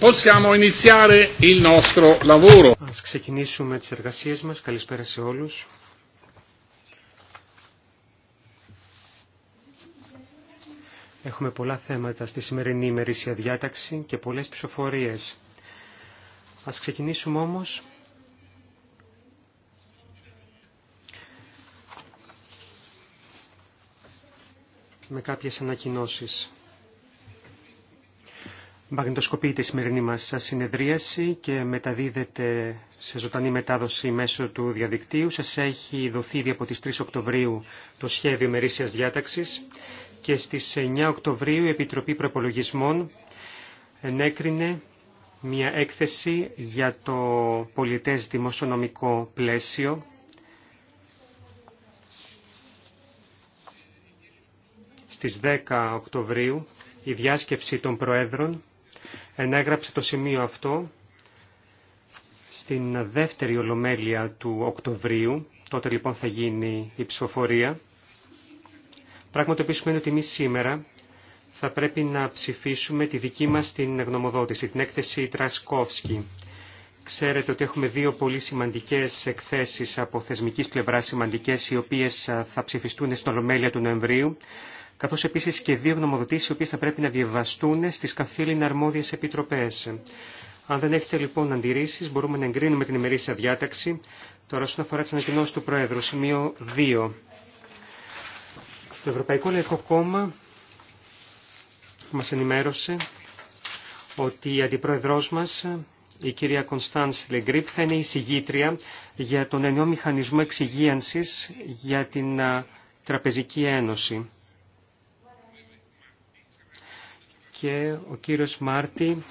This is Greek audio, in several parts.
Possiamo Ας ξεκινήσουμε τις εργασίες μας. Καλησπέρα σε όλους. Έχουμε πολλά θέματα στη σημερινή ημερήσια διάταξη και πολλές ψηφοφορίες. Ας ξεκινήσουμε όμως με κάποιες ανακοινώσεις. Μαγνητοσκοπείται η σημερινή μα συνεδρίαση και μεταδίδεται σε ζωντανή μετάδοση μέσω του διαδικτύου. Σας έχει δοθεί ήδη από τι 3 Οκτωβρίου το σχέδιο μερίσιας διάταξης και στις 9 Οκτωβρίου η Επιτροπή Προπολογισμών ενέκρινε μια έκθεση για το πολιτές δημοσιονομικό πλαίσιο στις 10 Οκτωβρίου η διάσκεψη των Προέδρων ενέγραψε το σημείο αυτό στην δεύτερη ολομέλεια του Οκτωβρίου. Τότε λοιπόν θα γίνει η ψηφοφορία. Πράγμα το οποίο ότι εμεί σήμερα θα πρέπει να ψηφίσουμε τη δική μας την γνωμοδότηση, την έκθεση Τρασκόφσκι. Ξέρετε ότι έχουμε δύο πολύ σημαντικές εκθέσεις από θεσμικής πλευράς σημαντικές, οι οποίες ε, θα ψηφιστούν στην Ολομέλεια του Νοεμβρίου. Καθώ επίση και δύο γνωμοδοτήσει οι οποίε θα πρέπει να διαβαστούν στι καθήλυνα αρμόδιε επιτροπέ. Αν δεν έχετε λοιπόν αντιρρήσει, μπορούμε να εγκρίνουμε την ημερήσια διάταξη. Τώρα, όσον αφορά τι ανακοινώσει του Προέδρου, σημείο 2. Το Ευρωπαϊκό Λαϊκό Κόμμα μα ενημέρωσε ότι η αντιπροεδρό μα, η κυρία Κωνσταντ Λεγκρίπ, θα είναι η συγγήτρια για τον ενιαίο μηχανισμό εξυγίανση για την Τραπεζική Ένωση. και ο κύριος Μάρτι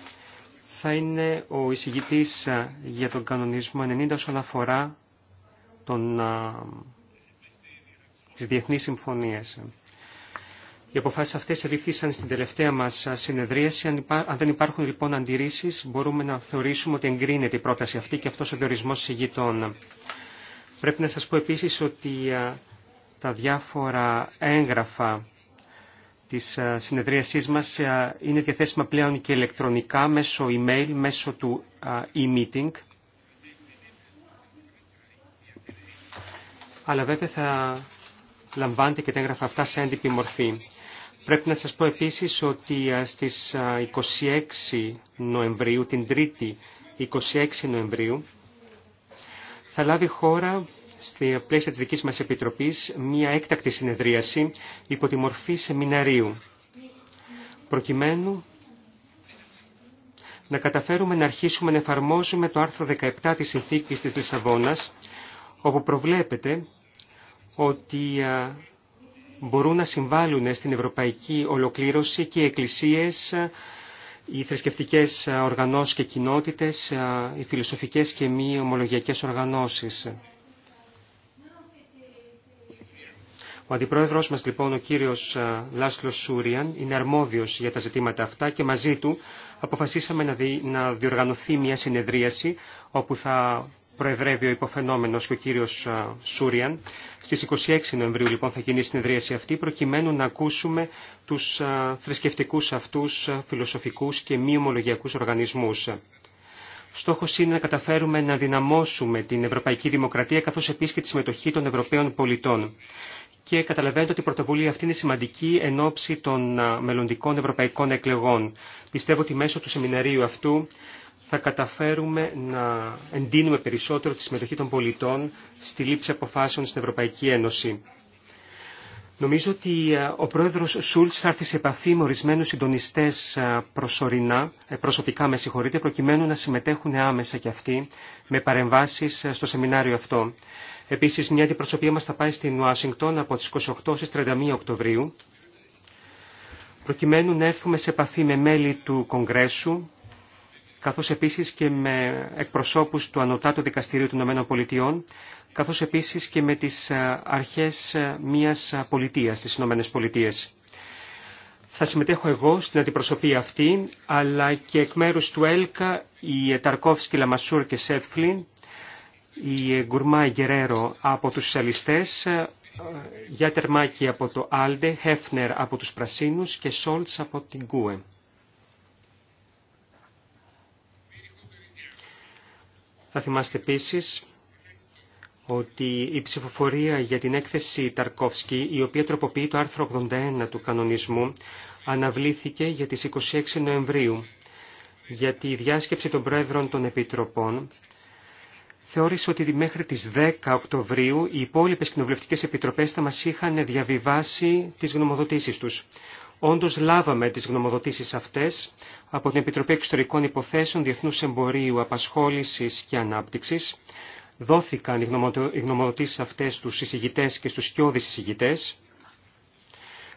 θα είναι ο εισηγητής για τον κανονισμό 90 όσον αφορά τον, α, τις διεθνείς συμφωνίες. Οι αποφάσεις αυτές ελήφθησαν στην τελευταία μας συνεδρίαση. Αν, δεν υπάρχουν λοιπόν αντιρρήσεις μπορούμε να θεωρήσουμε ότι εγκρίνεται η πρόταση αυτή και αυτός ο διορισμός εισηγητών. Πρέπει να σας πω επίσης ότι τα διάφορα έγγραφα της ε, συνεδρίασής μας ε, είναι διαθέσιμα πλέον και ηλεκτρονικά μέσω email, μέσω του ε, e-meeting. Αλλά βέβαια θα λαμβάνετε και τα έγγραφα αυτά σε έντυπη μορφή. Πρέπει να σας πω επίσης ότι στις 26 Νοεμβρίου, την 3η 26 Νοεμβρίου, θα λάβει χώρα στη πλαίσια της δικής μας Επιτροπής μία έκτακτη συνεδρίαση υπό τη μορφή σεμιναρίου, προκειμένου να καταφέρουμε να αρχίσουμε να εφαρμόζουμε το άρθρο 17 της Συνθήκης της Λισαβόνας, όπου προβλέπεται ότι μπορούν να συμβάλλουν στην ευρωπαϊκή ολοκλήρωση και οι εκκλησίες, οι θρησκευτικές οργανώσεις και κοινότητες, οι φιλοσοφικές και μη ομολογιακές οργανώσεις. Ο αντιπρόεδρος μας λοιπόν ο κύριος ε, Λάσλο Σούριαν είναι αρμόδιος για τα ζητήματα αυτά και μαζί του αποφασίσαμε να, να διοργανωθεί μια συνεδρίαση όπου θα προεδρεύει ο υποφαινόμενος και ο κύριος ε, Σούριαν. Στις 26 Νοεμβρίου λοιπόν θα γίνει η συνεδρίαση αυτή προκειμένου να ακούσουμε τους ε, θρησκευτικούς αυτούς φιλοσοφικούς και μη ομολογιακούς οργανισμούς. Στόχος είναι να καταφέρουμε να δυναμώσουμε την ευρωπαϊκή δημοκρατία καθώς επίσης και τη συμμετοχή των Ευρωπαίων πολιτών και καταλαβαίνετε ότι η πρωτοβουλία αυτή είναι σημαντική εν ώψη των μελλοντικών ευρωπαϊκών εκλεγών. Πιστεύω ότι μέσω του σεμιναρίου αυτού θα καταφέρουμε να εντείνουμε περισσότερο τη συμμετοχή των πολιτών στη λήψη αποφάσεων στην Ευρωπαϊκή Ένωση. Νομίζω ότι ο πρόεδρος Σούλτς θα έρθει σε επαφή με ορισμένου συντονιστέ προσωρινά, ε, προσωπικά με συγχωρείτε, προκειμένου να συμμετέχουν άμεσα κι αυτοί με παρεμβάσεις στο σεμινάριο αυτό. Επίσης, μια αντιπροσωπεία μας θα πάει στην Ουάσιγκτον από τις 28 στις 31 Οκτωβρίου, προκειμένου να έρθουμε σε επαφή με μέλη του Κογκρέσου, καθώς επίσης και με εκπροσώπους του Ανωτάτου Δικαστηρίου των ΗΠΑ, καθώς επίσης και με τις ε, αρχές ε, μιας πολιτείας στις ΗΠΑ. Θα συμμετέχω εγώ στην αντιπροσωπεία αυτή, αλλά και εκ μέρους του ΕΛΚΑ, οι Ταρκόφσκι, Λαμασούρ και Σέφλιν, η Γκουρμά Γκερέρο από τους Σαλιστές, ε, Τερμάκη από το Άλντε, Χέφνερ από τους Πρασίνους και Σόλτς από την Κούε. Θα θυμάστε επίσης ότι η ψηφοφορία για την έκθεση Ταρκόφσκι, η οποία τροποποιεί το άρθρο 81 του κανονισμού, αναβλήθηκε για τις 26 Νοεμβρίου, για τη διάσκεψη των Πρόεδρων των Επιτροπών θεώρησε ότι μέχρι τις 10 Οκτωβρίου οι υπόλοιπες κοινοβουλευτικέ επιτροπές θα μας είχαν διαβιβάσει τις γνωμοδοτήσεις τους. Όντως λάβαμε τις γνωμοδοτήσεις αυτές από την Επιτροπή Εξωτερικών Υποθέσεων Διεθνούς Εμπορίου Απασχόλησης και Ανάπτυξης. Δόθηκαν οι γνωμοδοτήσεις αυτές στους συζητητές και στους σκιώδεις συζητητές.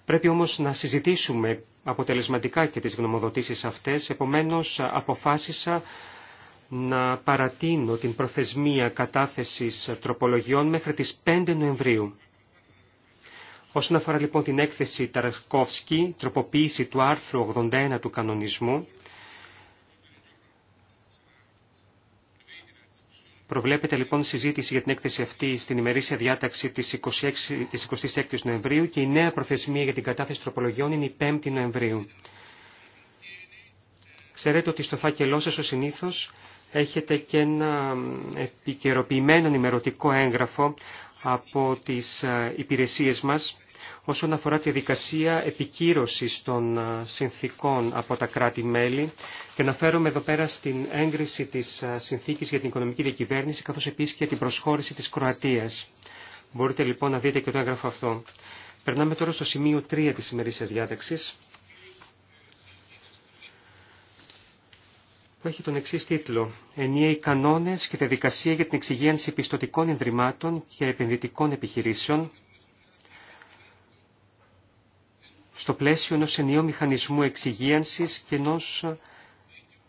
Πρέπει όμως να συζητήσουμε αποτελεσματικά και τις γνωμοδοτήσεις αυτές, επομένως αποφάσισα να παρατείνω την προθεσμία κατάθεσης τροπολογιών μέχρι τις 5 Νοεμβρίου. Όσον αφορά λοιπόν την έκθεση Ταρασκόφσκι, τροποποίηση του άρθρου 81 του κανονισμού, Προβλέπεται λοιπόν συζήτηση για την έκθεση αυτή στην ημερήσια διάταξη της, 26, της 26 Νοεμβρίου και η νέα προθεσμία για την κατάθεση τροπολογιών είναι η 5η Νοεμβρίου. Ξέρετε ότι στο φάκελό σας ο συνήθως έχετε και ένα επικαιροποιημένο ημερωτικό έγγραφο από τις ε, υπηρεσίες μας όσον αφορά τη δικασία επικύρωσης των ε, συνθήκων από τα κράτη-μέλη και αναφέρομαι εδώ πέρα στην έγκριση της ε, συνθήκης για την οικονομική διακυβέρνηση καθώς επίσης και την προσχώρηση της Κροατίας. Μπορείτε λοιπόν να δείτε και το έγγραφο αυτό. Περνάμε τώρα στο σημείο 3 της ημερήσιας διάταξης. που έχει τον εξή τίτλο «Ενιαίοι κανόνες και διαδικασία για την εξυγίανση πιστοτικών ενδρυμάτων και επενδυτικών επιχειρήσεων στο πλαίσιο ενός ενιαίου μηχανισμού εξυγίανσης και ενός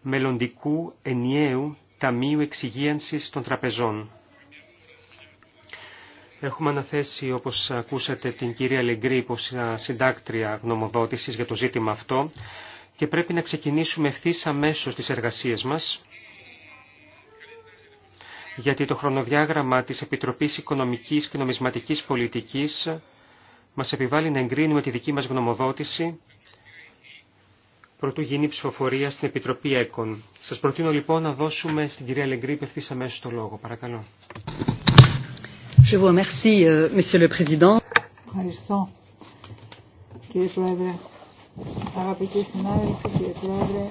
μελλοντικού ενιαίου Ταμείου Εξυγίανσης των Τραπεζών». Έχουμε αναθέσει, όπως ακούσατε, την κυρία Λεγκρή, συντάκτρια γνωμοδότησης για το ζήτημα αυτό και πρέπει να ξεκινήσουμε ευθύ αμέσω τις εργασίες μας, γιατί το χρονοδιάγραμμα της Επιτροπής Οικονομικής και Νομισματικής Πολιτικής μας επιβάλλει να εγκρίνουμε τη δική μας γνωμοδότηση προτού γίνει ψηφοφορία στην Επιτροπή ΕΚΟΝ. Σας προτείνω λοιπόν να δώσουμε στην κυρία Λεγκρίπ ευθύ αμέσω το λόγο. Παρακαλώ. Euh, Ευχαριστώ, κύριε Πρόεδρε. Αγαπητοί συνάδελφοι, κύριε Πρόεδρε,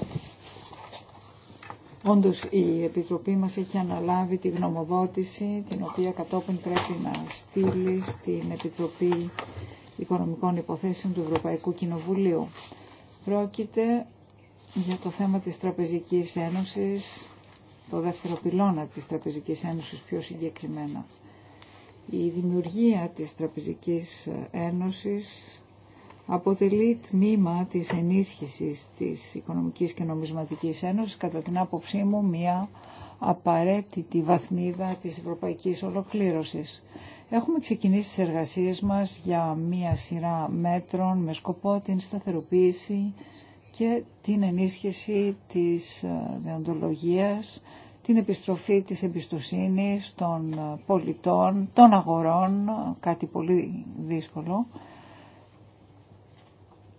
όντω η Επιτροπή μας έχει αναλάβει τη γνωμοδότηση, την οποία κατόπιν πρέπει να στείλει στην Επιτροπή Οικονομικών Υποθέσεων του Ευρωπαϊκού Κοινοβουλίου. Πρόκειται για το θέμα της Τραπεζικής Ένωσης, το δεύτερο πυλώνα της Τραπεζικής Ένωσης πιο συγκεκριμένα. Η δημιουργία της Τραπεζικής Ένωσης αποτελεί τμήμα της ενίσχυσης της Οικονομικής και Νομισματικής Ένωσης, κατά την άποψή μου μια απαραίτητη βαθμίδα της ευρωπαϊκής ολοκλήρωσης. Έχουμε ξεκινήσει τις εργασίες μας για μία σειρά μέτρων με σκοπό την σταθεροποίηση και την ενίσχυση της ε, δεοντολογίας, την επιστροφή της εμπιστοσύνης των ε, πολιτών, των αγορών, ε, κάτι πολύ δύσκολο,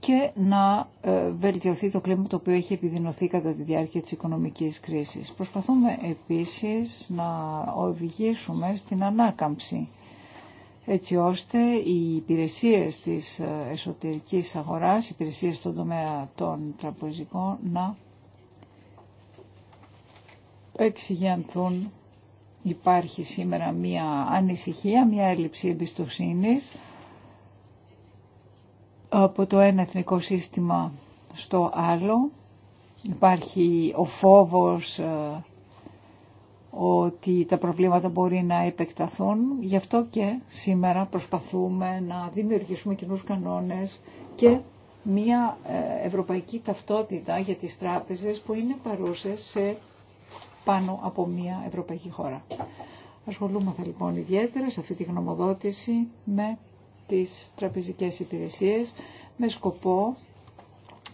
και να ε, βελτιωθεί το κλίμα το οποίο έχει επιδεινωθεί κατά τη διάρκεια της οικονομικής κρίσης. Προσπαθούμε επίσης να οδηγήσουμε στην ανάκαμψη έτσι ώστε οι υπηρεσίες της ε, εσωτερικής αγοράς, οι υπηρεσίες στον τομέα των τραπεζικών να εξηγιανθούν. Υπάρχει σήμερα μία ανησυχία, μία έλλειψη εμπιστοσύνης από το ένα εθνικό σύστημα στο άλλο. Υπάρχει ο φόβος ε, ότι τα προβλήματα μπορεί να επεκταθούν. Γι' αυτό και σήμερα προσπαθούμε να δημιουργήσουμε κοινού κανόνες και μια ε, ευρωπαϊκή ταυτότητα για τις τράπεζες που είναι παρούσες σε πάνω από μια ευρωπαϊκή χώρα. Ασχολούμαστε λοιπόν ιδιαίτερα σε αυτή τη γνωμοδότηση με τις τραπεζικές υπηρεσίες με σκοπό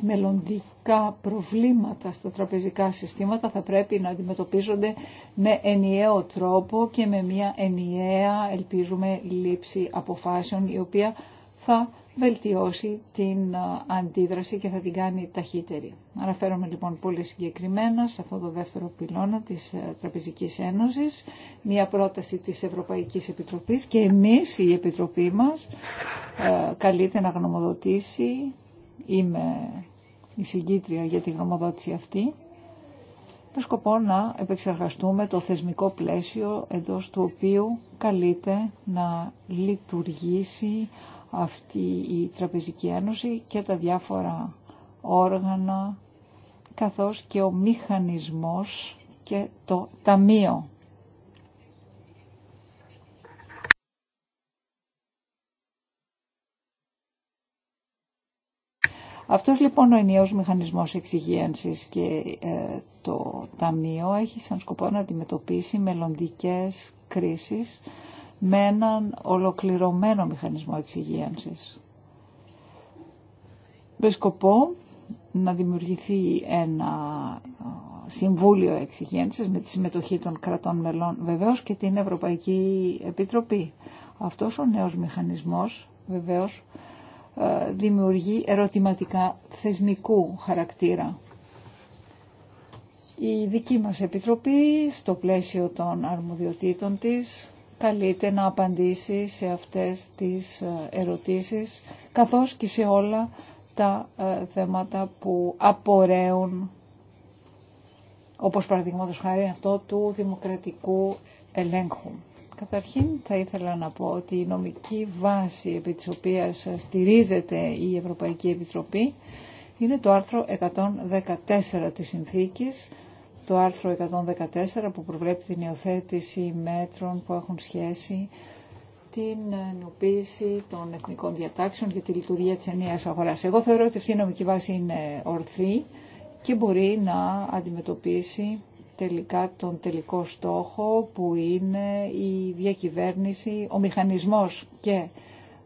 μελλοντικά προβλήματα στα τραπεζικά συστήματα θα πρέπει να αντιμετωπίζονται με ενιαίο τρόπο και με μια ενιαία, ελπίζουμε, λήψη αποφάσεων η οποία θα βελτιώσει την αντίδραση και θα την κάνει ταχύτερη. Αναφέρομαι λοιπόν πολύ συγκεκριμένα σε αυτό το δεύτερο πυλώνα της ε, Τραπεζικής Ένωσης, μια πρόταση της Ευρωπαϊκής Επιτροπής και εμείς η Επιτροπή μας ε, καλείται να γνωμοδοτήσει, είμαι η συγκίτρια για τη γνωμοδότηση αυτή, με σκοπό να επεξεργαστούμε το θεσμικό πλαίσιο εντός του οποίου καλείται να λειτουργήσει αυτή η Τραπεζική Ένωση και τα διάφορα όργανα καθώς και ο μηχανισμός και το ταμείο. Αυτός λοιπόν ο ενιαίος μηχανισμός εξυγίανσης και ε, το Ταμείο έχει σαν σκοπό να αντιμετωπίσει μελλοντικές κρίσεις με έναν ολοκληρωμένο μηχανισμό εξυγίανσης. Με σκοπό να δημιουργηθεί ένα Συμβούλιο Εξυγένσης με τη συμμετοχή των κρατών μελών βεβαίως και την Ευρωπαϊκή Επιτροπή. Αυτός ο νέος μηχανισμός βεβαίως δημιουργεί ερωτηματικά θεσμικού χαρακτήρα. Η δική μας Επιτροπή στο πλαίσιο των αρμοδιοτήτων της καλείται να απαντήσει σε αυτές τις ε, ερωτήσεις καθώς και σε όλα τα ε, θέματα που απορρέουν όπως παραδείγματο χάρη αυτό του δημοκρατικού ελέγχου. Καταρχήν θα ήθελα να πω ότι η νομική βάση επί της οποίας στηρίζεται η Ευρωπαϊκή Επιτροπή είναι το άρθρο 114 της Συνθήκης το άρθρο 114 που προβλέπει την υιοθέτηση μέτρων που έχουν σχέση την ενοποίηση των εθνικών διατάξεων για τη λειτουργία της ενιαίας αγοράς. Εγώ θεωρώ ότι αυτή η νομική βάση είναι ορθή και μπορεί να αντιμετωπίσει τελικά τον τελικό στόχο που είναι η διακυβέρνηση, ο μηχανισμός και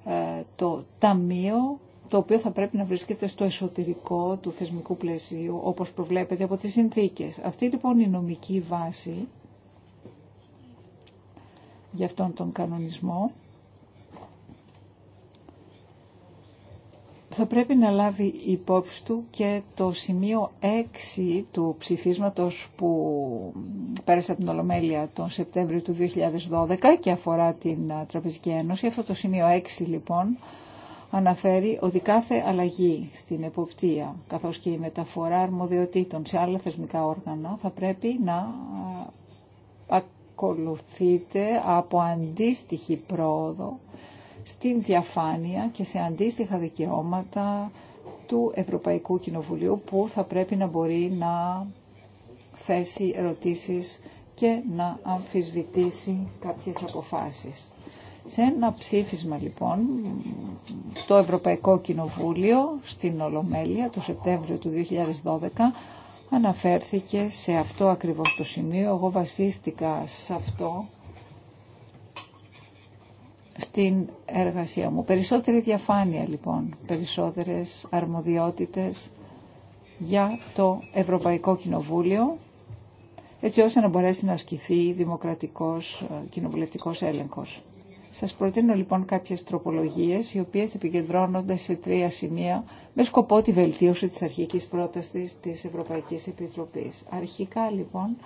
ε, το ταμείο το οποίο θα πρέπει να βρίσκεται στο εσωτερικό του θεσμικού πλαισίου, όπως προβλέπεται από τις συνθήκες. Αυτή λοιπόν η νομική βάση για αυτόν τον κανονισμό θα πρέπει να λάβει υπόψη του και το σημείο 6 του ψηφίσματος που πέρασε από την Ολομέλεια τον Σεπτέμβριο του 2012 και αφορά την Τραπεζική Ένωση. Αυτό το σημείο 6 λοιπόν αναφέρει ότι κάθε αλλαγή στην εποπτεία, καθώς και η μεταφορά αρμοδιοτήτων σε άλλα θεσμικά όργανα, θα πρέπει να ε, ακολουθείται από αντίστοιχη πρόοδο στην διαφάνεια και σε αντίστοιχα δικαιώματα του Ευρωπαϊκού Κοινοβουλίου που θα πρέπει να μπορεί να θέσει ερωτήσεις και να αμφισβητήσει κάποιες αποφάσεις. Σε ένα ψήφισμα λοιπόν το Ευρωπαϊκό Κοινοβούλιο στην Ολομέλεια το Σεπτέμβριο του 2012 αναφέρθηκε σε αυτό ακριβώς το σημείο. Εγώ βασίστηκα σε αυτό στην εργασία μου. Περισσότερη διαφάνεια λοιπόν, περισσότερες αρμοδιότητες για το Ευρωπαϊκό Κοινοβούλιο έτσι ώστε να μπορέσει να ασκηθεί δημοκρατικός ε, κοινοβουλευτικός έλεγχος. Σας προτείνω λοιπόν κάποιες τροπολογίες οι οποίες επικεντρώνονται σε τρία σημεία με σκοπό τη βελτίωση της αρχικής πρότασης της Ευρωπαϊκής Επιτροπής. Αρχικά λοιπόν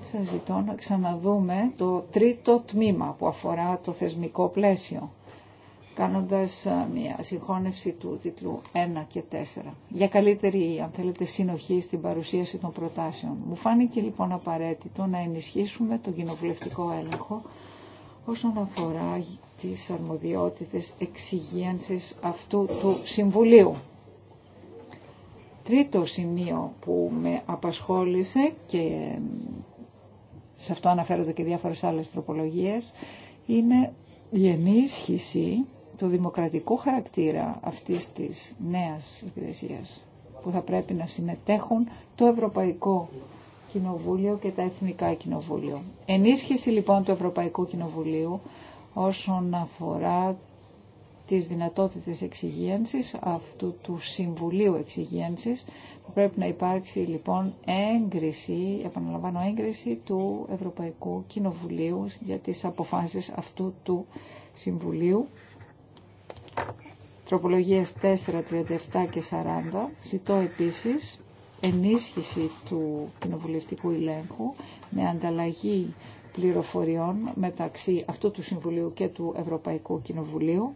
σας ζητώ να ξαναδούμε το τρίτο τμήμα που αφορά το θεσμικό πλαίσιο κάνοντας ε, μια συγχώνευση του τίτλου 1 και 4 για καλύτερη αν θέλετε συνοχή στην παρουσίαση των προτάσεων. Μου φάνηκε λοιπόν απαραίτητο να ενισχύσουμε τον κοινοβουλευτικό έλεγχο όσον αφορά τις αρμοδιότητες εξυγίανσης αυτού του Συμβουλίου. Τρίτο σημείο που με απασχόλησε και σε αυτό αναφέρονται και διάφορες άλλες τροπολογίες είναι η ενίσχυση του δημοκρατικού χαρακτήρα αυτής της νέας υπηρεσίας που θα πρέπει να συμμετέχουν το Ευρωπαϊκό Κοινοβούλιο και τα Εθνικά Κοινοβούλιο. Ενίσχυση λοιπόν του Ευρωπαϊκού Κοινοβουλίου όσον αφορά τις δυνατότητες εξυγίανσης, αυτού του Συμβουλίου Εξυγίανσης, που πρέπει να υπάρξει λοιπόν έγκριση, επαναλαμβάνω έγκριση του Ευρωπαϊκού Κοινοβουλίου για τις αποφάσεις αυτού του Συμβουλίου. Τροπολογίες 4, 37 και 40. Ζητώ επίσης ενίσχυση του κοινοβουλευτικού ελέγχου με ανταλλαγή πληροφοριών μεταξύ αυτού του Συμβουλίου και του Ευρωπαϊκού Κοινοβουλίου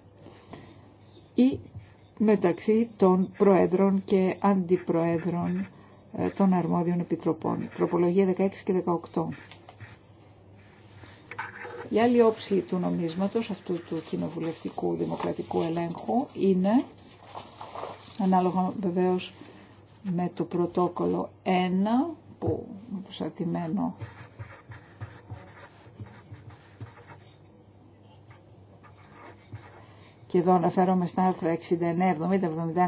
ή μεταξύ των Προέδρων και Αντιπροέδρων ε, των Αρμόδιων Επιτροπών. Τροπολογία 16 και 18. Η άλλη όψη του νομίσματος αυτού του κοινοβουλευτικού δημοκρατικού ελέγχου είναι, ανάλογα βεβαίως με το πρωτόκολλο 1 που προσαρτημένο και εδώ αναφέρομαι στα άρθρα 69, 70,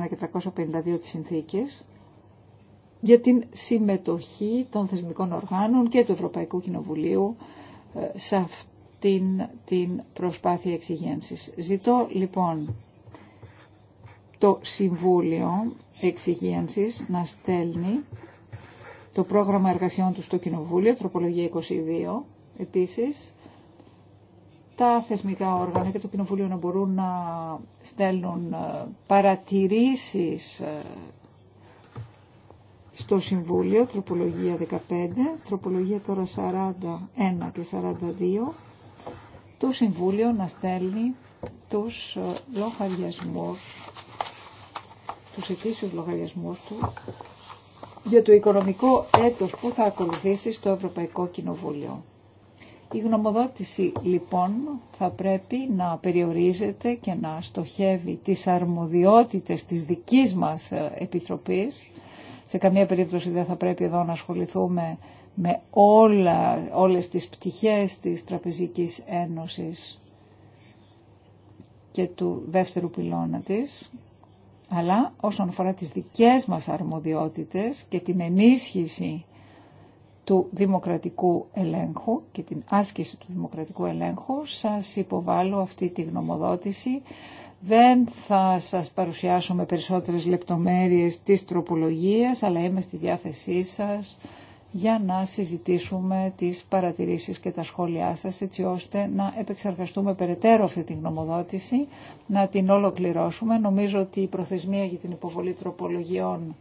71 και 352 της συνθήκης για την συμμετοχή των θεσμικών οργάνων και του Ευρωπαϊκού Κοινοβουλίου ε, σε αυτήν την προσπάθεια εξυγένσης. Ζητώ λοιπόν το Συμβούλιο εξυγίανσης να στέλνει το πρόγραμμα εργασιών του στο Κοινοβούλιο, τροπολογία 22 επίσης, τα θεσμικά όργανα και το Κοινοβούλιο να μπορούν να στέλνουν ε, παρατηρήσεις ε, στο Συμβούλιο, τροπολογία 15, τροπολογία τώρα 41 και 42, το Συμβούλιο να στέλνει τους ε, λογαριασμούς του ετήσιους λογαριασμού του για το οικονομικό έτος που θα ακολουθήσει στο Ευρωπαϊκό Κοινοβούλιο. Η γνωμοδότηση λοιπόν θα πρέπει να περιορίζεται και να στοχεύει τις αρμοδιότητες της δικής μας ε, Επιτροπής. Σε καμία περίπτωση δεν θα πρέπει εδώ να ασχοληθούμε με όλα, όλες τις πτυχές της Τραπεζικής Ένωσης και του δεύτερου πυλώνα της αλλά όσον αφορά τις δικές μας αρμοδιότητες και την ενίσχυση του δημοκρατικού ελέγχου και την άσκηση του δημοκρατικού ελέγχου σας υποβάλλω αυτή τη γνωμοδότηση. Δεν θα σας παρουσιάσω με περισσότερες λεπτομέρειες της τροπολογίας, αλλά είμαι στη διάθεσή σας για να συζητήσουμε τις παρατηρήσεις και τα σχόλιά σας έτσι ώστε να επεξεργαστούμε περαιτέρω αυτή την γνωμοδότηση, να την ολοκληρώσουμε. Νομίζω ότι η προθεσμία για την υποβολή τροπολογιών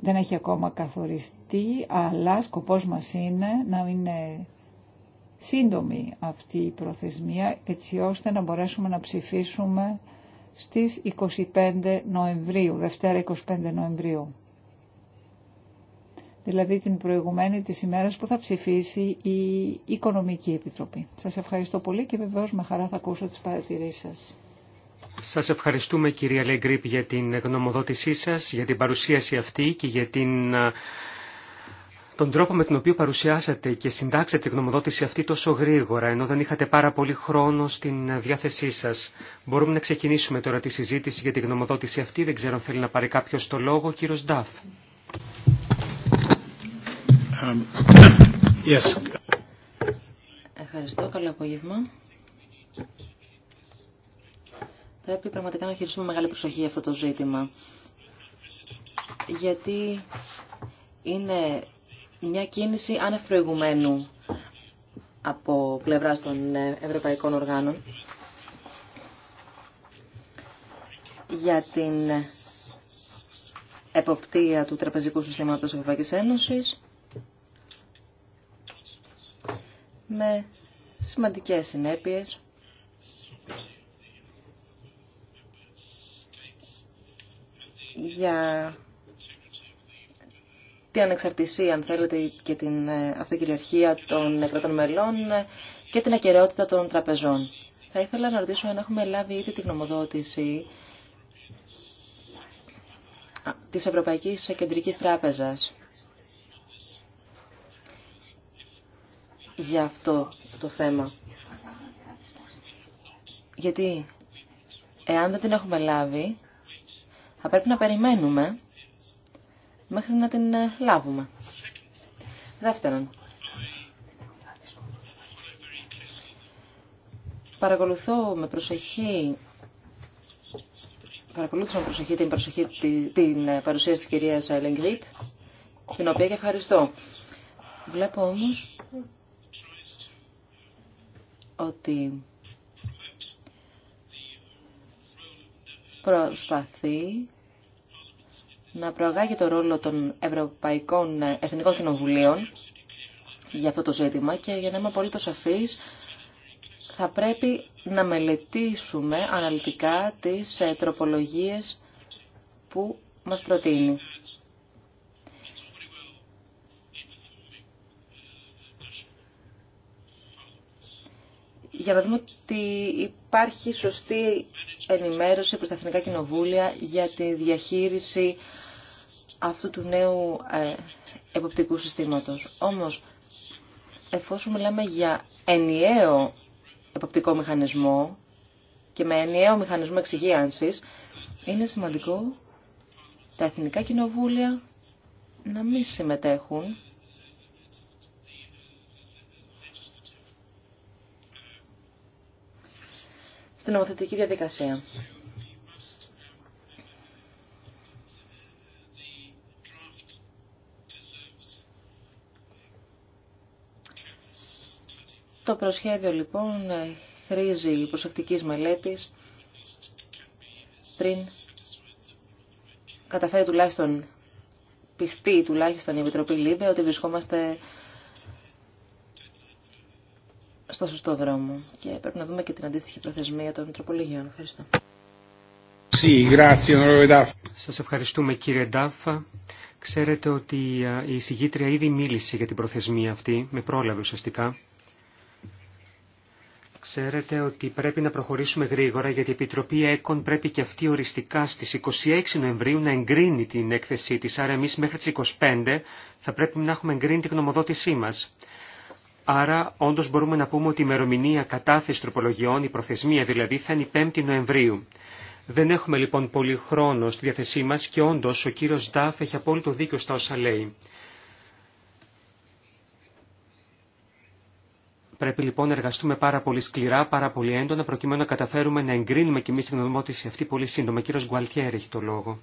δεν έχει ακόμα καθοριστεί, αλλά σκοπός μας είναι να είναι σύντομη αυτή η προθεσμία έτσι ώστε να μπορέσουμε να ψηφίσουμε στις 25 Νοεμβρίου, Δευτέρα 25 Νοεμβρίου. Δηλαδή την προηγουμένη της ημέρας που θα ψηφίσει η Οικονομική Επιτροπή. Σας ευχαριστώ πολύ και βεβαίως με χαρά θα ακούσω τις παρατηρήσεις σας. Σας ευχαριστούμε κυρία Λεγκρίπ για την γνωμοδότησή σας, για την παρουσίαση αυτή και για την τον τρόπο με τον οποίο παρουσιάσατε και συντάξατε την γνωμοδότηση αυτή τόσο γρήγορα, ενώ δεν είχατε πάρα πολύ χρόνο στην διάθεσή σας. Μπορούμε να ξεκινήσουμε τώρα τη συζήτηση για την γνωμοδότηση αυτή. Δεν ξέρω αν θέλει να πάρει κάποιο το λόγο. Κύριο κύριος Νταφ. Um, yes. Ευχαριστώ. Καλό απόγευμα. Πρέπει πραγματικά να χειριστούμε μεγάλη προσοχή για αυτό το ζήτημα. Γιατί είναι μια κίνηση άνευ από πλευράς των ευρωπαϊκών οργάνων για την εποπτεία του τραπεζικού συστήματος Ευρωπαϊκής Ένωσης με σημαντικές συνέπειες για τι ανεξαρτησία, αν θέλετε, και την ε, αυτοκυριαρχία των κρατών μελών και την ακαιρεότητα των τραπεζών. Θα ήθελα να ρωτήσω αν έχουμε λάβει ήδη τη γνωμοδότηση της Ευρωπαϊκής Κεντρικής Τράπεζας για αυτό το θέμα. Γιατί εάν δεν την έχουμε λάβει, θα πρέπει να περιμένουμε μέχρι να την ε, λάβουμε. Δεύτερον, παρακολουθώ με προσοχή παρακολούθησα με προσοχή την, προσοχή, την ε, παρουσίαση της κυρίας Ελεγκρίπ, την οποία και ευχαριστώ. Βλέπω όμως ότι προσπαθεί να προαγάγει το ρόλο των Ευρωπαϊκών Εθνικών Κοινοβουλίων για αυτό το ζήτημα και για να είμαι το σαφή, θα πρέπει να μελετήσουμε αναλυτικά τις ε, τροπολογίες που μας προτείνει. για να δούμε ότι υπάρχει σωστή ενημέρωση προς τα εθνικά κοινοβούλια για τη διαχείριση αυτού του νέου ε, εποπτικού συστήματος. Όμως, εφόσον μιλάμε για ενιαίο εποπτικό μηχανισμό και με ενιαίο μηχανισμό εξυγίανσης, είναι σημαντικό τα εθνικά κοινοβούλια να μην συμμετέχουν στην νομοθετική διαδικασία. Το προσχέδιο λοιπόν χρήζει προσεκτικής μελέτης πριν καταφέρει τουλάχιστον πιστή τουλάχιστον η Επιτροπή Λίβε ότι βρισκόμαστε στο σωστό δρόμο. Και πρέπει να δούμε και την αντίστοιχη προθεσμία των Μητροπολιγιών. Ευχαριστώ. Σας ευχαριστούμε κύριε Ντάφα. Ξέρετε ότι η εισηγήτρια ήδη μίλησε για την προθεσμία αυτή, με πρόλαβε ουσιαστικά. Ξέρετε ότι πρέπει να προχωρήσουμε γρήγορα γιατί η Επιτροπή ΕΚΟΝ πρέπει και αυτή οριστικά στις 26 Νοεμβρίου να εγκρίνει την έκθεσή της. Άρα εμείς μέχρι τις 25 θα πρέπει να έχουμε εγκρίνει την γνωμοδότησή μας. Άρα, όντω μπορούμε να πούμε ότι η ημερομηνία κατάθεση τροπολογιών, η προθεσμία δηλαδή, θα είναι η 5η Νοεμβρίου. Δεν έχουμε λοιπόν πολύ χρόνο στη διάθεσή μα και όντω ο κύριο Ντάφ έχει απόλυτο δίκιο στα όσα λέει. Πρέπει λοιπόν να εργαστούμε πάρα πολύ σκληρά, πάρα πολύ έντονα, προκειμένου να καταφέρουμε να εγκρίνουμε και εμεί την γνωμότηση αυτή πολύ σύντομα. Κύριο Γκουαλτιέρη έχει το λόγο.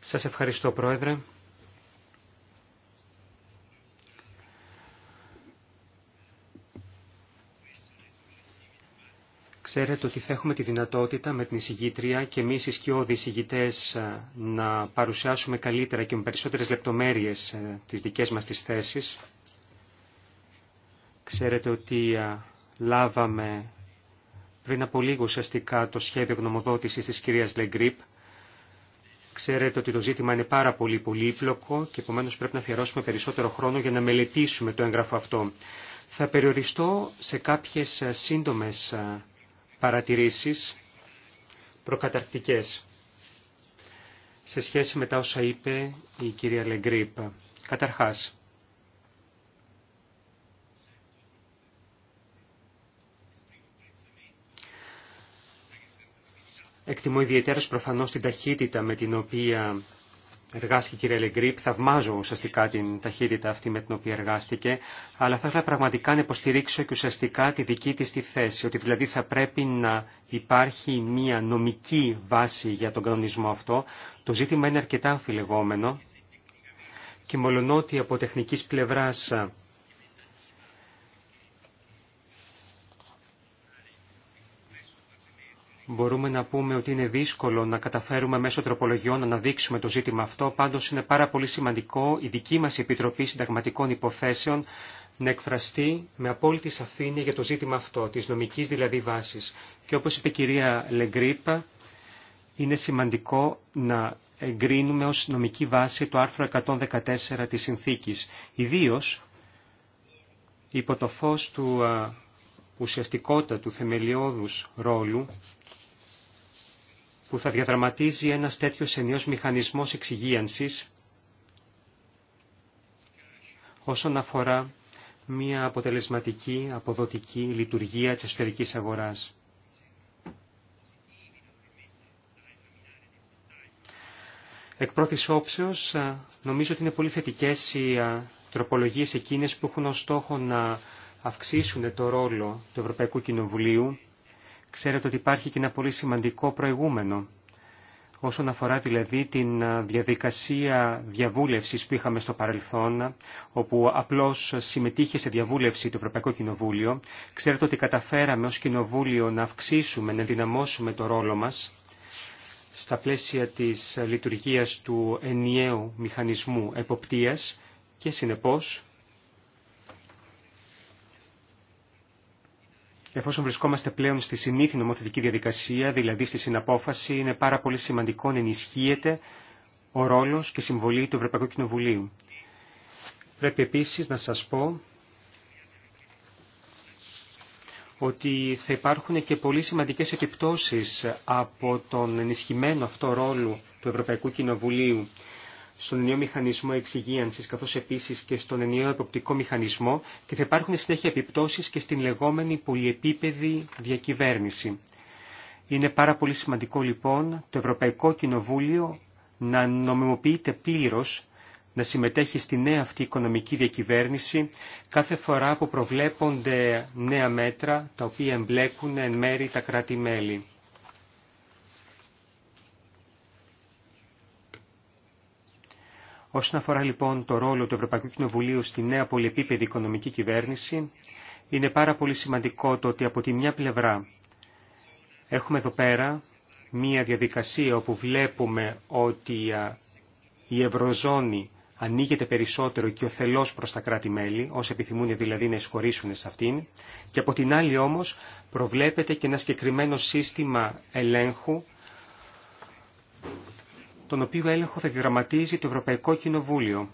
Σα ευχαριστώ, Πρόεδρε. Ξέρετε ότι θα έχουμε τη δυνατότητα με την εισηγήτρια και εμεί οι σκιώδη εισηγητέ ε, να παρουσιάσουμε καλύτερα και με περισσότερε λεπτομέρειε ε, τι δικέ μα τι θέσει. Ξέρετε ότι ε, λάβαμε πριν από λίγο ουσιαστικά το σχέδιο γνωμοδότησης της κυρίας Λεγκρίπ. Ξέρετε ότι το ζήτημα είναι πάρα πολύ πολύπλοκο και επομένως πρέπει να αφιερώσουμε περισσότερο χρόνο για να μελετήσουμε το έγγραφο αυτό. Θα περιοριστώ σε κάποιες σύντομες παρατηρήσεις προκαταρκτικές σε σχέση με τα όσα είπε η κυρία Λεγκρίπ. Καταρχάς, εκτιμώ ιδιαίτερα προφανώς την ταχύτητα με την οποία εργάστηκε η κυρία Λεγκρίπ. Θαυμάζω ουσιαστικά την ταχύτητα αυτή με την οποία εργάστηκε, αλλά θα ήθελα πραγματικά να υποστηρίξω και ουσιαστικά τη δική της τη θέση, ότι δηλαδή θα πρέπει να υπάρχει μια νομική βάση για τον κανονισμό αυτό. Το ζήτημα είναι αρκετά αμφιλεγόμενο και μολονότι από τεχνικής πλευράς Μπορούμε να πούμε ότι είναι δύσκολο να καταφέρουμε μέσω τροπολογιών να αναδείξουμε το ζήτημα αυτό, πάντως είναι πάρα πολύ σημαντικό η δική μας Επιτροπή Συνταγματικών Υποθέσεων να εκφραστεί με απόλυτη σαφήνεια για το ζήτημα αυτό, της νομικής δηλαδή βάσης. Και όπως είπε η κυρία Λεγκρίπα, είναι σημαντικό να εγκρίνουμε ως νομική βάση το άρθρο 114 της Συνθήκης, ιδίως υπό το φως του ουσιαστικότατου ουσιαστικότατου θεμελιώδους ρόλου που θα διαδραματίζει ένας τέτοιος ενιαίος μηχανισμός εξυγίανσης όσον αφορά μια αποτελεσματική, αποδοτική λειτουργία της εσωτερικής αγοράς. Εκ πρώτης όψεως, νομίζω ότι είναι πολύ θετικές οι τροπολογίες εκείνες που έχουν ως στόχο να αυξήσουν το ρόλο του Ευρωπαϊκού Κοινοβουλίου Ξέρετε ότι υπάρχει και ένα πολύ σημαντικό προηγούμενο όσον αφορά δηλαδή την διαδικασία διαβούλευσης που είχαμε στο παρελθόν, όπου απλώς συμμετείχε σε διαβούλευση το Ευρωπαϊκό Κοινοβούλιο. Ξέρετε ότι καταφέραμε ως Κοινοβούλιο να αυξήσουμε, να δυναμώσουμε το ρόλο μας στα πλαίσια της λειτουργίας του ενιαίου μηχανισμού εποπτείας και συνεπώς Εφόσον βρισκόμαστε πλέον στη συνήθινη νομοθετική διαδικασία, δηλαδή στη συναπόφαση, είναι πάρα πολύ σημαντικό να ενισχύεται ο ρόλος και συμβολή του Ευρωπαϊκού Κοινοβουλίου. Πρέπει επίσης να σας πω ότι θα υπάρχουν και πολύ σημαντικές επιπτώσεις από τον ενισχυμένο αυτό ρόλο του Ευρωπαϊκού Κοινοβουλίου στον ενιαίο μηχανισμό εξυγίανση, καθώ επίση και στον ενιαίο εποπτικό μηχανισμό και θα υπάρχουν συνέχεια επιπτώσει και στην λεγόμενη πολυεπίπεδη διακυβέρνηση. Είναι πάρα πολύ σημαντικό λοιπόν το Ευρωπαϊκό Κοινοβούλιο να νομιμοποιείται πλήρω να συμμετέχει στη νέα αυτή οικονομική διακυβέρνηση κάθε φορά που προβλέπονται νέα μέτρα τα οποία εμπλέκουν εν μέρη τα κράτη-μέλη. Όσον αφορά λοιπόν το ρόλο του Ευρωπαϊκού Κοινοβουλίου στη νέα πολυεπίπεδη οικονομική κυβέρνηση, είναι πάρα πολύ σημαντικό το ότι από τη μια πλευρά έχουμε εδώ πέρα μία διαδικασία όπου βλέπουμε ότι η Ευρωζώνη ανοίγεται περισσότερο και θελός προς τα κράτη-μέλη, όσοι επιθυμούν δηλαδή να εισχωρήσουν σε αυτήν, και από την άλλη όμως προβλέπεται και ένα συγκεκριμένο σύστημα ελέγχου τον οποίο έλεγχο θα διδραματίζει το Ευρωπαϊκό Κοινοβούλιο.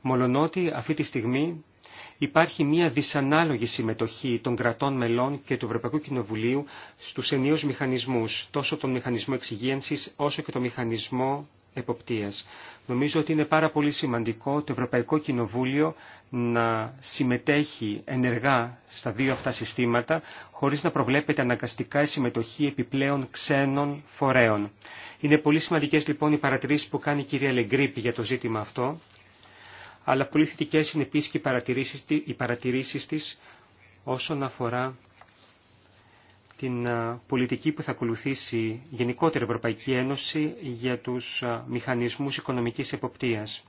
Μολονότι αυτή τη στιγμή υπάρχει μια δυσανάλογη συμμετοχή των κρατών μελών και του Ευρωπαϊκού Κοινοβουλίου στους ενίους μηχανισμούς, τόσο τον μηχανισμό εξυγίανσης όσο και τον μηχανισμό εποπτείας. Νομίζω ότι είναι πάρα πολύ σημαντικό το Ευρωπαϊκό Κοινοβούλιο να συμμετέχει ενεργά στα δύο αυτά συστήματα, χωρίς να προβλέπεται αναγκαστικά η συμμετοχή επιπλέον ξένων φορέων. Είναι πολύ σημαντικές λοιπόν οι παρατηρήσεις που κάνει η κυρία Λεγκρίπη για το ζήτημα αυτό, αλλά πολύ θετικέ είναι επίσης και οι παρατηρήσεις της όσον αφορά την ε, πολιτική που θα ακολουθήσει γενικότερη Ευρωπαϊκή Ένωση για τους ε, μηχανισμούς οικονομικής εποπτείας.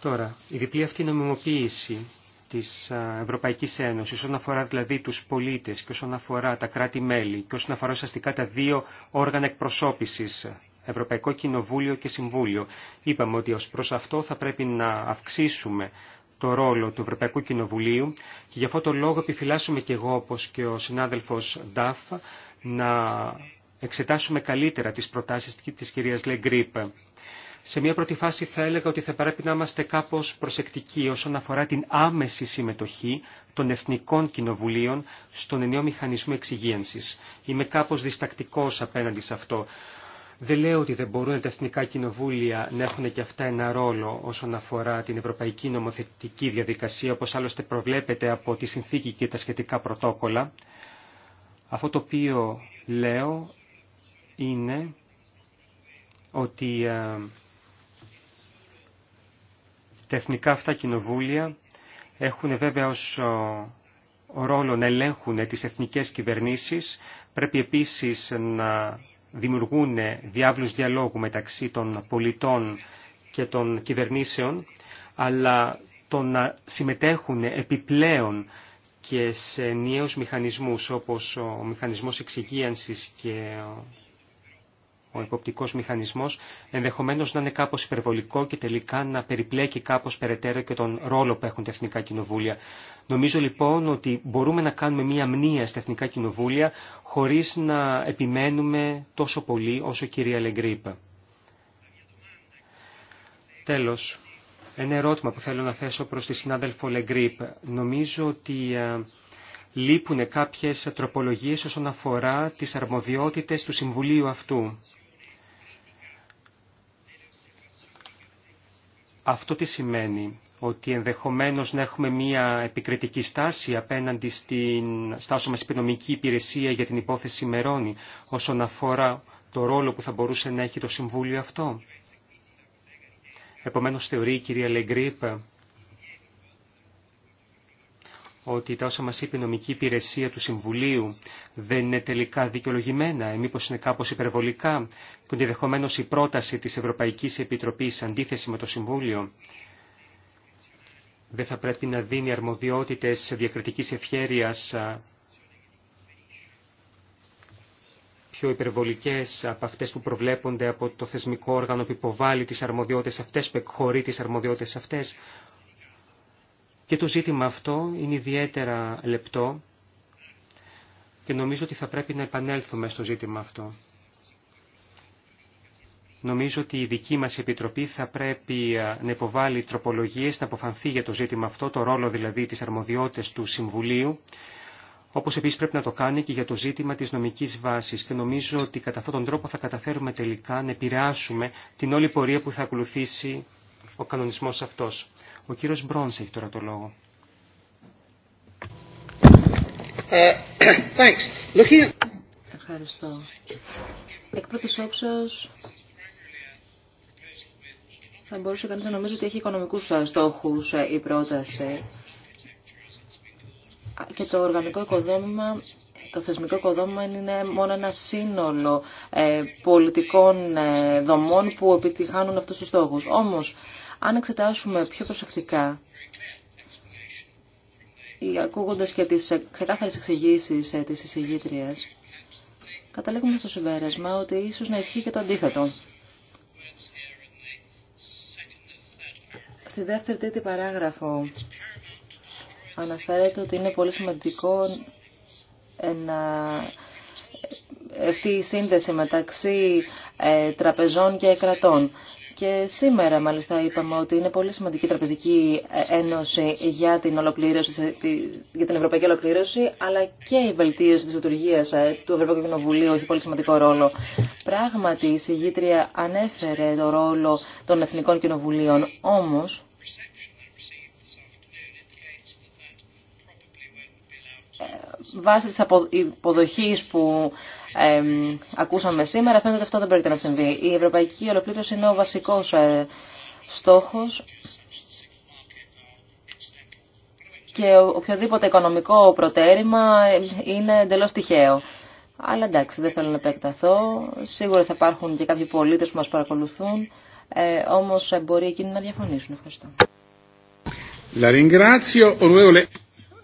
Τώρα, η διπλή αυτή νομιμοποίηση της ε, Ευρωπαϊκής Ένωσης, όσον αφορά δηλαδή τους πολίτες και όσον αφορά τα κράτη-μέλη και όσον αφορά ουσιαστικά τα δύο όργανα εκπροσώπησης, Ευρωπαϊκό Κοινοβούλιο και Συμβούλιο. Είπαμε ότι ως προς αυτό θα πρέπει να αυξήσουμε το ρόλο του Ευρωπαϊκού Κοινοβουλίου και γι' αυτό το λόγο επιφυλάσσουμε και εγώ όπως και ο συνάδελφος Νταφ να εξετάσουμε καλύτερα τις προτάσεις της κυρίας Λεγκρίπ. Σε μια πρώτη φάση θα έλεγα ότι θα πρέπει να είμαστε κάπως προσεκτικοί όσον αφορά την άμεση συμμετοχή των εθνικών κοινοβουλίων στον ενιαίο μηχανισμό εξυγίανσης. Είμαι κάπως διστακτικός απέναντι σε αυτό. Δεν λέω ότι δεν μπορούν τα εθνικά κοινοβούλια να έχουν και αυτά ένα ρόλο όσον αφορά την ευρωπαϊκή νομοθετική διαδικασία, όπως άλλωστε προβλέπεται από τη συνθήκη και τα σχετικά πρωτόκολλα. Αυτό το οποίο λέω είναι ότι ε, τα εθνικά αυτά κοινοβούλια έχουν βέβαια ως ε, ρόλο να ελέγχουν τις εθνικές κυβερνήσεις. Πρέπει επίσης να δημιουργούν διάβλους διαλόγου μεταξύ των πολιτών και των κυβερνήσεων, αλλά το να συμμετέχουν επιπλέον και σε νέους μηχανισμούς όπως ο μηχανισμός εξυγίανσης και ο εποπτικός μηχανισμός ενδεχομένως να είναι κάπως υπερβολικό και τελικά να περιπλέκει κάπως περαιτέρω και τον ρόλο που έχουν τα εθνικά κοινοβούλια. Νομίζω λοιπόν ότι μπορούμε να κάνουμε μία μνήα στα εθνικά κοινοβούλια χωρίς να επιμένουμε τόσο πολύ όσο κυρία Λεγκρίπ. Τέλος, ένα ερώτημα που θέλω να θέσω προς τη συνάδελφο Λεγκρίπ. Νομίζω ότι ε, λείπουν κάποιες τροπολογίες όσον αφορά τις αρμοδιότητες του Συμβουλίου αυτού. Αυτό τι σημαίνει, ότι ενδεχομένως να έχουμε μία επικριτική στάση απέναντι στην στάση μας υπηρεσία υπηρεσία για την υπόθεση Μερώνη όσον αφορά το ρόλο που θα μπορούσε να έχει το Συμβούλιο αυτό. Επομένως θεωρεί η κυρία Λεγκρίπ ότι τα όσα μας είπε η νομική υπηρεσία του Συμβουλίου δεν είναι τελικά δικαιολογημένα, μήπως είναι κάπως υπερβολικά και ότι η πρόταση της Ευρωπαϊκής Επιτροπής αντίθεση με το Συμβούλιο δεν θα πρέπει να δίνει αρμοδιότητες διακριτικής ευχέρειας πιο υπερβολικές από αυτές που προβλέπονται από το θεσμικό όργανο που υποβάλλει τις αρμοδιότητες αυτές, που εκχωρεί τις αρμοδιότητες αυτές. Και το ζήτημα αυτό είναι ιδιαίτερα λεπτό και νομίζω ότι θα πρέπει να επανέλθουμε στο ζήτημα αυτό. Νομίζω ότι η δική μας Επιτροπή θα πρέπει να υποβάλει τροπολογίες, να αποφανθεί για το ζήτημα αυτό, το ρόλο δηλαδή της αρμοδιότητας του Συμβουλίου, όπως επίσης πρέπει να το κάνει και για το ζήτημα της νομικής βάσης και νομίζω ότι κατά αυτόν τον τρόπο θα καταφέρουμε τελικά να επηρεάσουμε την όλη πορεία που θα ακολουθήσει ο κανονισμός αυτός. Ο κύριος Μπρόνς έχει τώρα το λόγο. Ε, Ευχαριστώ. Εκ πρώτης όψεως θα μπορούσε κανείς να νομίζει ότι έχει οικονομικούς στόχους η πρόταση. Και το οργανικό οικοδόμημα, το θεσμικό οικοδόμημα είναι μόνο ένα σύνολο ε, πολιτικών ε, δομών που επιτυχάνουν αυτούς τους στόχους. Όμως, αν εξετάσουμε πιο προσεκτικά ακούγοντα και τις ξεκάθαρες εξηγήσεις ε, της εισηγήτριας, καταλήγουμε στο συμπέρασμα ότι ίσως να ισχύει και το αντίθετο. Στη δεύτερη τρίτη παράγραφο αναφέρεται ότι είναι πολύ σημαντικό να ε, αυτή η σύνδεση μεταξύ ε, τραπεζών και κρατών. Και σήμερα μάλιστα είπαμε ότι είναι πολύ σημαντική η Τραπεζική Ένωση για την, ολοκλήρωση, για την ευρωπαϊκή ολοκλήρωση, αλλά και η βελτίωση της λειτουργία ε, του Ευρωπαϊκού Κοινοβουλίου έχει πολύ σημαντικό ρόλο. Πράγματι, η συγγήτρια ανέφερε το ρόλο των Εθνικών Κοινοβουλίων, όμως ε, βάσει της υποδοχής που ακούσαμε σήμερα, φαίνεται ότι αυτό δεν πρέπει να συμβεί. Η ευρωπαϊκή ολοκλήρωση είναι ο βασικός ε, στόχος και οποιοδήποτε οικονομικό προτέρημα ε, είναι εντελώ τυχαίο. Αλλά εντάξει, δεν θέλω να επεκταθώ. Σίγουρα θα υπάρχουν και κάποιοι πολίτες που μας παρακολουθούν, ε, όμως ε, μπορεί εκείνοι να διαφωνήσουν. Ευχαριστώ.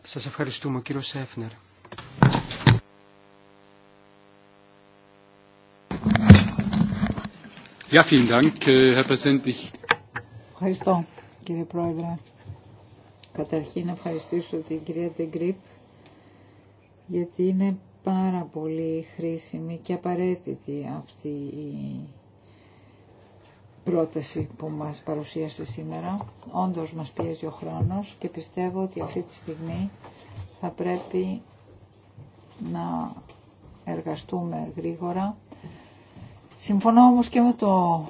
Σας ευχαριστούμε, κύριο Σέφνερ. Äh, Ευχαριστώ, κύριε Πρόεδρε. Καταρχήν να ευχαριστήσω την κυρία Ντεγκρίπ, γιατί είναι πάρα πολύ χρήσιμη και απαραίτητη αυτή η πρόταση που μας παρουσίασε σήμερα. Όντως μας πιέζει ο χρόνος και πιστεύω ότι αυτή τη στιγμή θα πρέπει να εργαστούμε γρήγορα Συμφωνώ όμως και με το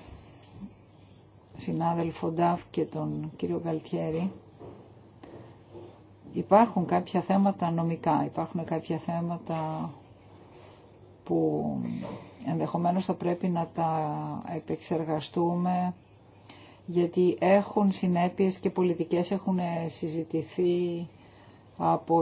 συνάδελφο Νταφ και τον κύριο Γκαλτιέρη. Υπάρχουν κάποια θέματα νομικά, υπάρχουν κάποια θέματα που ενδεχομένως θα πρέπει να τα επεξεργαστούμε γιατί έχουν συνέπειες και πολιτικές έχουν συζητηθεί από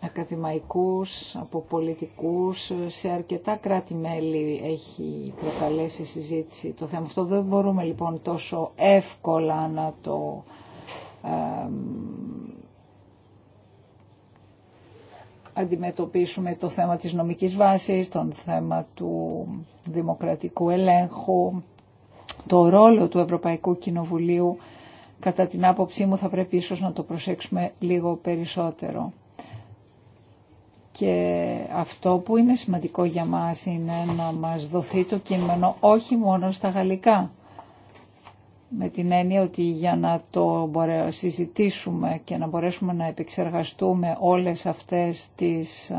ακαδημαϊκούς, από πολιτικούς, σε αρκετά κράτη-μέλη έχει προκαλέσει συζήτηση το θέμα αυτό. Δεν μπορούμε λοιπόν τόσο εύκολα να το αντιμετωπίσουμε το θέμα της νομικής βάσης, το θέμα του δημοκρατικού ελέγχου, το ρόλο του Ευρωπαϊκού Κοινοβουλίου. Κατά την άποψή μου θα πρέπει ίσως να το προσέξουμε λίγο περισσότερο. Και αυτό που είναι σημαντικό για μας είναι να μας δοθεί το κείμενο όχι μόνο στα γαλλικά. Με την έννοια ότι για να το συζητήσουμε και να μπορέσουμε να επεξεργαστούμε όλες αυτές τις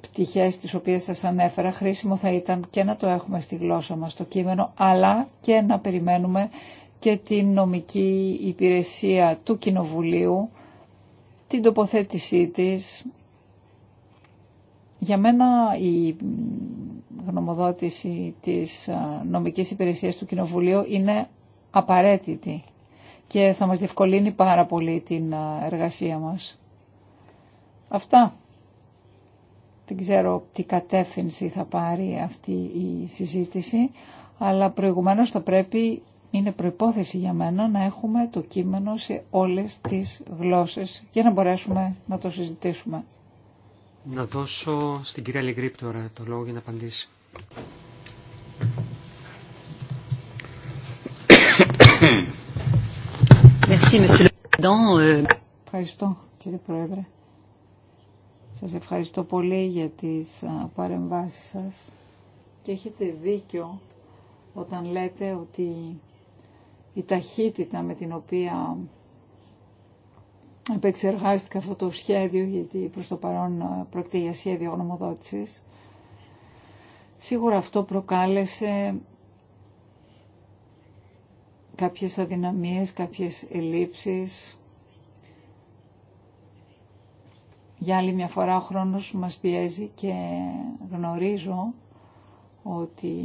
πτυχές τις οποίες σας ανέφερα, χρήσιμο θα ήταν και να το έχουμε στη γλώσσα μας το κείμενο, αλλά και να περιμένουμε και την νομική υπηρεσία του Κοινοβουλίου την τοποθέτησή της. Για μένα η γνωμοδότηση της νομικής υπηρεσίας του Κοινοβουλίου είναι απαραίτητη και θα μας διευκολύνει πάρα πολύ την εργασία μας. Αυτά. Δεν ξέρω τι κατεύθυνση θα πάρει αυτή η συζήτηση, αλλά προηγουμένως θα πρέπει είναι προϋπόθεση για μένα να έχουμε το κείμενο σε όλες τις γλώσσες για να μπορέσουμε να το συζητήσουμε. Να δώσω στην κυρία Λεγκρίπ τώρα το λόγο για να απαντήσει. Ε, ευχαριστώ κύριε Πρόεδρε. Σας ευχαριστώ πολύ για τις παρεμβάσεις σας και έχετε δίκιο όταν λέτε ότι η ταχύτητα με την οποία επεξεργάστηκα αυτό το σχέδιο, γιατί προς το παρόν ε, πρόκειται για σχέδιο γνωμοδότησης, σίγουρα αυτό προκάλεσε κάποιες αδυναμίες, κάποιες ελλείψεις. Για άλλη μια φορά ο χρόνος μας πιέζει και γνωρίζω ότι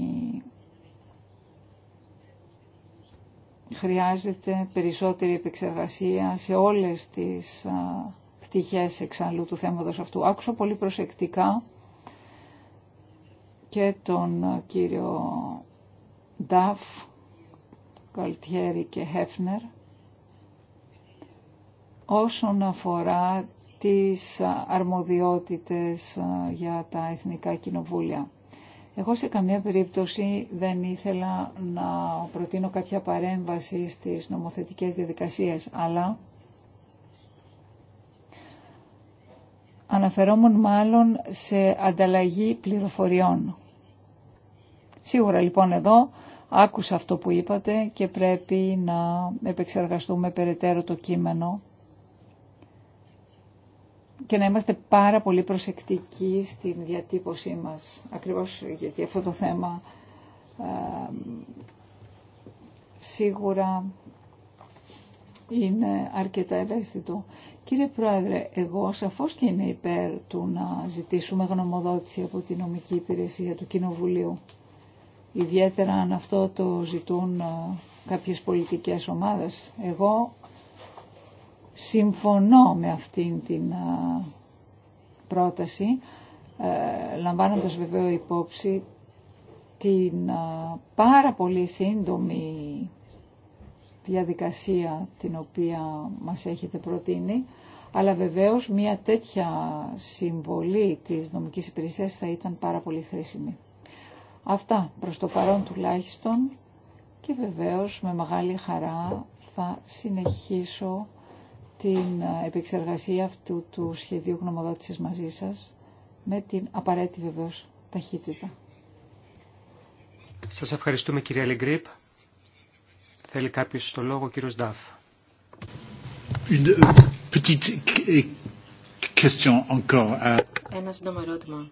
χρειάζεται περισσότερη επεξεργασία σε όλες τις πτυχές εξαλλού του θέματος αυτού. Άκουσα πολύ προσεκτικά και τον κύριο Νταφ, Καλτιέρη και Χέφνερ όσον αφορά τις αρμοδιότητες για τα Εθνικά Κοινοβούλια. Εγώ σε καμία περίπτωση δεν ήθελα να προτείνω κάποια παρέμβαση στις νομοθετικές διαδικασίες, αλλά αναφερόμουν μάλλον σε ανταλλαγή πληροφοριών. Σίγουρα λοιπόν εδώ άκουσα αυτό που είπατε και πρέπει να επεξεργαστούμε περαιτέρω το κείμενο και να είμαστε πάρα πολύ προσεκτικοί στην διατύπωσή μας. Ακριβώς γιατί αυτό το θέμα σίγουρα είναι αρκετά ευαίσθητο. Κύριε Πρόεδρε, εγώ σαφώς και είμαι υπέρ του να ζητήσουμε γνωμοδότηση από την νομική υπηρεσία του Κοινοβουλίου. Ιδιαίτερα αν αυτό το ζητούν ε, κάποιες πολιτικές ομάδες. Εγώ συμφωνώ με αυτήν την πρόταση, ε, λαμβάνοντας βεβαίω υπόψη την πάρα πολύ σύντομη διαδικασία την οποία μας έχετε προτείνει, αλλά βεβαίως μια τέτοια συμβολή της νομικής υπηρεσίας θα ήταν πάρα πολύ χρήσιμη. Αυτά προς το παρόν τουλάχιστον και βεβαίως με μεγάλη χαρά θα συνεχίσω την ε, επεξεργασία αυτού του σχεδίου γνωμοδότησης μαζί σας με την απαραίτητη βεβαίω ταχύτητα. Σας ευχαριστούμε κυρία Λεγκρίπ. Θέλει κάποιος στο λόγο, κύριος Νταφ. Euh, euh. Ένα σύντομο ερώτημα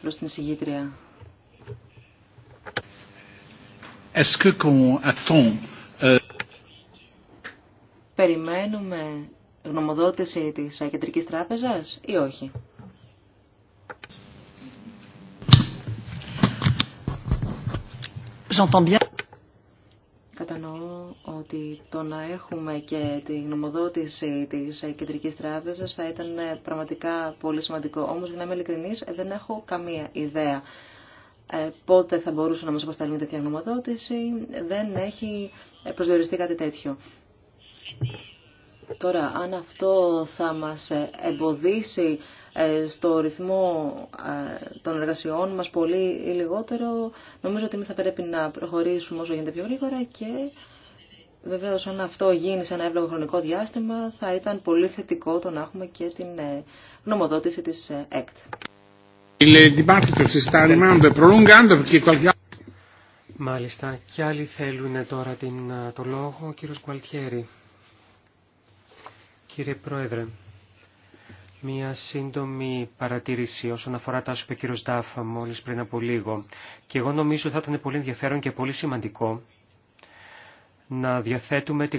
προς την εισηγήτρια. Est-ce euh, περιμένουμε γνωμοδότηση της Κεντρικής Τράπεζας ή όχι. Κατανοώ ότι το να έχουμε και τη γνωμοδότηση της Κεντρικής Τράπεζας θα ήταν πραγματικά πολύ σημαντικό. Όμως, για να είμαι ειλικρινής, δεν έχω καμία ιδέα ε, πότε θα μπορούσε να μας αποσταλεί τέτοια γνωμοδότηση. Δεν έχει προσδιοριστεί κάτι τέτοιο. Τώρα, αν αυτό θα μας ε, εμποδίσει ε, στο ρυθμό ε, των εργασιών μας πολύ ή λιγότερο, νομίζω ότι εμείς θα πρέπει να προχωρήσουμε όσο γίνεται πιο γρήγορα και βεβαίως αν αυτό γίνει σε ένα εύλογο χρονικό διάστημα θα ήταν πολύ θετικό το να έχουμε και την γνωμοδότηση της ΕΚΤ. E Μάλιστα, κι άλλοι θέλουν τώρα την, το λόγο, ο κύριος Γκουαλτιέρη. Κύριε Πρόεδρε, μία σύντομη παρατήρηση όσον αφορά τα ο κύριο Ντάφα μόλις πριν από λίγο. Και εγώ νομίζω θα ήταν πολύ ενδιαφέρον και πολύ σημαντικό να διαθέτουμε τη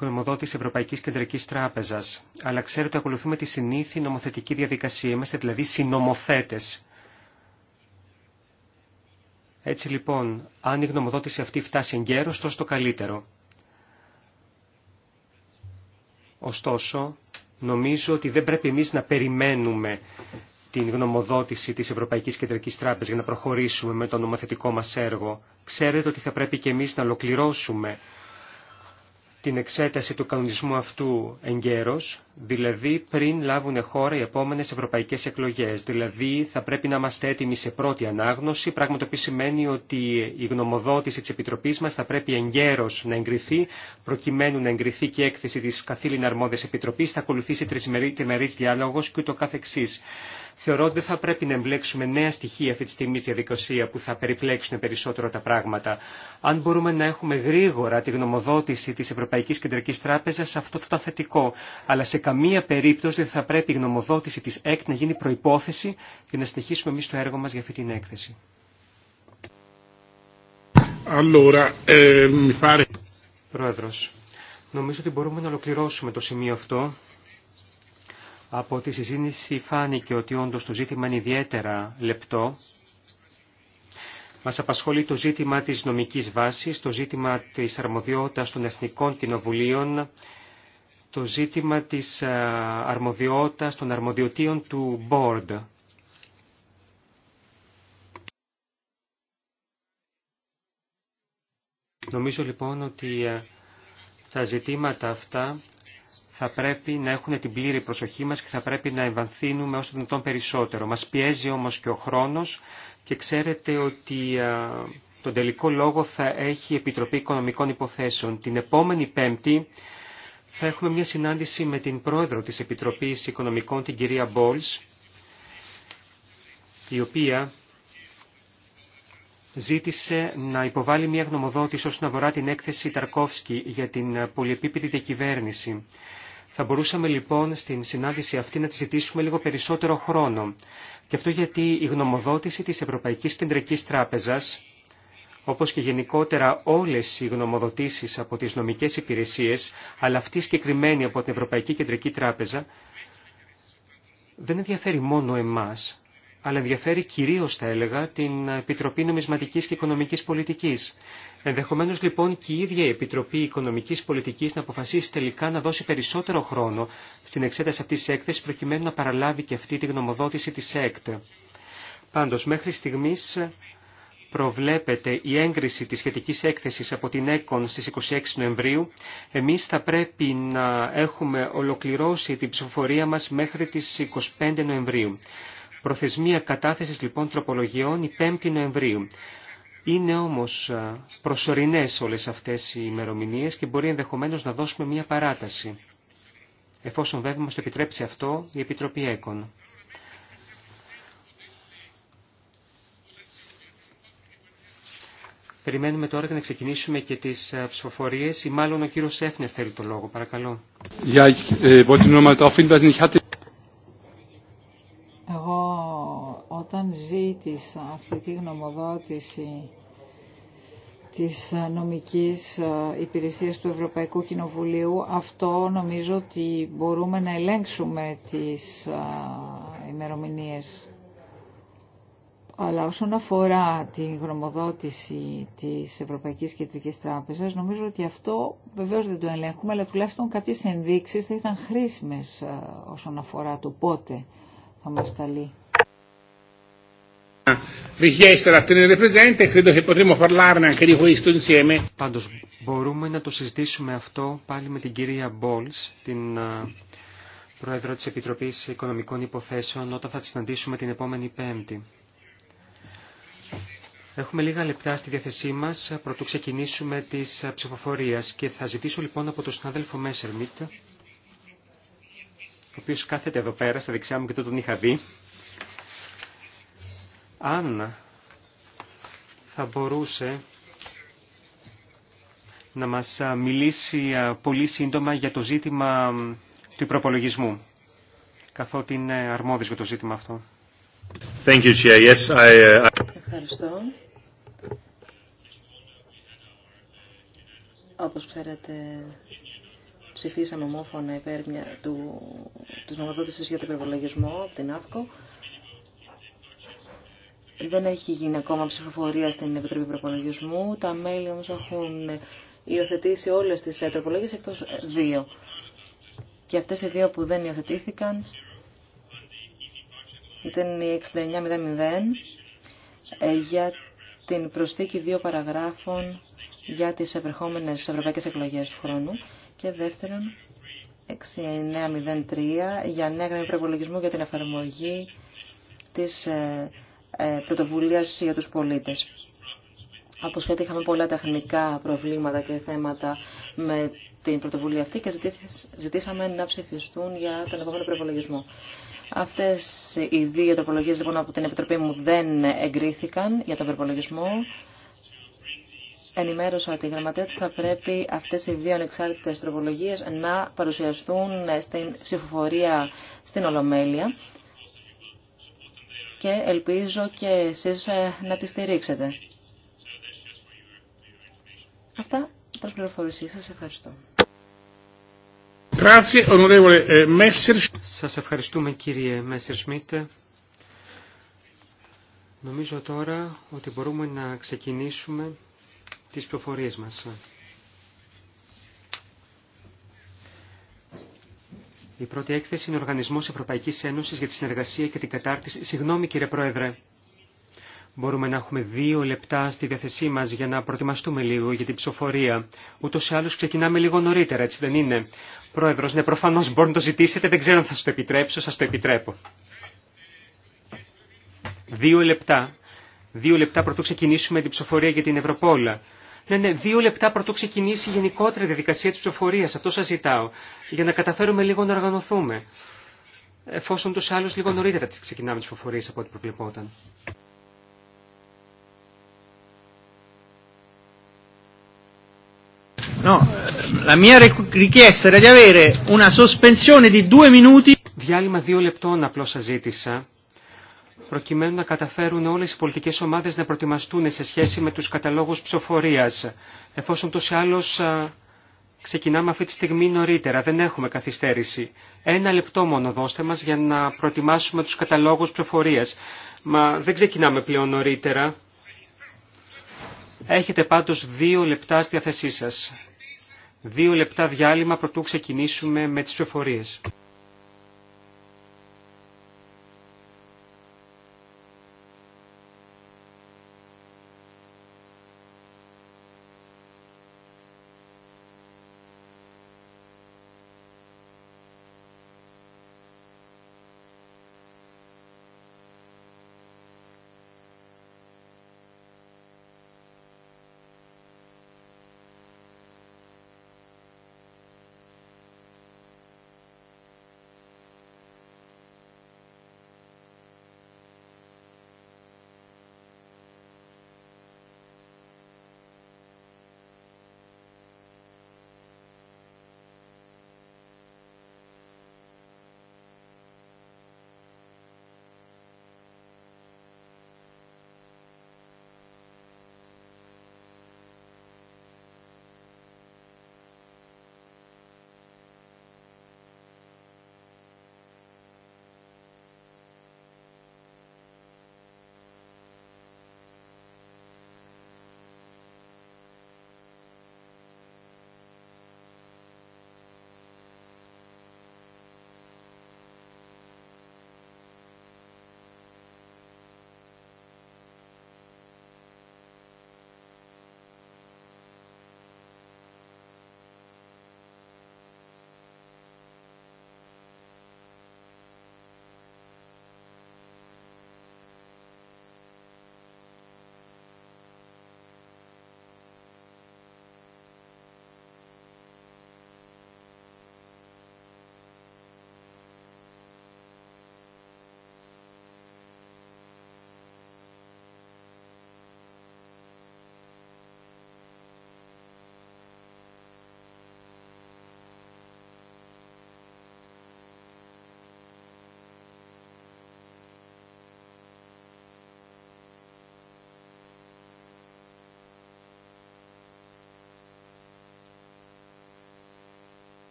γνωμοδότηση Ευρωπαϊκής Κεντρικής Τράπεζας. Αλλά ξέρετε, ακολουθούμε τη συνήθη νομοθετική διαδικασία. Είμαστε δηλαδή συνομοθέτες. Έτσι λοιπόν, αν η γνωμοδότηση αυτή φτάσει εγκαίρως, τόσο το καλύτερο. Ωστόσο, νομίζω ότι δεν πρέπει εμείς να περιμένουμε την γνωμοδότηση της Ευρωπαϊκής Κεντρικής Τράπεζας για να προχωρήσουμε με το νομοθετικό μας έργο. Ξέρετε ότι θα πρέπει και εμείς να ολοκληρώσουμε την εξέταση του κανονισμού αυτού εγκαίρως, δηλαδή πριν λάβουν χώρα οι επόμενες ευρωπαϊκές εκλογές. Δηλαδή θα πρέπει να είμαστε έτοιμοι σε πρώτη ανάγνωση, πράγμα το οποίο σημαίνει ότι η γνωμοδότηση της Επιτροπής μας θα πρέπει εγκαίρως να εγκριθεί, προκειμένου να εγκριθεί και η έκθεση της καθήλυνα αρμόδιας Επιτροπής, θα ακολουθήσει τριμερής διάλογος και ούτω Θεωρώ ότι δεν θα πρέπει να εμπλέξουμε νέα στοιχεία αυτή τη στιγμή στη διαδικασία που θα περιπλέξουν περισσότερο τα πράγματα. Αν μπορούμε να έχουμε γρήγορα τη γνωμοδότηση τη Ευρωπαϊκή Κεντρική Τράπεζα, αυτό θα ήταν θετικό. Αλλά σε καμία περίπτωση δεν θα πρέπει η γνωμοδότηση τη ΕΚΤ να γίνει προπόθεση για να συνεχίσουμε εμεί το έργο μα για αυτή την έκθεση. Allora, ε, mi pare... Πρόεδρος, νομίζω ότι μπορούμε να ολοκληρώσουμε το σημείο αυτό. Από τη συζήτηση φάνηκε ότι όντω το ζήτημα είναι ιδιαίτερα λεπτό. Μας απασχολεί το ζήτημα της νομικής βάσης, το ζήτημα της αρμοδιότητας των εθνικών κοινοβουλίων, το ζήτημα της ε, αρμοδιότητας των αρμοδιοτήτων του board. Νομίζω λοιπόν ότι ε, τα ζητήματα αυτά θα πρέπει να έχουν την πλήρη προσοχή μας και θα πρέπει να εμβανθύνουμε όσο δυνατόν περισσότερο. Μας πιέζει όμως και ο χρόνος και ξέρετε ότι α, τον τελικό λόγο θα έχει η Επιτροπή Οικονομικών Υποθέσεων. Την επόμενη Πέμπτη θα έχουμε μια συνάντηση με την πρόεδρο της Επιτροπής Οικονομικών, την κυρία Μπόλς, η οποία ζήτησε να υποβάλει μια γνωμοδότηση όσον αφορά την έκθεση Ταρκόφσκι για την πολυεπίπεδη διακυβέρνηση. Θα μπορούσαμε λοιπόν στην συνάντηση αυτή να τη ζητήσουμε λίγο περισσότερο χρόνο. Και αυτό γιατί η γνωμοδότηση της Ευρωπαϊκής Κεντρικής Τράπεζας, όπως και γενικότερα όλες οι γνωμοδοτήσεις από τις νομικές υπηρεσίες, αλλά αυτή συγκεκριμένη από την Ευρωπαϊκή Κεντρική Τράπεζα, δεν ενδιαφέρει μόνο εμάς, αλλά ενδιαφέρει κυρίως, θα έλεγα, την Επιτροπή Νομισματικής και Οικονομικής Πολιτικής. Ενδεχομένως λοιπόν και η ίδια η Επιτροπή Οικονομικής Πολιτικής να αποφασίσει τελικά να δώσει περισσότερο χρόνο στην εξέταση αυτής της έκθεσης προκειμένου να παραλάβει και αυτή τη γνωμοδότηση της ΕΚΤ. Πάντως μέχρι στιγμής προβλέπεται η έγκριση της σχετικής έκθεσης από την ΕΚΟΝ στις 26 Νοεμβρίου, εμείς θα πρέπει να έχουμε ολοκληρώσει την ψηφοφορία μας μέχρι τις 25 Νοεμβρίου. Προθεσμία κατάθεσης λοιπόν τροπολογιών η 5η Νοεμβρίου. Είναι όμως προσωρινές όλες αυτές οι ημερομηνίε και μπορεί ενδεχομένως να δώσουμε μια παράταση. Εφόσον βέβαια μας το επιτρέψει αυτό η Επιτροπή ΕΚΟΝ. Περιμένουμε τώρα και να ξεκινήσουμε και τις ψηφοφορίες ή μάλλον ο κύριος Σέφνερ θέλει το λόγο. Παρακαλώ. Ε, όταν ζήτησα αυτή τη γνωμοδότηση της ε, νομικής ε, υπηρεσίας του Ευρωπαϊκού Κοινοβουλίου. Αυτό νομίζω ότι μπορούμε να ελέγξουμε τις ε, ημερομηνίες. Αλλά όσον αφορά τη γνωμοδότηση της Ευρωπαϊκής Κεντρικής Τράπεζας, νομίζω ότι αυτό βεβαίως δεν το ελέγχουμε, αλλά τουλάχιστον κάποιες ενδείξεις θα ήταν χρήσιμες όσον αφορά το πότε θα μας ταλεί richiesta μπορούμε να το συζητήσουμε αυτό πάλι με την κυρία Μπόλς, την ε, Πρόεδρο της Επιτροπής Οικονομικών Υποθέσεων, όταν θα τη συναντήσουμε την επόμενη Πέμπτη. Έχουμε λίγα λεπτά στη διάθεσή μας πρωτού ξεκινήσουμε της ε, ψηφοφορίας και θα ζητήσω λοιπόν από τον συνάδελφο Μέσερμιτ, ο οποίος κάθεται εδώ πέρα, στα δεξιά μου και το τον είχα δει, αν θα μπορούσε να μας μιλήσει πολύ σύντομα για το ζήτημα του προπολογισμού, καθότι είναι αρμόδιος για το ζήτημα αυτό. Thank you, Chair. Yes, I... Uh, Ευχαριστώ. Όπως ξέρετε, ψηφίσαμε ομόφωνα υπέρ μια, του, της νομοδότησης για τον προπολογισμό από την ΑΦΚΟ. Δεν έχει γίνει ακόμα ψηφοφορία στην Επιτροπή Προπολογισμού. Τα μέλη όμως έχουν υιοθετήσει όλες τις ε, τροπολογίες εκτός ε, δύο. Και αυτές οι δύο που δεν υιοθετήθηκαν ήταν η 69.00 ε, για την προσθήκη δύο παραγράφων για τις επερχόμενε ευρωπαϊκές εκλογές του χρόνου και δεύτερον 6903 για νέα γραμμή προπολογισμού για την εφαρμογή της ε, πρωτοβουλία για τους πολίτες. Από είχαμε πολλά τεχνικά προβλήματα και θέματα με την πρωτοβουλία αυτή και ζητήσαμε να ψηφιστούν για τον επόμενο προπολογισμό. Αυτές οι δύο τροπολογίες λοιπόν από την Επιτροπή μου δεν εγκρίθηκαν για τον προπολογισμό. Ενημέρωσα τη γραμματεία ότι θα πρέπει αυτές οι δύο ανεξάρτητες τροπολογίες να παρουσιαστούν στην ψηφοφορία στην Ολομέλεια και ελπίζω και εσείς ε, να τη στηρίξετε. Αυτά προς πληροφορήσεις. Σας ευχαριστώ. Ε, Σας ευχαριστούμε κύριε Μέσσερ Σμίτ. Νομίζω τώρα ότι μπορούμε να ξεκινήσουμε τις πληροφορίες μας. Η πρώτη έκθεση είναι ο Οργανισμό Ευρωπαϊκή Ένωση για τη Συνεργασία και την Κατάρτιση. Συγγνώμη κύριε Πρόεδρε. Μπορούμε να έχουμε δύο λεπτά στη διαθεσή μα για να προετοιμαστούμε λίγο για την ψηφοφορία. Ούτω ή άλλω ξεκινάμε λίγο νωρίτερα, έτσι δεν είναι. Πρόεδρο, ναι, προφανώ μπορεί να το ζητήσετε, δεν ξέρω αν θα σα το επιτρέψω, σα το επιτρέπω. Δύο λεπτά. Δύο λεπτά πρωτού ξεκινήσουμε την ψηφοφορία για την Ευρωπόλα. Ναι, ναι, δύο λεπτά πρωτού ξεκινήσει η γενικότερη διαδικασία της ψηφοφορίας. Αυτό σας ζητάω. Για να καταφέρουμε λίγο να οργανωθούμε. Εφόσον τους άλλους λίγο νωρίτερα τις ξεκινάμε τις ψηφοφορίες από ό,τι προβλεπόταν. No, la mia richiesta era di avere una sospensione di Διάλειμμα δύο λεπτών απλώς σας ζήτησα προκειμένου να καταφέρουν όλες οι πολιτικές ομάδες να προετοιμαστούν σε σχέση με τους καταλόγους ψηφοφορίας. Εφόσον τους άλλως ξεκινάμε αυτή τη στιγμή νωρίτερα, δεν έχουμε καθυστέρηση. Ένα λεπτό μόνο δώστε μας για να προετοιμάσουμε τους καταλόγους ψηφοφορίας. Μα δεν ξεκινάμε πλέον νωρίτερα. Έχετε πάντως δύο λεπτά στη διάθεσή σας. Δύο λεπτά διάλειμμα προτού ξεκινήσουμε με τις ψηφοφορίες.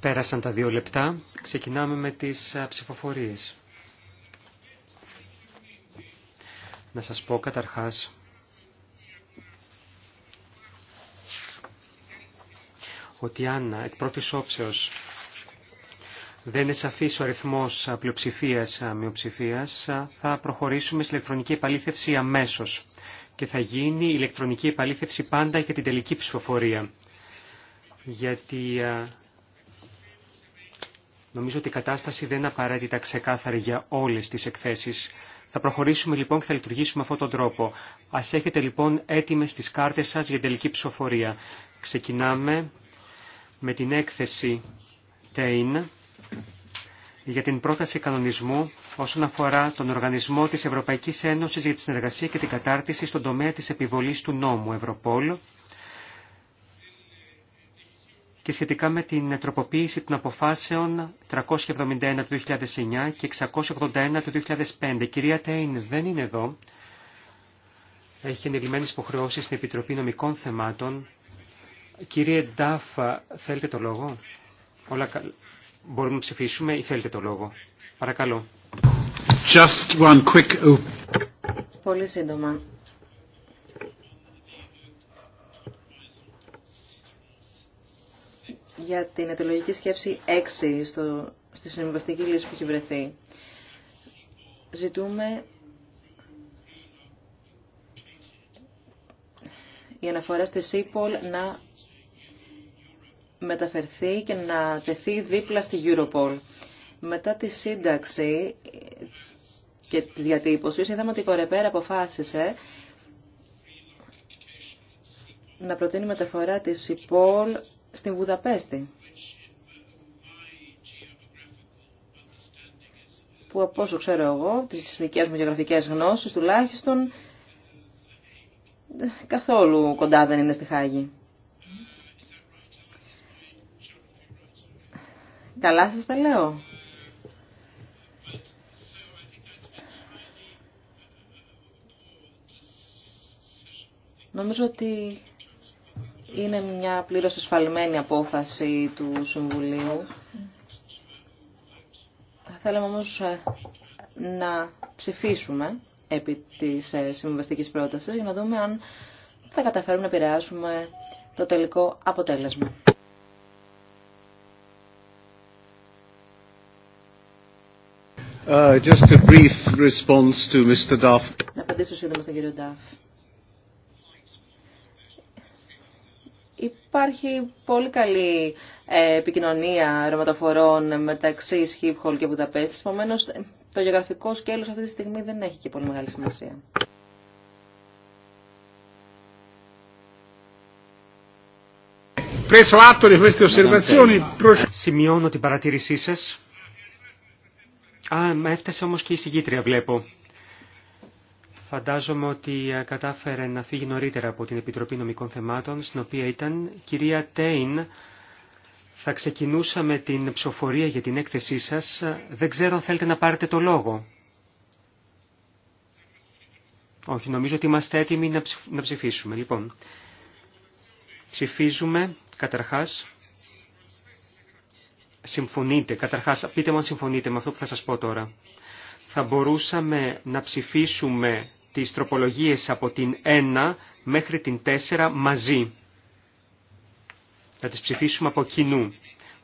Πέρασαν τα δύο λεπτά. Ξεκινάμε με τις ψηφοφορίες. Να σας πω καταρχάς ότι αν εκ πρώτη όψεως δεν είναι σαφής ο αριθμός πλειοψηφίας μειοψηφίας, θα προχωρήσουμε στην ηλεκτρονική επαλήθευση αμέσως και θα γίνει ηλεκτρονική επαλήθευση πάντα για την τελική ψηφοφορία γιατί ε, νομίζω ότι η κατάσταση δεν είναι απαραίτητα ξεκάθαρη για όλες τις εκθέσεις. Θα προχωρήσουμε λοιπόν και θα λειτουργήσουμε αυτόν τον τρόπο. Ας έχετε λοιπόν έτοιμες τις κάρτες σας για τελική ψηφοφορία. Ξεκινάμε με την έκθεση ΤΕΙΝ για την πρόταση κανονισμού όσον αφορά τον Οργανισμό της Ευρωπαϊκής Ένωσης για τη Συνεργασία και την Κατάρτιση στον τομέα της επιβολής του νόμου Ευρωπόλου και σχετικά με την τροποποίηση των αποφάσεων 371 του 2009 και 681 του 2005. κυρία Τέιν δεν είναι εδώ. Έχει ενεργημένε υποχρεώσει στην Επιτροπή Νομικών Θεμάτων. Κύριε Ντάφ, θέλετε το λόγο. Όλα Μπορούμε να ψηφίσουμε ή θέλετε το λόγο. Παρακαλώ. Just one quick... Πολύ σύντομα. για την αιτιολογική σκέψη 6 στο, στη συμβαστική λύση που έχει βρεθεί. Ζητούμε η αναφορά στη ΣΥΠΟΛ να μεταφερθεί και να τεθεί δίπλα στη Europol. Μετά τη σύνταξη και τη διατύπωση, είδαμε ότι η Κορεπέρα αποφάσισε να προτείνει μεταφορά της ΣΥΠΟΛ στην Βουδαπέστη, που από όσο ξέρω εγώ, τις δικές μου γεωγραφικές γνώσεις τουλάχιστον, καθόλου κοντά δεν είναι στη Χάγη. Καλά σας τα λέω. Νομίζω ότι είναι μια πλήρως εσφαλμένη απόφαση του Συμβουλίου. Θα θέλαμε όμως ε, να ψηφίσουμε επί της ε, συμβαστικής πρότασης για να δούμε αν θα καταφέρουμε να επηρεάσουμε το τελικό αποτέλεσμα. Uh, just a brief response to Mr. Duff. Να απαντήσω σύντομα στον κύριο Νταφ. Υπάρχει πολύ καλή ε, επικοινωνία ρωματοφορών μεταξύ Σχίπχολ και Βουδαπέστη. Επομένω, το γεωγραφικό σκέλος αυτή τη στιγμή δεν έχει και πολύ μεγάλη σημασία. Σημειώνω την παρατήρησή σα. Α, έφτασε όμω και η συγκήτρια, βλέπω. Φαντάζομαι ότι ε, κατάφερε να φύγει νωρίτερα από την Επιτροπή Νομικών Θεμάτων, στην οποία ήταν. Κυρία Τέιν, θα ξεκινούσαμε την ψηφοφορία για την έκθεσή σας. Δεν ξέρω αν θέλετε να πάρετε το λόγο. Όχι, νομίζω ότι είμαστε έτοιμοι να ψηφίσουμε. Λοιπόν, ψηφίζουμε καταρχάς. Συμφωνείτε, καταρχάς, πείτε μου αν συμφωνείτε με αυτό που θα σας πω τώρα. Θα μπορούσαμε να ψηφίσουμε τις τροπολογίες από την 1 μέχρι την 4 μαζί. Να τις ψηφίσουμε από κοινού.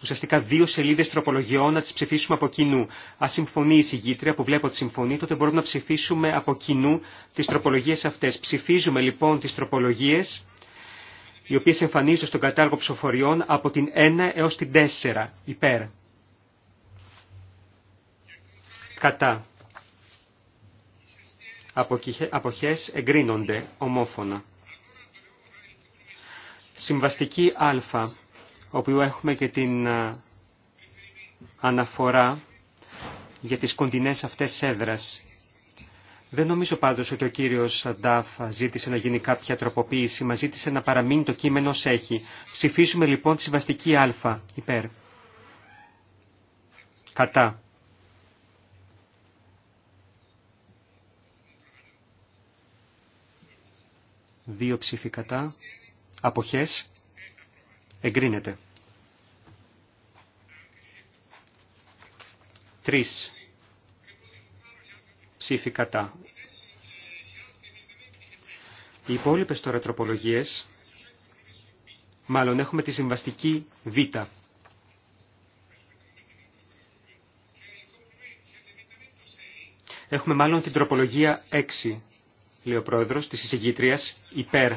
Ουσιαστικά δύο σελίδες τροπολογιών να τις ψηφίσουμε από κοινού. Αν συμφωνεί η συγκήτρια που βλέπω ότι συμφωνεί, τότε μπορούμε να ψηφίσουμε από κοινού τις τροπολογίες αυτές. Ψηφίζουμε λοιπόν τις τροπολογίες οι οποίες εμφανίζονται στον κατάλογο ψηφοφοριών από την 1 έως την 4 υπέρ. Κατά αποχές εγκρίνονται ομόφωνα. Συμβαστική Α, όπου έχουμε και την ε, αναφορά για τις κοντινές αυτές έδρας. Δεν νομίζω πάντως ότι ο κύριος Ντάφ ζήτησε να γίνει κάποια τροποποίηση, μα ζήτησε να παραμείνει το κείμενο ως έχει. Ψηφίσουμε λοιπόν τη συμβαστική α, υπέρ. Κατά. Δύο ψήφοι αποχές, εγκρίνεται. Τρεις ψήφοι κατά. Οι υπόλοιπε τώρα τροπολογίες, μάλλον έχουμε τη συμβαστική Β. Έχουμε μάλλον την τροπολογία 6 λέει ο πρόεδρο της εισηγήτρια, υπέρ.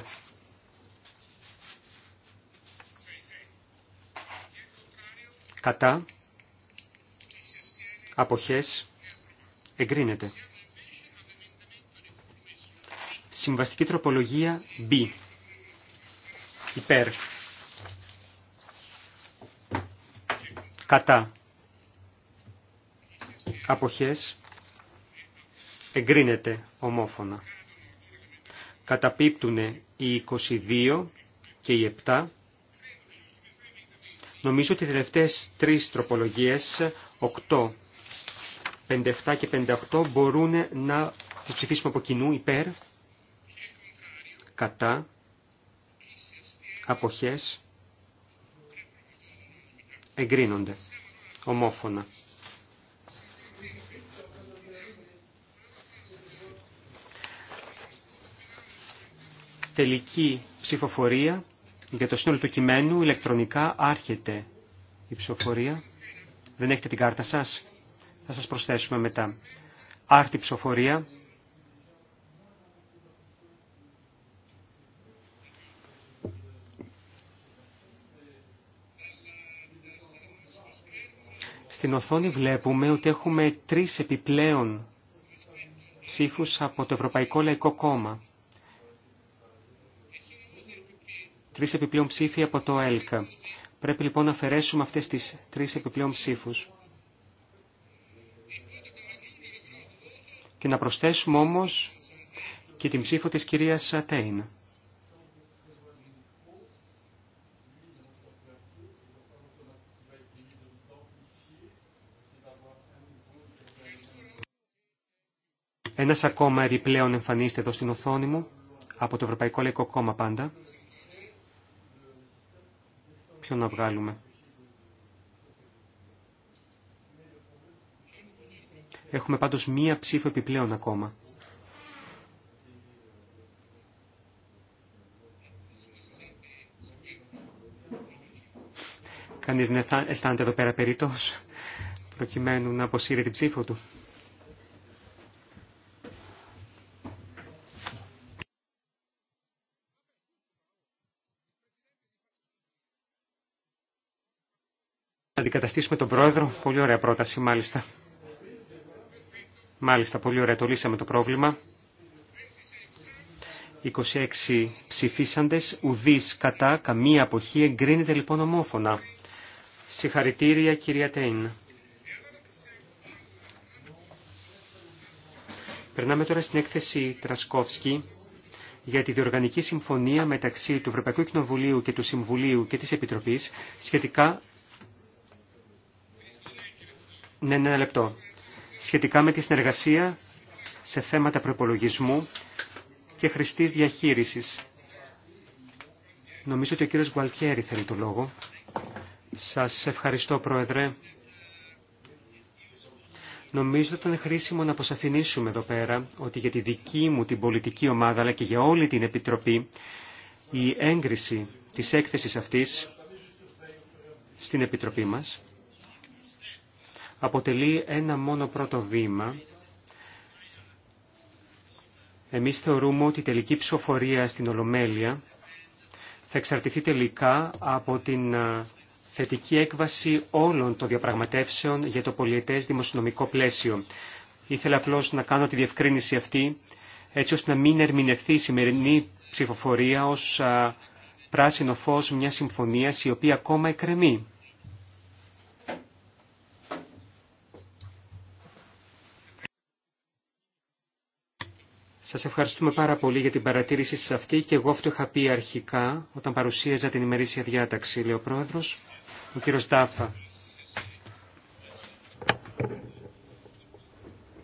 Κατά. Αποχές. Εγκρίνεται. Συμβαστική τροπολογία B. Υπέρ. Κατά. Αποχές εγκρίνεται ομόφωνα καταπίπτουν οι 22 και οι 7. Νομίζω ότι οι τελευταίες τρεις τροπολογίες, 8, 57 και 58, μπορούν να τις ψηφίσουμε από κοινού υπέρ, κατά, αποχές, εγκρίνονται, ομόφωνα. τελική ψηφοφορία για το σύνολο του κειμένου ηλεκτρονικά άρχεται η ψηφοφορία. Δεν έχετε την κάρτα σας. Θα σας προσθέσουμε μετά. Άρτη ψηφοφορία. Στην οθόνη βλέπουμε ότι έχουμε τρεις επιπλέον ψήφους από το Ευρωπαϊκό Λαϊκό Κόμμα. τρεις επιπλέον ψήφοι από το ΕΛΚΑ. Πρέπει λοιπόν να αφαιρέσουμε αυτές τις τρεις επιπλέον ψήφους. Και να προσθέσουμε όμως και την ψήφο της κυρίας Σατέιν. Ένας ακόμα επιπλέον εμφανίστε εδώ στην οθόνη μου, από το Ευρωπαϊκό Λαϊκό Κόμμα πάντα να βγάλουμε. Έχουμε πάντως μία ψήφο επιπλέον ακόμα. Κανείς δεν αισθάνεται εδώ πέρα περίτως, προκειμένου να αποσύρει την ψήφο του. αντικαταστήσουμε τον πρόεδρο. Πολύ ωραία πρόταση, μάλιστα. Μάλιστα, πολύ ωραία. Το λύσαμε το πρόβλημα. 26 ψηφίσαντες, ουδής κατά, καμία αποχή, εγκρίνεται λοιπόν ομόφωνα. Συγχαρητήρια κυρία Τέιν. Περνάμε τώρα στην έκθεση Τρασκόφσκι για τη διοργανική συμφωνία μεταξύ του Ευρωπαϊκού Κοινοβουλίου και του Συμβουλίου και της Επιτροπής σχετικά ναι, ναι, ένα λεπτό. Σχετικά με τη συνεργασία σε θέματα προπολογισμού και χρηστής διαχείρισης. Νομίζω ότι ο κύριος Γκουαλτιέρη θέλει το λόγο. Σας ευχαριστώ, Πρόεδρε. Νομίζω ότι ήταν χρήσιμο να αποσαφηνίσουμε εδώ πέρα ότι για τη δική μου την πολιτική ομάδα αλλά και για όλη την Επιτροπή η έγκριση της έκθεσης αυτής στην Επιτροπή μας αποτελεί ένα μόνο πρώτο βήμα. Εμείς θεωρούμε ότι η τελική ψηφοφορία στην Ολομέλεια θα εξαρτηθεί τελικά από την θετική έκβαση όλων των διαπραγματεύσεων για το πολιετές δημοσιονομικό πλαίσιο. Ήθελα απλώ να κάνω τη διευκρίνηση αυτή, έτσι ώστε να μην ερμηνευθεί η σημερινή ψηφοφορία ως πράσινο φως μιας συμφωνίας η οποία ακόμα εκκρεμεί. Σας ευχαριστούμε πάρα πολύ για την παρατήρηση σας αυτή και εγώ αυτό είχα πει αρχικά όταν παρουσίαζα την ημερήσια διάταξη, λέει ο Πρόεδρος, ο κύριος Τάφα.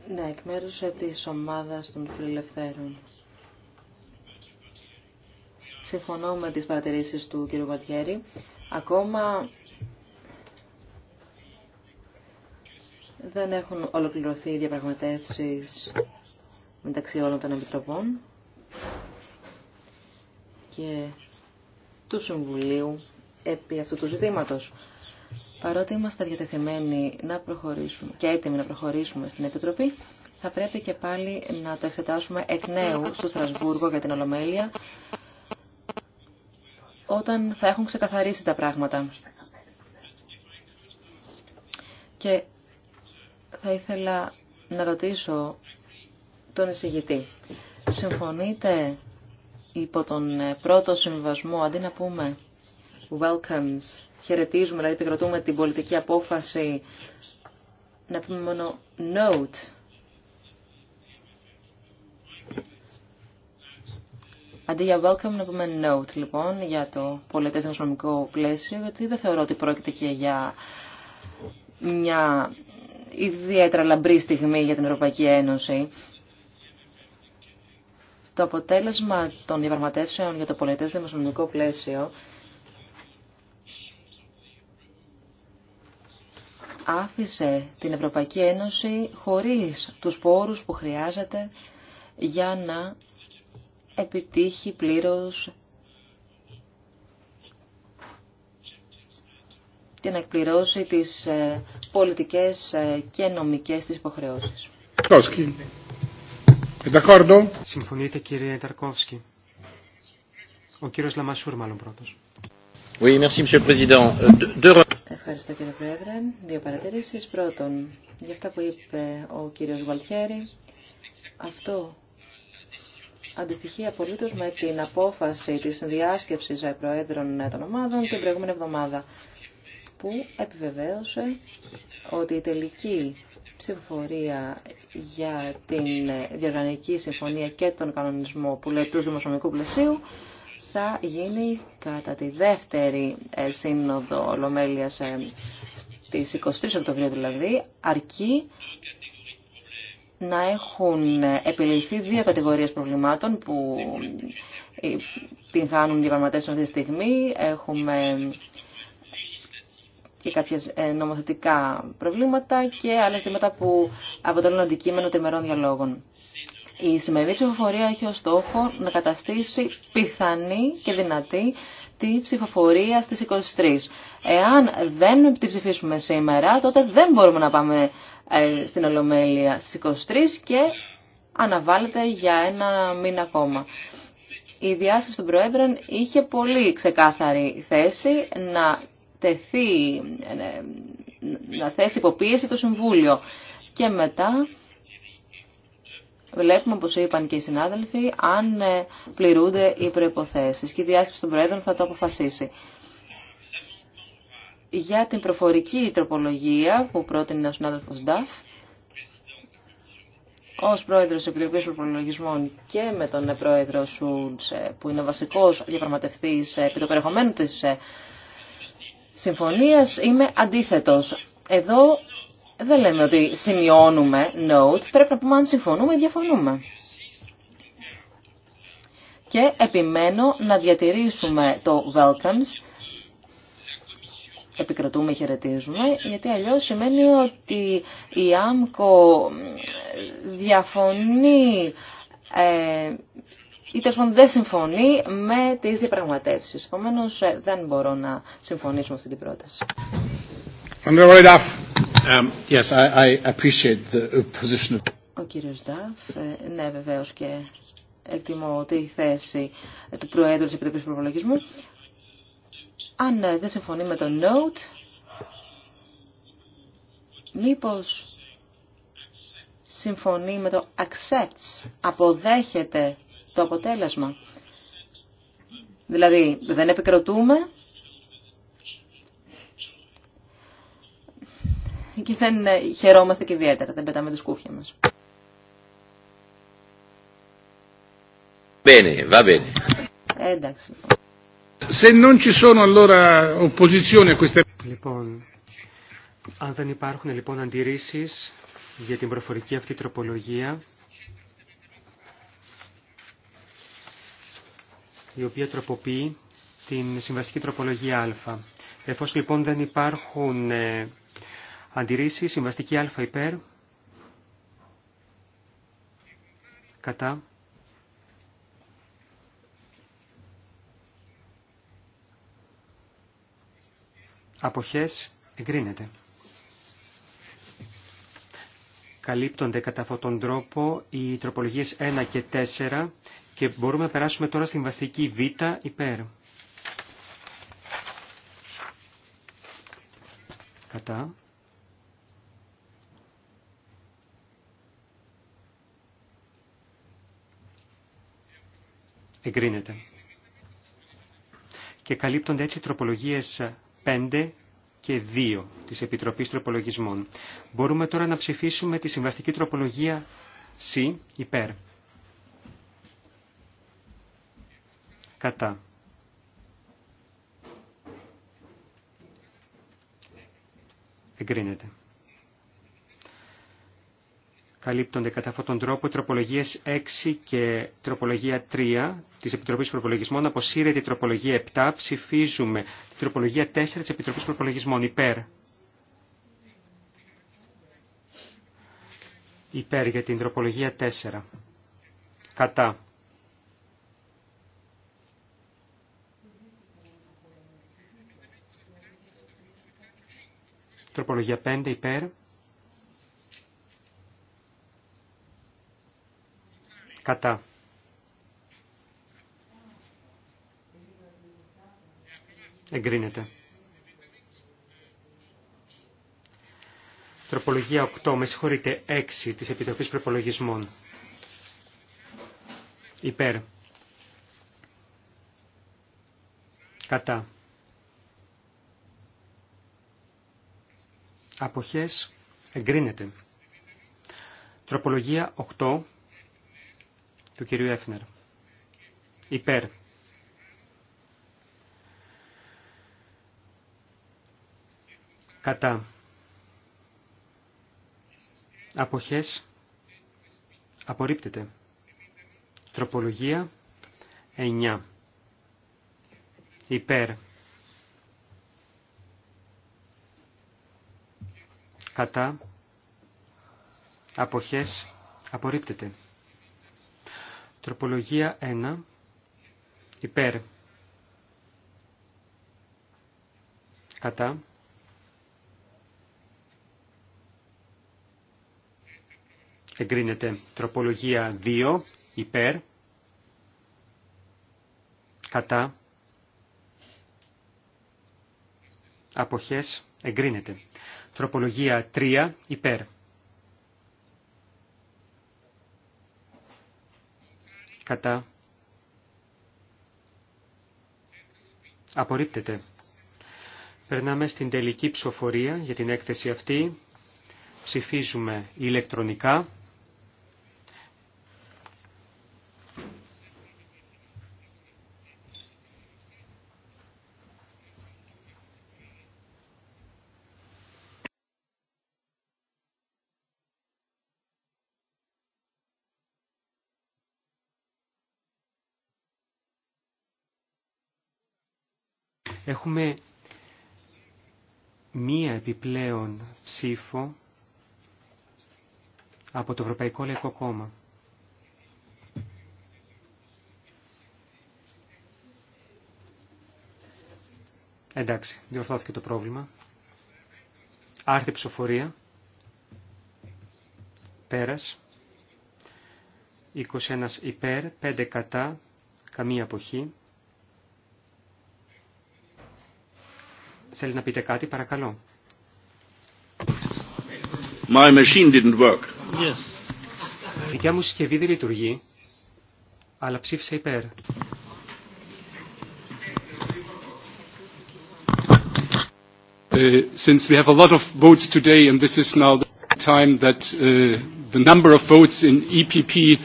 Ναι, εκ μέρους της ομάδας των φιλελευθέρων. Συμφωνώ με τις παρατηρήσεις του κύριου Βατιέρη. Ακόμα δεν έχουν ολοκληρωθεί οι διαπραγματεύσεις μεταξύ όλων των επιτροπών και του Συμβουλίου επί αυτού του ζητήματος. Παρότι είμαστε διατεθειμένοι να προχωρήσουμε και έτοιμοι να προχωρήσουμε στην Επιτροπή, θα πρέπει και πάλι να το εξετάσουμε εκ νέου στο Στρασβούργο για την Ολομέλεια, όταν θα έχουν ξεκαθαρίσει τα πράγματα. Και θα ήθελα να ρωτήσω τον εισηγητή. Συμφωνείτε υπό τον ε, πρώτο συμβασμό; αντί να πούμε welcomes, χαιρετίζουμε, δηλαδή επικροτούμε την πολιτική απόφαση, να πούμε μόνο note. Αντί για welcome να πούμε note, λοιπόν, για το πολιτές νομικό πλαίσιο, γιατί δεν θεωρώ ότι πρόκειται και για μια ιδιαίτερα λαμπρή στιγμή για την Ευρωπαϊκή Ένωση. Το αποτέλεσμα των διαπραγματεύσεων για το πολιτές δημοσιονομικό πλαίσιο άφησε την Ευρωπαϊκή Ένωση χωρίς τους πόρους που χρειάζεται για να επιτύχει πλήρως και να εκπληρώσει τις ε, πολιτικές ε, και νομικές της υποχρεώσεις. Συμφωνείτε κύριε Ταρκόφσκι. Ο κύριος Λαμασούρ μάλλον πρώτος. Euh, Ευχαριστώ κύριε Πρόεδρε. Δύο παρατηρήσεις. Πρώτον, για αυτά που είπε ο κύριος Βαλτιέρη, αυτό αντιστοιχεί απολύτως με την απόφαση της διάσκεψης προέδρων των ομάδων την προηγούμενη εβδομάδα, που επιβεβαίωσε ότι η τελική ψηφοφορία για την διοργανική συμφωνία και τον κανονισμό που λέει του δημοσιονομικού πλαισίου θα γίνει κατά τη δεύτερη ε, σύνοδο ολομέλεια ε, στις 23 Οκτωβρίου δηλαδή, αρκεί να έχουν επιληθεί δύο κατηγορίες προβλημάτων που ε, την χάνουν διαπραγματεύσεων αυτή τη στιγμή. Έχουμε και κάποιες ε, νομοθετικά προβλήματα και άλλες θέματα που αποτελούν αντικείμενο τεμερών διαλόγων. Η σημερινή ψηφοφορία έχει ως στόχο να καταστήσει πιθανή και δυνατή τη ψηφοφορία στις 23. Εάν δεν τη ψηφίσουμε σήμερα, τότε δεν μπορούμε να πάμε ε, στην Ολομέλεια στις 23 και αναβάλλεται για ένα μήνα ακόμα. Η διάσκεψη των Προέδρων είχε πολύ ξεκάθαρη θέση να τεθεί, ε, να θέσει υποπίεση το Συμβούλιο. Και μετά βλέπουμε, όπως είπαν και οι συνάδελφοι, αν ε, πληρούνται οι προϋποθέσεις. Και η διάσκεψη των Προέδρων θα το αποφασίσει. Για την προφορική τροπολογία που πρότεινε ο συνάδελφος Νταφ, Ω πρόεδρος τη Επιτροπής Προπολογισμών και με τον πρόεδρο Σούλτ, ε, που είναι ο βασικό διαπραγματευτή επί το περιεχομένου συμφωνίας είμαι αντίθετος. Εδώ δεν λέμε ότι σημειώνουμε note, πρέπει να πούμε αν συμφωνούμε ή διαφωνούμε. Και επιμένω να διατηρήσουμε το welcomes, επικρατούμε, χαιρετίζουμε, γιατί αλλιώς σημαίνει ότι η ΆΜΚΟ διαφωνεί ε, ή τέλο πάντων δεν συμφωνεί με τι διαπραγματεύσει. Επομένω ε, δεν μπορώ να συμφωνήσω με αυτή την πρόταση. Ο κύριο Νταφ, ε, ναι βεβαίω και εκτιμώ τη θέση του Προέδρου τη Επιτροπή Προπολογισμού. Αν ε, δεν συμφωνεί με το note, μήπως συμφωνεί με το accepts, αποδέχεται το αποτέλεσμα. Δηλαδή, δεν επικροτούμε και δεν χαιρόμαστε και ιδιαίτερα, δεν πετάμε τη σκούφια μας. Ε, εντάξει. Λοιπόν. non ci sono allora a Λοιπόν, αν δεν υπάρχουν λοιπόν αντιρρήσεις για την προφορική αυτή τροπολογία, η οποία τροποποιεί την συμβαστική τροπολογία Α. Εφόσον λοιπόν δεν υπάρχουν ε, αντιρρήσεις, συμβαστική Α υπέρ, κατά, αποχές εγκρίνεται. Καλύπτονται κατά αυτόν τον τρόπο οι τροπολογίες 1 και 4 και μπορούμε να περάσουμε τώρα στην βασική Β υπέρ. Κατά. Εγκρίνεται. Και καλύπτονται έτσι τροπολογίες 5 και 2 της Επιτροπής Τροπολογισμών. Μπορούμε τώρα να ψηφίσουμε τη συμβαστική τροπολογία C υπέρ. Κατά. Εγκρίνεται. Καλύπτονται κατά αυτόν τον τρόπο τροπολογίε 6 και τροπολογία 3 τη επιτροπή Προπολογισμών. Αποσύρεται η τροπολογία 7. Ψηφίζουμε την τροπολογία 4 τη επιτροπή Προπολογισμών. Υπέρ. Υπέρ για την τροπολογία 4. Κατά. Τροπολογία 5 υπέρ. Κατά. Εγκρίνεται. Τροπολογία 8, με συγχωρείτε, 6 της Επιτροπής Προπολογισμών. Υπέρ. Κατά. αποχές εγκρίνεται. Τροπολογία 8 του κυρίου Έφνερ. Υπέρ. Κατά. Αποχές απορρίπτεται. Τροπολογία 9. Υπέρ. κατά, αποχές, απορρίπτεται. Τροπολογία 1, υπέρ, κατά, εγκρίνεται. Τροπολογία 2, υπέρ, κατά, αποχές, εγκρίνεται. Τροπολογία 3 υπέρ. Κατά. Απορρίπτεται. Περνάμε στην τελική ψηφοφορία για την έκθεση αυτή. Ψηφίζουμε ηλεκτρονικά. Έχουμε μία επιπλέον ψήφο από το Ευρωπαϊκό Λαϊκό Κόμμα. Εντάξει, διορθώθηκε το πρόβλημα. Άρθη ψηφοφορία. Πέρας. 21 υπέρ, 5 κατά, καμία αποχή. Θέλεις να πείτε κάτι, παρακαλώ. My machine didn't work. Yes. Η δικιά μου συσκευή δεν λειτουργεί, αλλά ψήφισε υπέρ. Uh, since we have a lot of votes today, and this is now the time that uh, the number of votes in EPP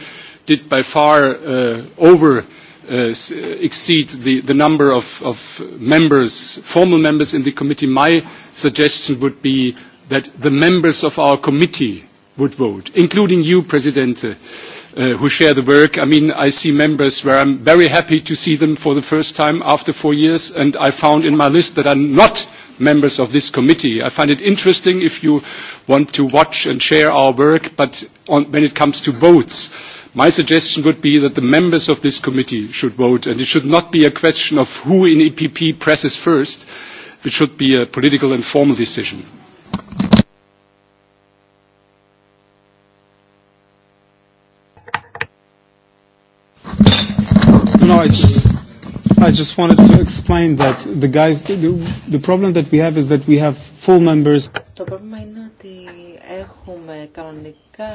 did by far uh, over exceed the number of members, formal members in the committee. My suggestion would be that the members of our committee would vote, including you, Presidente, who share the work. I mean, I see members where I'm very happy to see them for the first time after four years, and I found in my list that I'm not members of this committee. I find it interesting if you want to watch and share our work, but when it comes to votes, my suggestion would be that the members of this committee should vote, and it should not be a question of who in EPP presses first. It should be a political and formal decision. Το πρόβλημα είναι ότι έχουμε κανονικά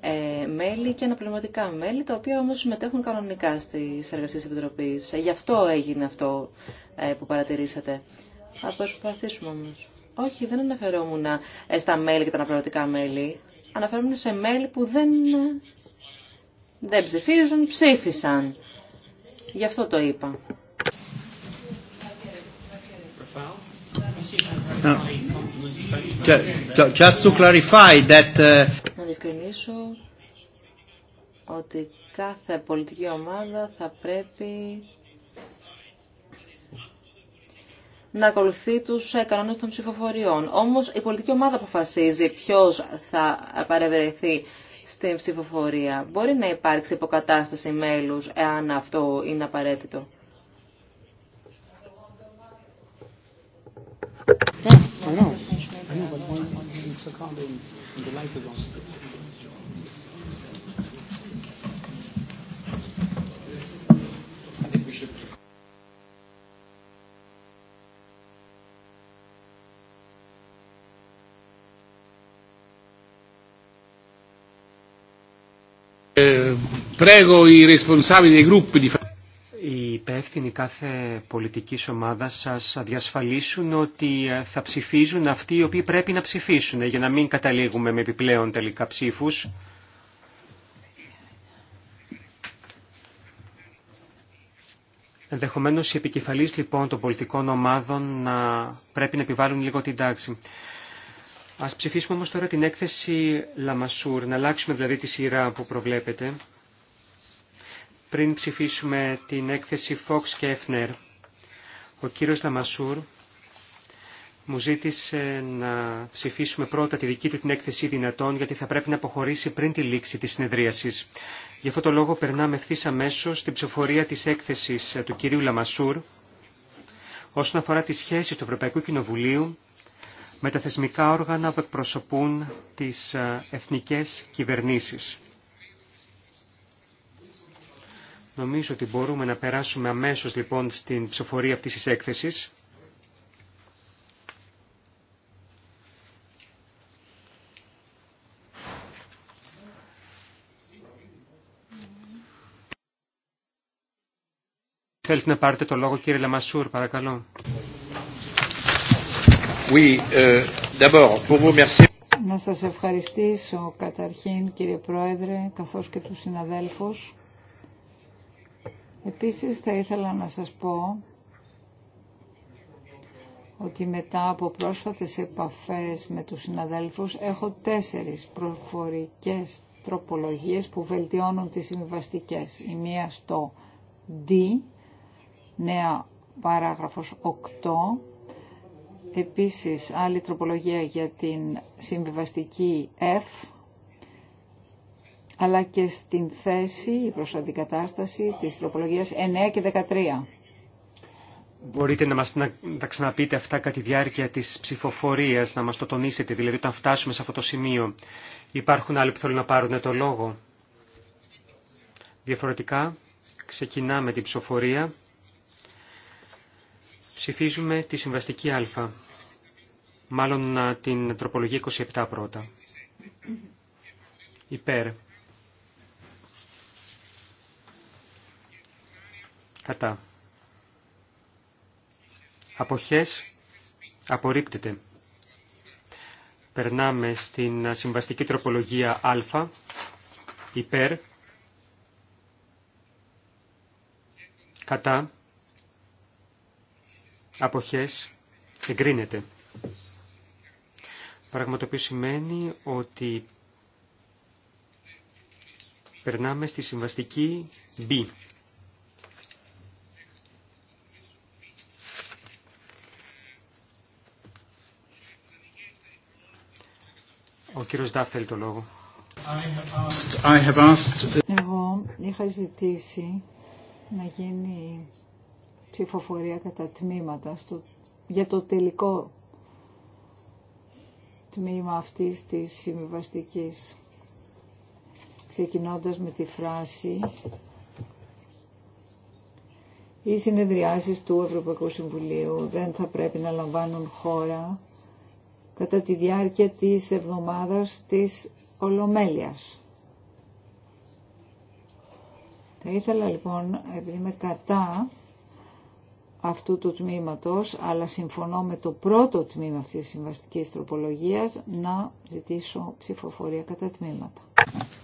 ε, μέλη και αναπληρωματικά μέλη, τα οποία όμως συμμετέχουν κανονικά στις εργασίες της Επιτροπής. Ε, γι' αυτό έγινε αυτό ε, που παρατηρήσατε. Θα προσπαθήσουμε όμως. Όχι, δεν αναφερόμουν στα μέλη και τα αναπληρωματικά μέλη. Αναφερόμουν σε μέλη που δεν, δεν ψηφίζουν, ψήφισαν. Γι' αυτό το είπα. that... Uh, να διευκρινίσω ότι κάθε πολιτική ομάδα θα πρέπει να ακολουθεί τους ε, κανόνες των ψηφοφοριών. Όμως η πολιτική ομάδα αποφασίζει ποιος θα παρευρεθεί στην ψηφοφορία. Μπορεί να υπάρξει υποκατάσταση μέλους εάν αυτό είναι απαραίτητο. Ε, οι υπεύθυνοι κάθε πολιτικής ομάδας σας διασφαλίσουν ότι ε, θα ψηφίζουν αυτοί οι οποίοι πρέπει να ψηφίσουν ε, για να μην καταλήγουμε με επιπλέον τελικά ψήφου. Ενδεχομένω οι επικεφαλεί λοιπόν των πολιτικών ομάδων να πρέπει να επιβάλλουν λίγο την τάξη. Ας ψηφίσουμε όμως τώρα την έκθεση Λαμασούρ, να αλλάξουμε δηλαδή τη σειρά που προβλέπετε, πριν ψηφίσουμε την έκθεση Φόξ και Ο κύριος Λαμασούρ μου ζήτησε να ψηφίσουμε πρώτα τη δική του την έκθεση δυνατών, γιατί θα πρέπει να αποχωρήσει πριν τη λήξη της συνεδρίασης. Γι' αυτό το λόγο περνάμε ευθύ αμέσω στην ψηφορία της έκθεσης του κυρίου Λαμασούρ, όσον αφορά τις σχέσεις του Ευρωπαϊκού Κοινοβουλίου με τα θεσμικά όργανα που εκπροσωπούν τις ε, εθνικές κυβερνήσεις. Νομίζω ότι μπορούμε να περάσουμε αμέσως λοιπόν στην ψηφοφορία αυτής της έκθεσης. Θέλετε να πάρετε το λόγο κύριε Λαμασούρ, παρακαλώ. Euh, να σας ευχαριστήσω καταρχήν κύριε Πρόεδρε καθώς και τους συναδέλφους. Επίσης θα ήθελα να σας πω ότι μετά από πρόσφατες επαφές με τους συναδέλφους έχω τέσσερις προφορικές τροπολογίες που βελτιώνουν τις συμβιβαστικέ. Η μία στο D, νέα παράγραφος 8, Επίσης, άλλη τροπολογία για την συμβιβαστική F, αλλά και στην θέση προς αντικατάσταση της τροπολογίας 9 και 13. Μπορείτε να μας να, τα ξαναπείτε αυτά κατά τη διάρκεια της ψηφοφορίας, να μας το τονίσετε, δηλαδή όταν φτάσουμε σε αυτό το σημείο. Υπάρχουν άλλοι που θέλουν να πάρουν το λόγο. Διαφορετικά, ξεκινάμε την ψηφοφορία. Ψηφίζουμε τη συμβαστική α. Μάλλον την τροπολογία 27 πρώτα. Υπέρ. Κατά. Αποχές απορρίπτεται. Περνάμε στην συμβαστική τροπολογία α, υπέρ, κατά, αποχές εγκρίνεται. Πράγμα σημαίνει ότι περνάμε στη συμβαστική B. Ο κύριος Ντάφ το λόγο. Εγώ είχα ζητήσει να γίνει ψηφοφορία κατά τμήματα στο, για το τελικό τμήμα αυτής της συμβιβαστικής Ξεκινώντας με τη φράση οι συνεδριάσεις του Ευρωπαϊκού Συμβουλίου δεν θα πρέπει να λαμβάνουν χώρα κατά τη διάρκεια της εβδομάδας της Ολομέλειας. Θα ήθελα λοιπόν, επειδή είμαι κατά αυτού του τμήματος, αλλά συμφωνώ με το πρώτο τμήμα αυτής της συμβαστικής τροπολογίας, να ζητήσω ψηφοφορία κατά τμήματα.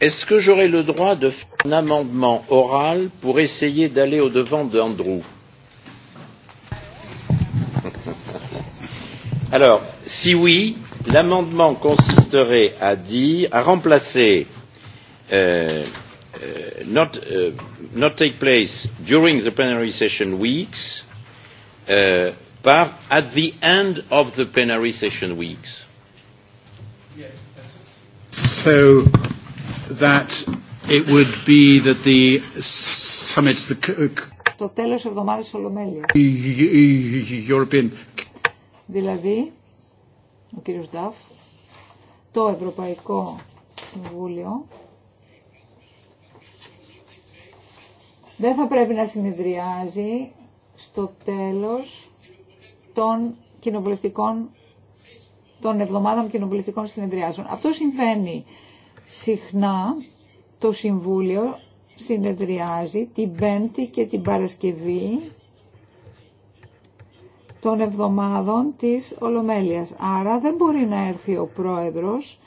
Est-ce que j'aurai le droit de faire un amendement oral pour essayer d'aller au-devant de Andrew Alors, si oui, l'amendement consisterait à dire, à remplacer euh, not, euh, not take place during the plenary session weeks Uh, at the end of the το τέλος εβδομάδας Ολομέλεια. Δηλαδή, ο κύριος Νταφ, το Ευρωπαϊκό Συμβούλιο δεν θα πρέπει να συνεδριάζει στο τέλος των κοινοβουλευτικών των εβδομάδων κοινοβουλευτικών συνεδριάσεων. Αυτό συμβαίνει συχνά το Συμβούλιο συνεδριάζει την Πέμπτη και την Παρασκευή των εβδομάδων της Ολομέλειας. Άρα δεν μπορεί να έρθει ο πρόεδρος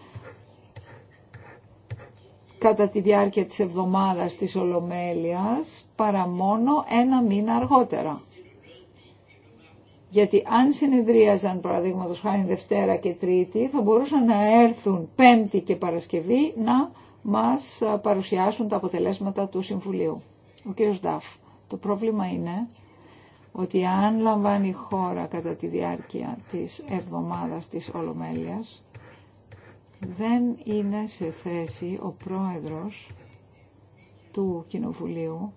κατά τη διάρκεια της εβδομάδας της Ολομέλειας παρά μόνο ένα μήνα αργότερα. Γιατί αν συνεδρίαζαν παραδείγματος χάρη Δευτέρα και Τρίτη θα μπορούσαν να έρθουν Πέμπτη και Παρασκευή να μας παρουσιάσουν τα αποτελέσματα του Συμβουλίου. Ο κύριος Νταφ. Το πρόβλημα είναι ότι αν λαμβάνει χώρα κατά τη διάρκεια της εβδομάδας της Ολομέλειας δεν είναι σε θέση ο πρόεδρος του Κοινοβουλίου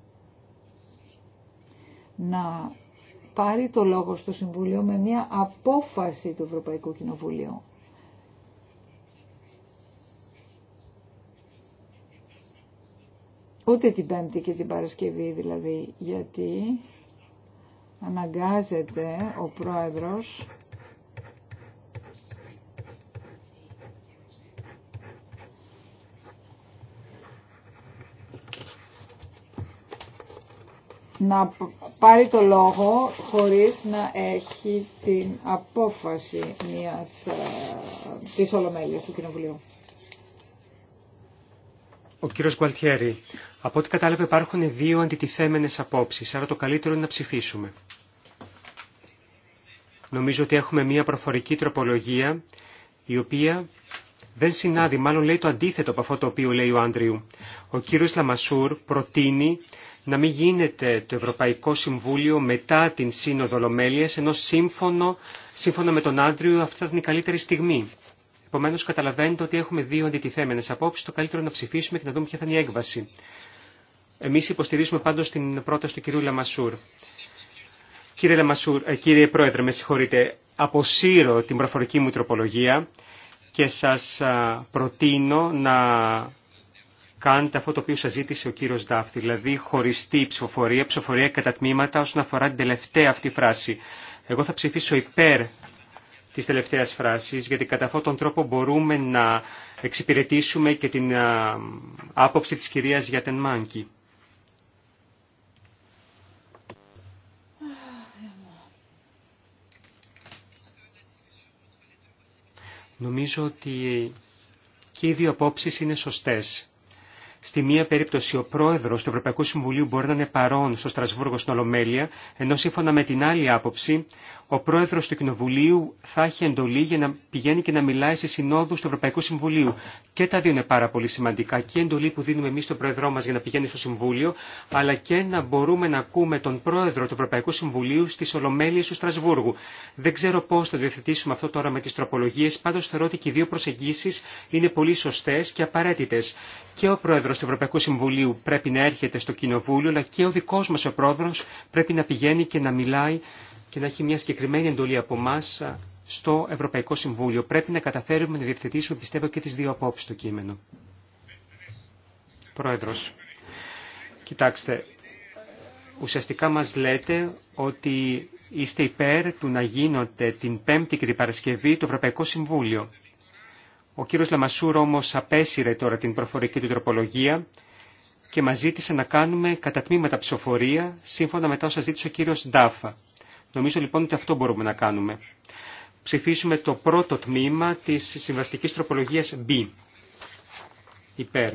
να πάρει το λόγο στο Συμβούλιο με μια απόφαση του Ευρωπαϊκού Κοινοβουλίου. Ούτε την Πέμπτη και την Παρασκευή δηλαδή, γιατί αναγκάζεται ο Πρόεδρος να πάρει το λόγο χωρίς να έχει την απόφαση μιας, ε, της Ολομέλειας του Κοινοβουλίου. Ο κύριος Γκουαλτιέρη, από ό,τι κατάλαβε υπάρχουν δύο αντιτιθέμενες απόψεις, άρα το καλύτερο είναι να ψηφίσουμε. Νομίζω ότι έχουμε μία προφορική τροπολογία, η οποία δεν συνάδει, μάλλον λέει το αντίθετο από αυτό το οποίο λέει ο Άντριου. Ο κύριος Λαμασούρ προτείνει να μην γίνεται το Ευρωπαϊκό Συμβούλιο μετά την Σύνοδο Λομέλειας, ενώ σύμφωνο, σύμφωνα με τον Άντριο αυτή θα ήταν η καλύτερη στιγμή. Επομένως καταλαβαίνετε ότι έχουμε δύο αντιτιθέμενες απόψεις, το καλύτερο να ψηφίσουμε και να δούμε ποια θα είναι η έκβαση. Εμείς υποστηρίζουμε πάντως την πρόταση του κυρίου Λαμασούρ. Κύριε, Λαμασούρ, ε, κύριε Πρόεδρε, με συγχωρείτε, αποσύρω την προφορική μου τροπολογία και σας προτείνω να κάνετε αυτό το οποίο σας ζήτησε ο κύριος Δάφτη, δηλαδή χωριστή ψηφοφορία, ψηφοφορία κατά τμήματα όσον αφορά την τελευταία αυτή φράση. Εγώ θα ψηφίσω υπέρ της τελευταίας φράσης, γιατί κατά αυτόν τον τρόπο μπορούμε να εξυπηρετήσουμε και την άποψη της κυρίας για την Νομίζω ότι και οι δύο απόψεις είναι σωστές. Στη μία περίπτωση ο πρόεδρος του Ευρωπαϊκού Συμβουλίου μπορεί να είναι παρόν στο Στρασβούργο στην Ολομέλεια, ενώ σύμφωνα με την άλλη άποψη ο πρόεδρος του Κοινοβουλίου θα έχει εντολή για να πηγαίνει και να μιλάει σε συνόδους του Ευρωπαϊκού Συμβουλίου. Και τα δύο είναι πάρα πολύ σημαντικά. Και η εντολή που δίνουμε εμείς στον πρόεδρό μας για να πηγαίνει στο Συμβούλιο, αλλά και να μπορούμε να ακούμε τον πρόεδρο του Ευρωπαϊκού Συμβουλίου στι Ολομέλειες του Στρασβούργου. Δεν ξέρω πώς θα διευθετήσουμε αυτό τώρα με τις τροπολογίες, πάντως θεωρώ ότι οι δύο προσεγγίσεις είναι πολύ σωστές και απαραίτητες. Και ο πρόεδρος του Ευρωπαϊκού Συμβουλίου πρέπει να έρχεται στο Κοινοβούλιο, αλλά και ο δικός μας ο πρόεδρος πρέπει να πηγαίνει και να μιλάει και να έχει μια συγκεκριμένη εντολή από εμά στο Ευρωπαϊκό Συμβούλιο. Πρέπει να καταφέρουμε να διευθετήσουμε, πιστεύω, και τις δύο απόψεις στο κείμενο. Πρόεδρος, κοιτάξτε, ουσιαστικά μας λέτε ότι είστε υπέρ του να γίνονται την Πέμπτη και την Παρασκευή το Ευρωπαϊκό Συμβούλιο. Ο κύριος Λαμασούρ όμως απέσυρε τώρα την προφορική του τροπολογία και μας ζήτησε να κάνουμε κατά τμήματα ψηφοφορία σύμφωνα με τα όσα ζήτησε ο κύριος Ντάφα. Νομίζω λοιπόν ότι αυτό μπορούμε να κάνουμε. Ψηφίσουμε το πρώτο τμήμα της συμβαστικής τροπολογίας B. Υπέρ.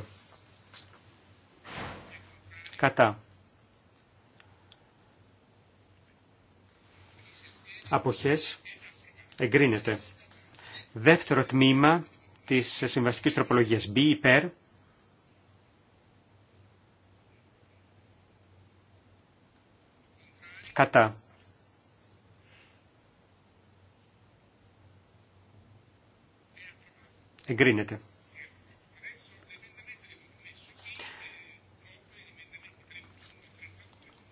Κατά. Αποχές. Εγκρίνεται. Δεύτερο τμήμα της συμβαστικής τροπολογίας B υπέρ κατά. Εγκρίνεται.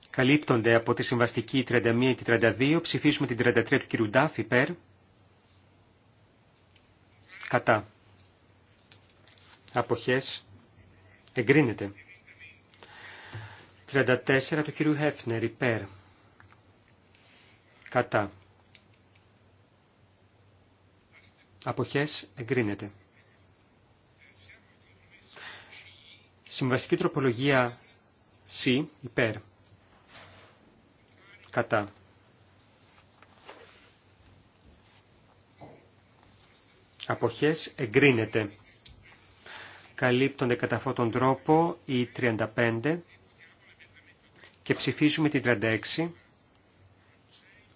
Καλύπτονται από τη συμβαστική 31 και 32, ψηφίσουμε την 33 του κ. Ντάφ υπέρ. Κατά αποχές εγκρίνεται. 34 του κυρίου Χέφνερ υπέρ κατά αποχές εγκρίνεται. Συμβαστική τροπολογία C υπέρ κατά αποχές εγκρίνεται καλύπτονται κατά αυτόν τον τρόπο οι 35 και ψηφίζουμε την 36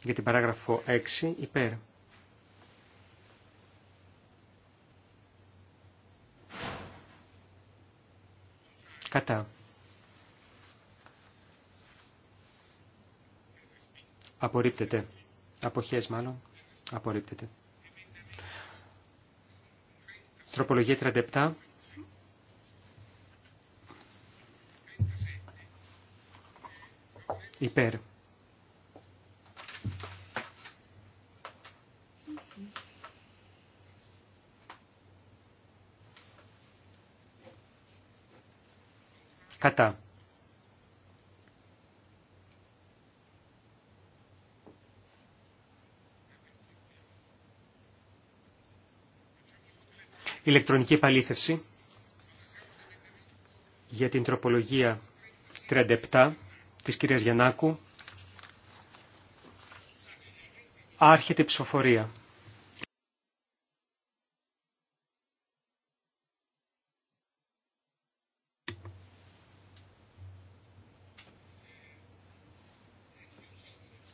για την παράγραφο 6 υπέρ. Κατά. Απορρίπτεται. Αποχές μάλλον. Απορρίπτεται. Τροπολογία 37 Υπέρ. Κατά. Ηλεκτρονική επαλήθευση για την τροπολογία 37 της κυρίας Γιαννάκου. Άρχεται η ψηφοφορία.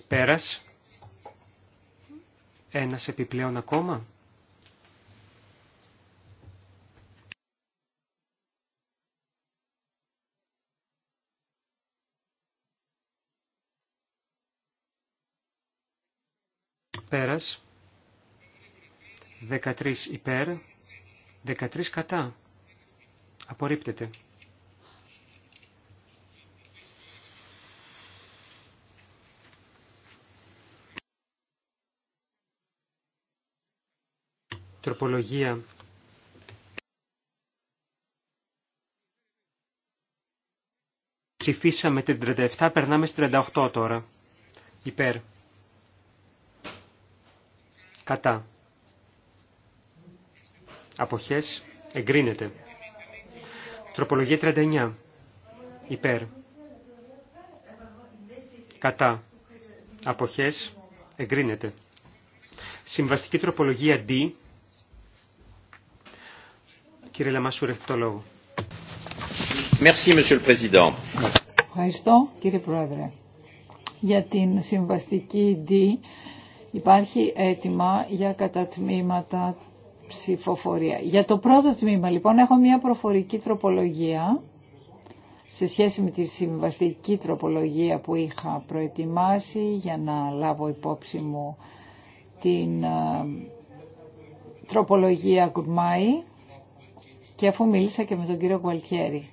Πέρας. Ένας επιπλέον ακόμα. 13 υπέρ 13 κατά απορρίπτεται Τροπολογία ψηφίσαμε την 37, περνάμε στην 38 τώρα. Υπέρ. Κατά. Αποχές. Εγκρίνεται. Τροπολογία 39. Υπέρ. Κατά. Αποχές. Εγκρίνεται. Συμβαστική τροπολογία D. Κύριε Λαμασούρ, το λόγο. Merci, le Président. Ευχαριστώ, κύριε Πρόεδρε. Για την συμβαστική D υπάρχει αίτημα για κατατμήματα ψηφοφορία. Για το πρώτο τμήμα λοιπόν έχω μια προφορική τροπολογία σε σχέση με τη συμβαστική τροπολογία που είχα προετοιμάσει για να λάβω υπόψη μου την ε, τροπολογία Γκουρμάη και αφού μίλησα και με τον κύριο Κουαλτιέρη,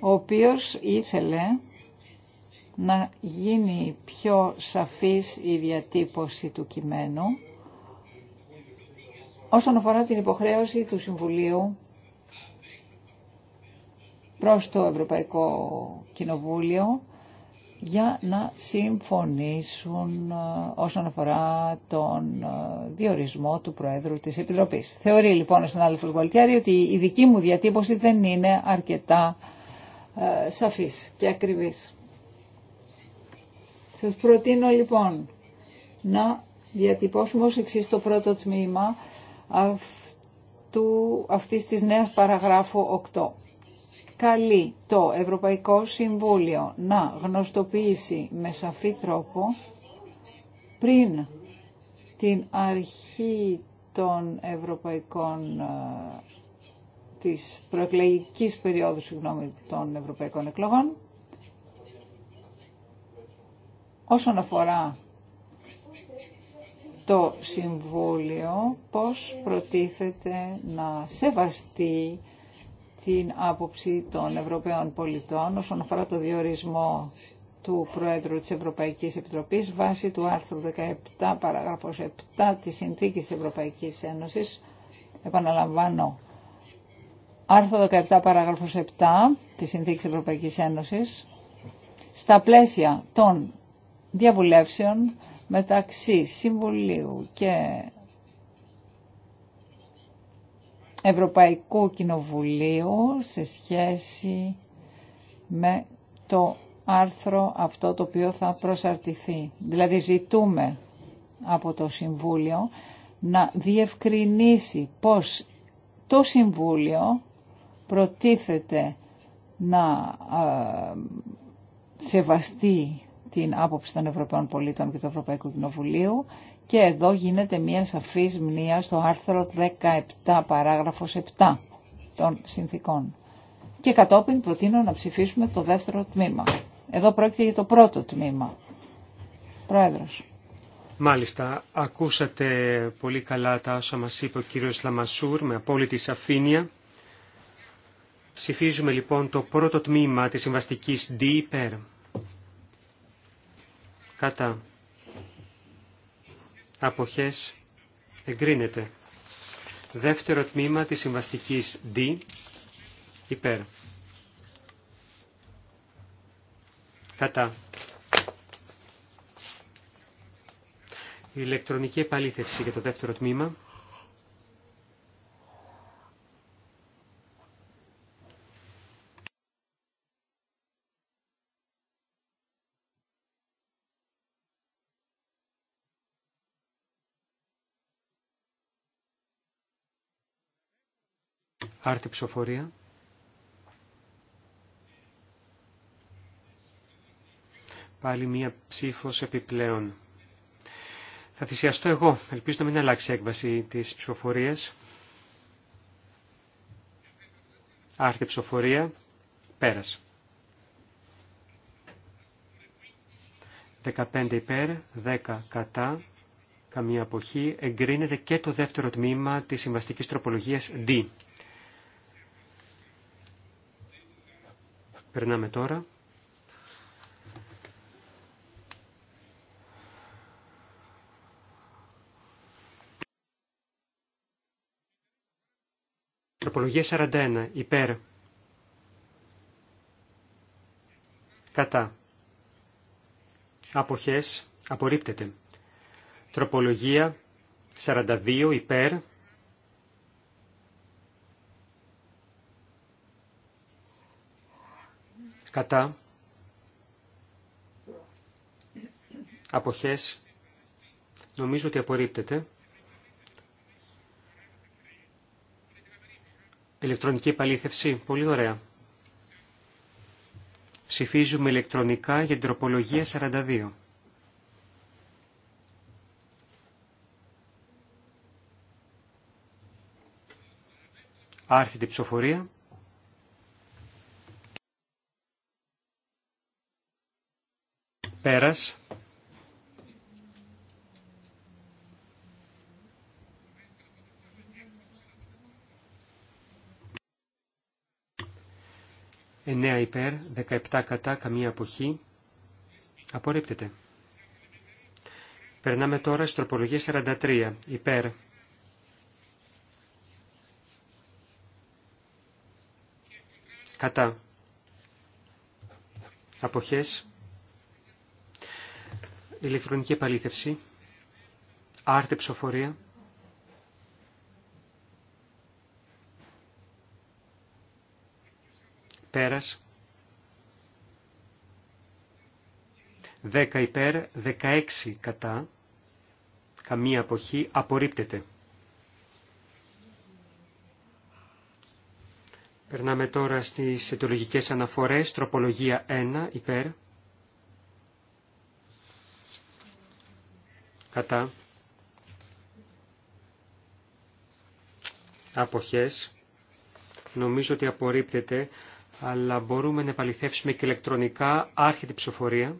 ο οποίος ήθελε να γίνει πιο σαφής η διατύπωση του κειμένου όσον αφορά την υποχρέωση του Συμβουλίου προς το Ευρωπαϊκό Κοινοβούλιο για να συμφωνήσουν ε, όσον αφορά τον ε, διορισμό του Προέδρου της Επιτροπής. Θεωρεί λοιπόν ο συνάδελφος Γουαλτιάρη ότι η δική μου διατύπωση δεν είναι αρκετά ε, σαφής και ακριβής. Σας προτείνω λοιπόν να διατυπώσουμε ως εξής το πρώτο τμήμα αυτού, αυτής της νέας παραγράφου 8. Καλεί το Ευρωπαϊκό Συμβούλιο να γνωστοποιήσει με σαφή τρόπο πριν την αρχή των ευρωπαϊκών ε, της προεκλογικής περίοδου των ευρωπαϊκών εκλογών Όσον αφορά το Συμβούλιο, πώς προτίθεται να σεβαστεί την άποψη των Ευρωπαίων πολιτών όσον αφορά το διορισμό του Πρόεδρου της Ευρωπαϊκής Επιτροπής βάσει του άρθρου 17 παράγραφος 7 της Συνθήκης της Ευρωπαϊκής Ένωσης. Επαναλαμβάνω, άρθρο 17 παράγραφος 7 της Συνθήκης της Ευρωπαϊκής Ένωσης στα πλαίσια των διαβουλεύσεων μεταξύ Συμβουλίου και Ευρωπαϊκού Κοινοβουλίου σε σχέση με το άρθρο αυτό το οποίο θα προσαρτηθεί. Δηλαδή ζητούμε από το Συμβούλιο να διευκρινίσει πως το Συμβούλιο προτίθεται να ε, σεβαστεί την άποψη των Ευρωπαίων Πολίτων και του Ευρωπαϊκού Κοινοβουλίου και εδώ γίνεται μια σαφής μνήμα στο άρθρο 17 παράγραφο 7 των συνθήκων. Και κατόπιν προτείνω να ψηφίσουμε το δεύτερο τμήμα. Εδώ πρόκειται για το πρώτο τμήμα. Πρόεδρος. Μάλιστα, ακούσατε πολύ καλά τα όσα μας είπε ο κύριος Λαμασούρ με απόλυτη σαφήνεια. Ψηφίζουμε λοιπόν το πρώτο τμήμα της συμβαστικής D κατά αποχές εγκρίνεται. Δεύτερο τμήμα της συμβαστικής D υπέρ κατά ηλεκτρονική επαλήθευση για το δεύτερο τμήμα. Άρτη ψηφοφορία. Πάλι μία ψήφος επιπλέον. Θα θυσιαστώ εγώ. Ελπίζω να μην αλλάξει η έκβαση της ψηφοφορίας. Άρχεται ψηφοφορία. Πέρας. 15 υπέρ, 10 κατά, καμία αποχή. Εγκρίνεται και το δεύτερο τμήμα της συμβαστικής τροπολογίας D. Περνάμε τώρα Τροπολογία 41. Υπέρ. Κατά. Αποχές. Απορρίπτεται. Τροπολογία 42. Υπέρ. κατά αποχές νομίζω ότι απορρίπτεται ηλεκτρονική επαλήθευση πολύ ωραία ψηφίζουμε ηλεκτρονικά για την τροπολογία 42 Άρχεται ψηφοφορία. Πέρας. Εννέα υπέρ, 17 κατά, καμία αποχή. Απορρίπτεται. Περνάμε τώρα στην τροπολογία 43. Υπέρ. Κατά. Αποχές ηλεκτρονική επαλήθευση, άρτη ψηφοφορία. Πέρας. 10 υπέρ, 16 κατά, καμία αποχή, απορρίπτεται. Περνάμε τώρα στις αιτιολογικές αναφορές, τροπολογία 1 υπέρ, κατά αποχές. Νομίζω ότι απορρίπτεται, αλλά μπορούμε να επαληθεύσουμε και ηλεκτρονικά άρχιτη ψηφοφορία.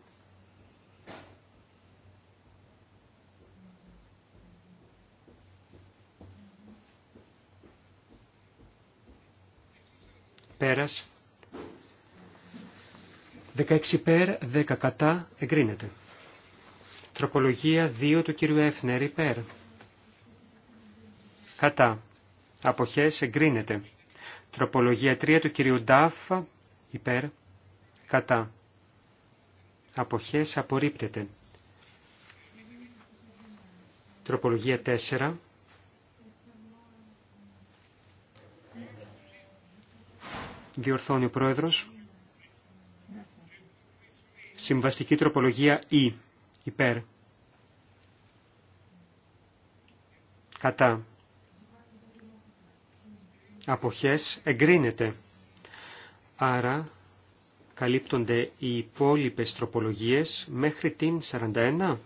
Πέρας. 16 υπέρ, 10 κατά, εγκρίνεται. Τροπολογία 2 του κύριου Έφνερ υπέρ. Κατά. Αποχές εγκρίνεται. Τροπολογία 3 του κυρίου Ντάφ υπέρ. Κατά. Αποχές απορρίπτεται. Τροπολογία 4. Διορθώνει ο πρόεδρος. Συμβαστική τροπολογία E υπέρ, κατά, αποχές, εγκρίνεται. Άρα, καλύπτονται οι υπόλοιπες τροπολογίες μέχρι την 41.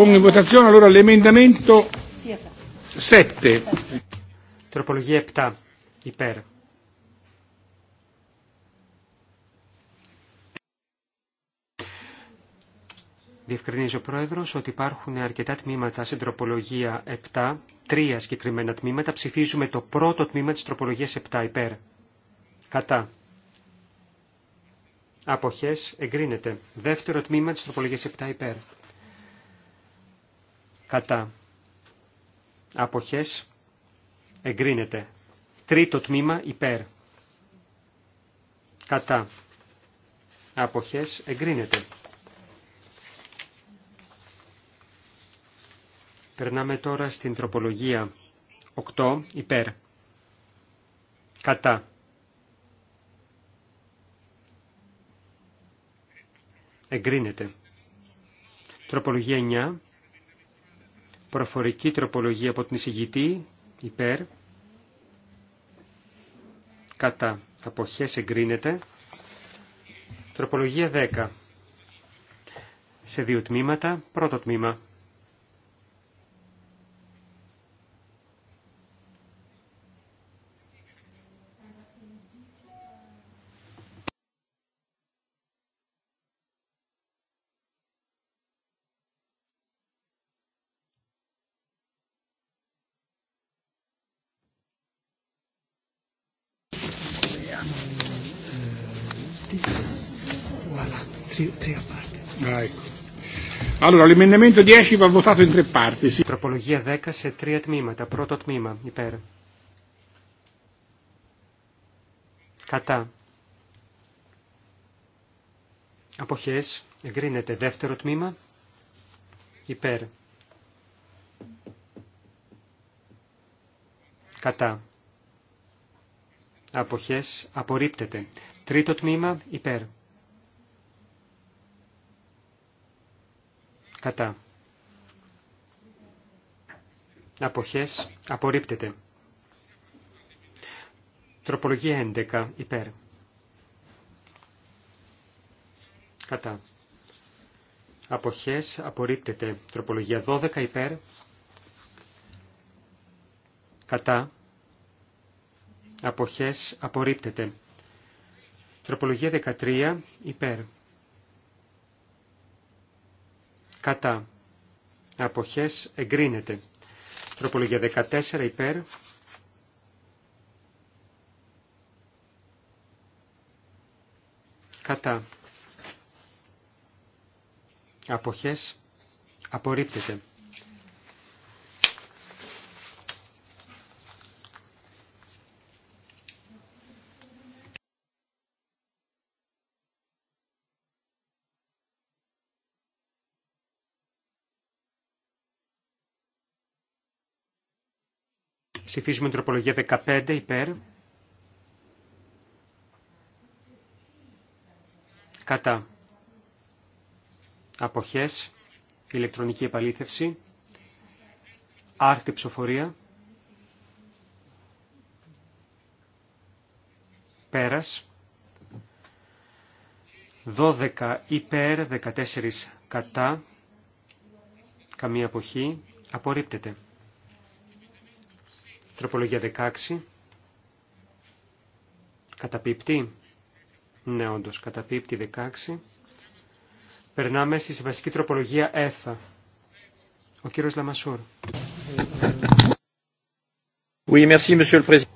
Pongo in votazione allora l'emendamento 7. Τροπολογία 7. Υπέρ. Διευκρινίζει ο πρόεδρο ότι υπάρχουν αρκετά τμήματα στην τροπολογία 7, τρία συγκεκριμένα τμήματα. Ψηφίζουμε το πρώτο τμήμα τη τροπολογία 7 υπέρ. Κατά. Αποχέ εγκρίνεται. Δεύτερο τμήμα τη τροπολογία 7 υπέρ κατά αποχές εγκρίνεται. Τρίτο τμήμα υπέρ κατά αποχές εγκρίνεται. Περνάμε τώρα στην τροπολογία 8 υπέρ κατά εγκρίνεται. Τροπολογία 9 Προφορική τροπολογία από την εισηγητή υπέρ. Κατά αποχές εγκρίνεται. Τροπολογία 10. Σε δύο τμήματα. Πρώτο τμήμα. Allora, l'emendamento 10 va votato in tre parti. Sì. Τροπολογία 10 se tre tmimata, proto tmima, iper. Κατά. Αποχές, εγκρίνεται. Δεύτερο τμήμα, υπέρ. Κατά. Αποχές, απορρίπτεται. Τρίτο τμήμα, υπέρ. Κατά. Αποχές. Απορρίπτεται. Τροπολογία 11. Υπέρ. Κατά. Αποχές. Απορρίπτεται. Τροπολογία 12. Υπέρ. Κατά. Αποχές. Απορρίπτεται. Τροπολογία 13. Υπέρ κατά αποχές εγκρίνεται. Τροπολογία 14 υπέρ κατά αποχές απορρίπτεται. Ψηφίζουμε την τροπολογία 15 υπέρ. Κατά. Αποχές. Ηλεκτρονική επαλήθευση. Άρτη ψηφοφορία. Πέρας. 12 υπέρ, 14 κατά, καμία αποχή, απορρίπτεται. Τροπολογία 16. Καταπίπτει. Ναι, όντως, καταπίπτει 16. Περνάμε στη συμβαστική τροπολογία F. Ο κύριος Λαμασούρ. Oui, merci, monsieur le président.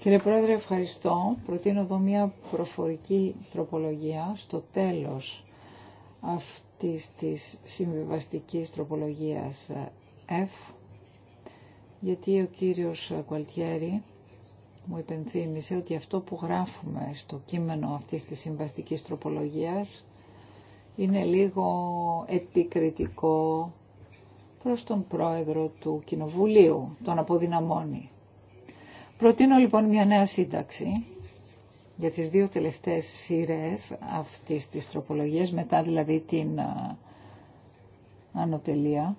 Κύριε Πρόεδρε, ευχαριστώ. Προτείνω εδώ μια προφορική τροπολογία στο τέλος αυτής της συμβιβαστικής τροπολογίας F γιατί ο κύριος Κουαλτιέρη μου υπενθύμησε ότι αυτό που γράφουμε στο κείμενο αυτής της συμβαστικής τροπολογίας είναι λίγο επικριτικό προς τον πρόεδρο του Κοινοβουλίου, τον αποδυναμώνει. Προτείνω λοιπόν μια νέα σύνταξη για τις δύο τελευταίες σειρές αυτής της τροπολογίας, μετά δηλαδή την ε, ανοτελιά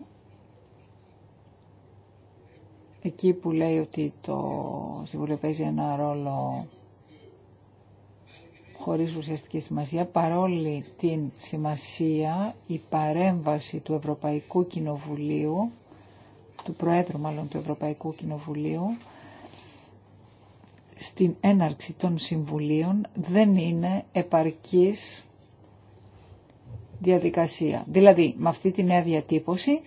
εκεί που λέει ότι το Συμβούλιο παίζει ένα ρόλο χωρίς ουσιαστική σημασία, παρόλη την σημασία η παρέμβαση του Ευρωπαϊκού Κοινοβουλίου, του Προέδρου μάλλον του Ευρωπαϊκού Κοινοβουλίου, στην έναρξη των συμβουλίων δεν είναι επαρκής διαδικασία. Δηλαδή, με αυτή την νέα διατύπωση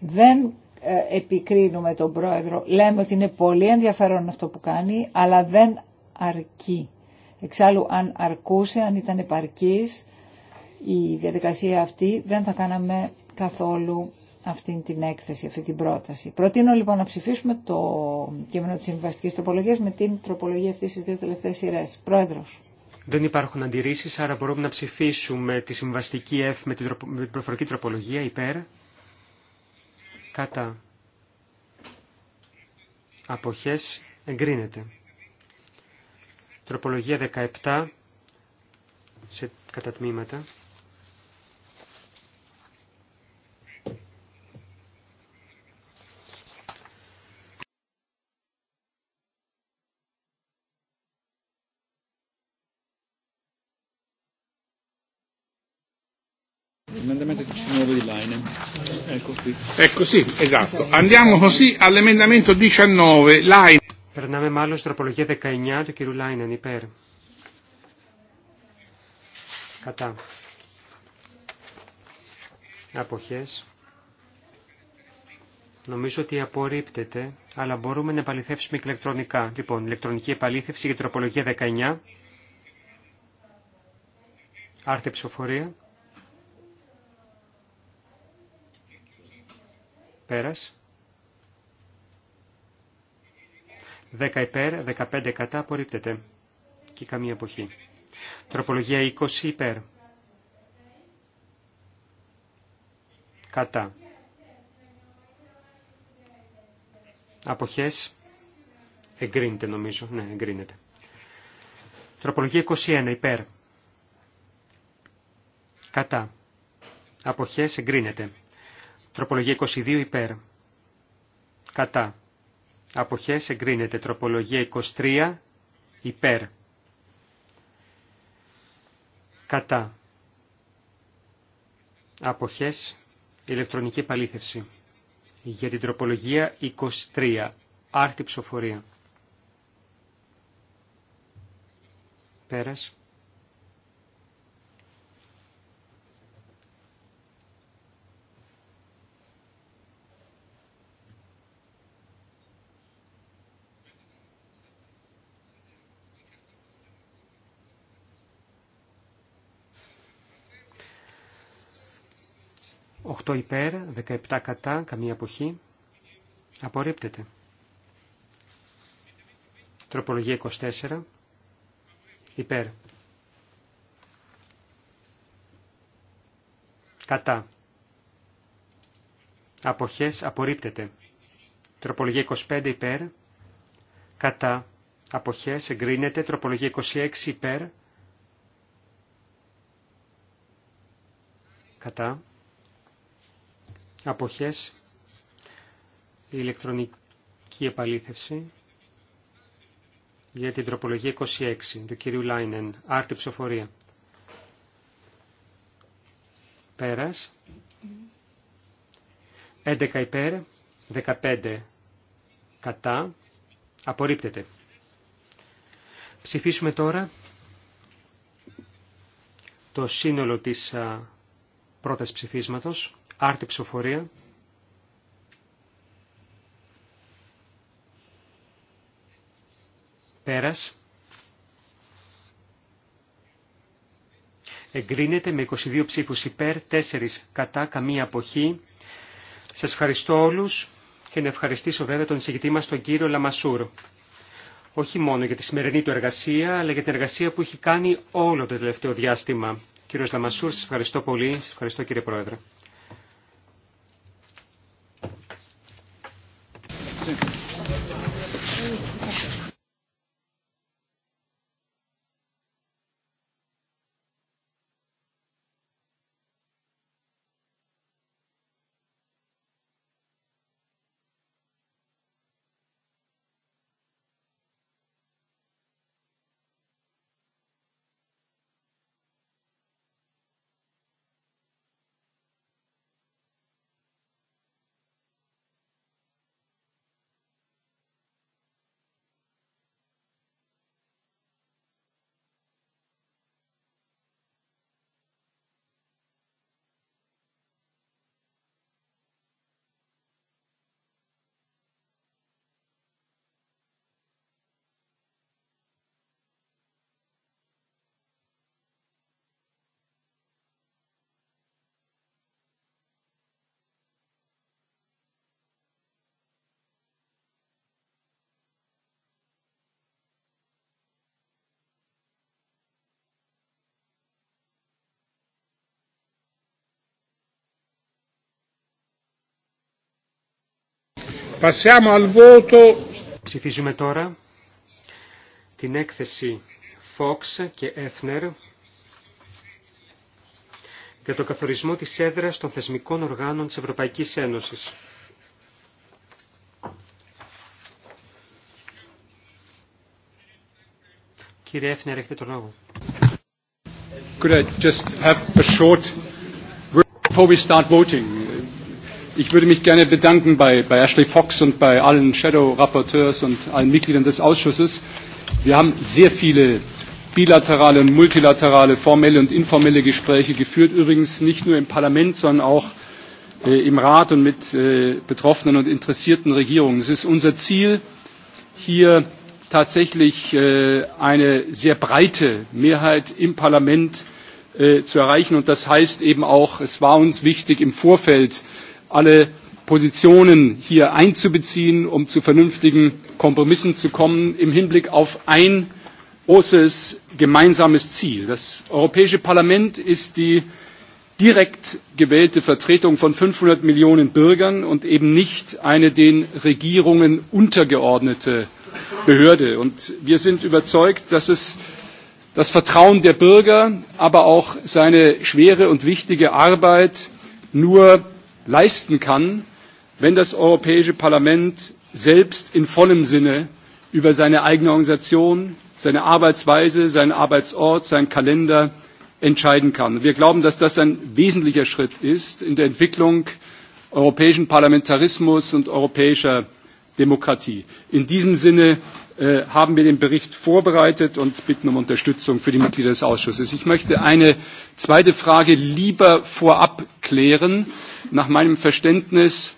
δεν ε, επικρίνουμε τον πρόεδρο. Λέμε ότι είναι πολύ ενδιαφέρον αυτό που κάνει, αλλά δεν αρκεί. Εξάλλου αν αρκούσε, αν ήταν επαρκής η διαδικασία αυτή, δεν θα κάναμε καθόλου αυτή την έκθεση, αυτή την πρόταση. Προτείνω λοιπόν να ψηφίσουμε το κείμενο της συμβαστικής τροπολογίας με την τροπολογία αυτής της δύο τελευταίες σειρές. Πρόεδρος. Δεν υπάρχουν αντιρρήσεις, άρα μπορούμε να ψηφίσουμε τη συμβαστική F με την προφορική τροπολογία υπέρ κατά αποχές εγκρίνεται. Τροπολογία 17 σε κατατμήματα. Ecco sì, esatto. Andiamo così all'emendamento 19. Περνάμε μάλλον στην τροπολογία 19 του κύριου Λάινεν υπέρ. Κατά. Αποχές. Νομίζω ότι απορρίπτεται, αλλά μπορούμε να επαληθεύσουμε ηλεκτρονικά. Λοιπόν, ηλεκτρονική επαλήθευση για τροπολογία 19. Άρτε ψηφοφορία. Πέρας. 10 υπέρ, 15 κατά, απορρίπτεται. Και καμία εποχή. Τροπολογία 20 υπέρ. Κατά. Αποχές. Εγκρίνεται νομίζω. Ναι, εγκρίνεται. Τροπολογία 21 υπέρ. Κατά. Αποχές εγκρίνεται. Τροπολογία 22 υπέρ. Κατά. Αποχές εγκρίνεται. Τροπολογία 23 υπέρ. Κατά. Αποχές ηλεκτρονική επαλήθευση. Για την τροπολογία 23. Άρτη ψηφοφορία. Πέρας. Το υπέρ, 17 κατά, καμία αποχή. Απορρίπτεται. Τροπολογία 24. Υπέρ. Κατά. Αποχές απορρίπτεται. Τροπολογία 25 υπέρ. Κατά. Αποχές εγκρίνεται. Τροπολογία 26 υπέρ. Κατά αποχές, η ηλεκτρονική επαλήθευση για την τροπολογία 26 του κυρίου Λάινεν, άρτη ψηφοφορία. Πέρας. 11 υπέρ, 15 κατά, απορρίπτεται. Ψηφίσουμε τώρα το σύνολο της πρώτας ψηφίσματος. Άρτη ψηφοφορία. Πέρας. Εγκρίνεται με 22 ψήφους υπέρ, 4 κατά, καμία αποχή. Σας ευχαριστώ όλους και να ευχαριστήσω βέβαια τον εισηγητή μας τον κύριο Λαμασούρ. Όχι μόνο για τη σημερινή του εργασία, αλλά για την εργασία που έχει κάνει όλο το τελευταίο διάστημα. Κύριος Λαμασούρ, σας ευχαριστώ πολύ. Σας ευχαριστώ κύριε Πρόεδρε. Passiamo al voto. Ψηφίζουμε τώρα την έκθεση Fox και Έφνερ για το καθορισμό της έδρας των θεσμικών οργάνων της Ευρωπαϊκής Ένωσης. Κύριε Έφνερ, έχετε τον λόγο. Could I just have a short before we start voting? Ich würde mich gerne bedanken bei Ashley Fox und bei allen Shadow Rapporteurs und allen Mitgliedern des Ausschusses. Wir haben sehr viele bilaterale und multilaterale, formelle und informelle Gespräche geführt, übrigens nicht nur im Parlament, sondern auch im Rat und mit betroffenen und interessierten Regierungen. Es ist unser Ziel, hier tatsächlich eine sehr breite Mehrheit im Parlament zu erreichen. Und das heißt eben auch, es war uns wichtig, im Vorfeld alle Positionen hier einzubeziehen, um zu vernünftigen Kompromissen zu kommen im Hinblick auf ein großes gemeinsames Ziel. Das Europäische Parlament ist die direkt gewählte Vertretung von 500 Millionen Bürgern und eben nicht eine den Regierungen untergeordnete Behörde. wir sind überzeugt, dass es das Vertrauen der Bürger, aber auch seine schwere und wichtige Arbeit nur leisten kann, wenn das Europäische Parlament selbst in vollem Sinne über seine eigene Organisation, seine Arbeitsweise, seinen Arbeitsort, seinen Kalender entscheiden kann. Wir glauben, dass das ein wesentlicher Schritt ist in der Entwicklung europäischen Parlamentarismus und europäischer Demokratie. In diesem Sinne haben wir den Bericht vorbereitet und bitten um Unterstützung für die Mitglieder des Ausschusses. Ich möchte eine zweite Frage lieber vorab klären. Nach meinem Verständnis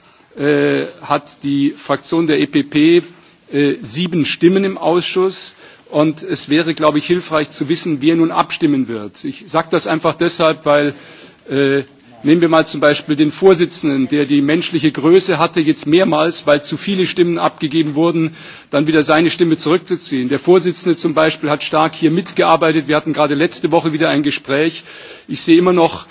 hat die Fraktion der EPP sieben Stimmen im Ausschuss und es wäre, glaube ich, hilfreich zu wissen, wer nun abstimmen wird. Ich sage das einfach deshalb, weil Nehmen wir mal zum Beispiel den Vorsitzenden, der die menschliche Größe hatte, jetzt mehrmals, weil zu viele Stimmen abgegeben wurden, dann wieder seine Stimme zurückzuziehen. Der Vorsitzende zum Beispiel hat stark hier mitgearbeitet. Wir hatten gerade letzte Woche wieder ein Gespräch. Ich sehe immer noch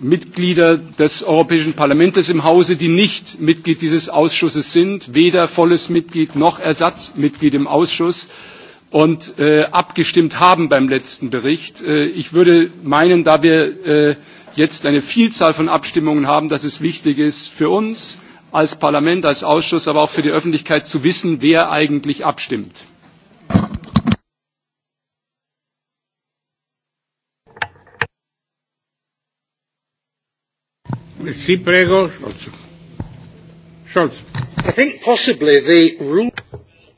Mitglieder des Europäischen Parlaments im Hause, die nicht Mitglied dieses Ausschusses sind, weder volles Mitglied noch Ersatzmitglied im Ausschuss und abgestimmt haben beim letzten Bericht. Ich würde meinen, da wir jetzt eine Vielzahl von Abstimmungen haben, dass es wichtig ist für uns als Parlament, als Ausschuss, aber auch für die Öffentlichkeit zu wissen, wer eigentlich abstimmt.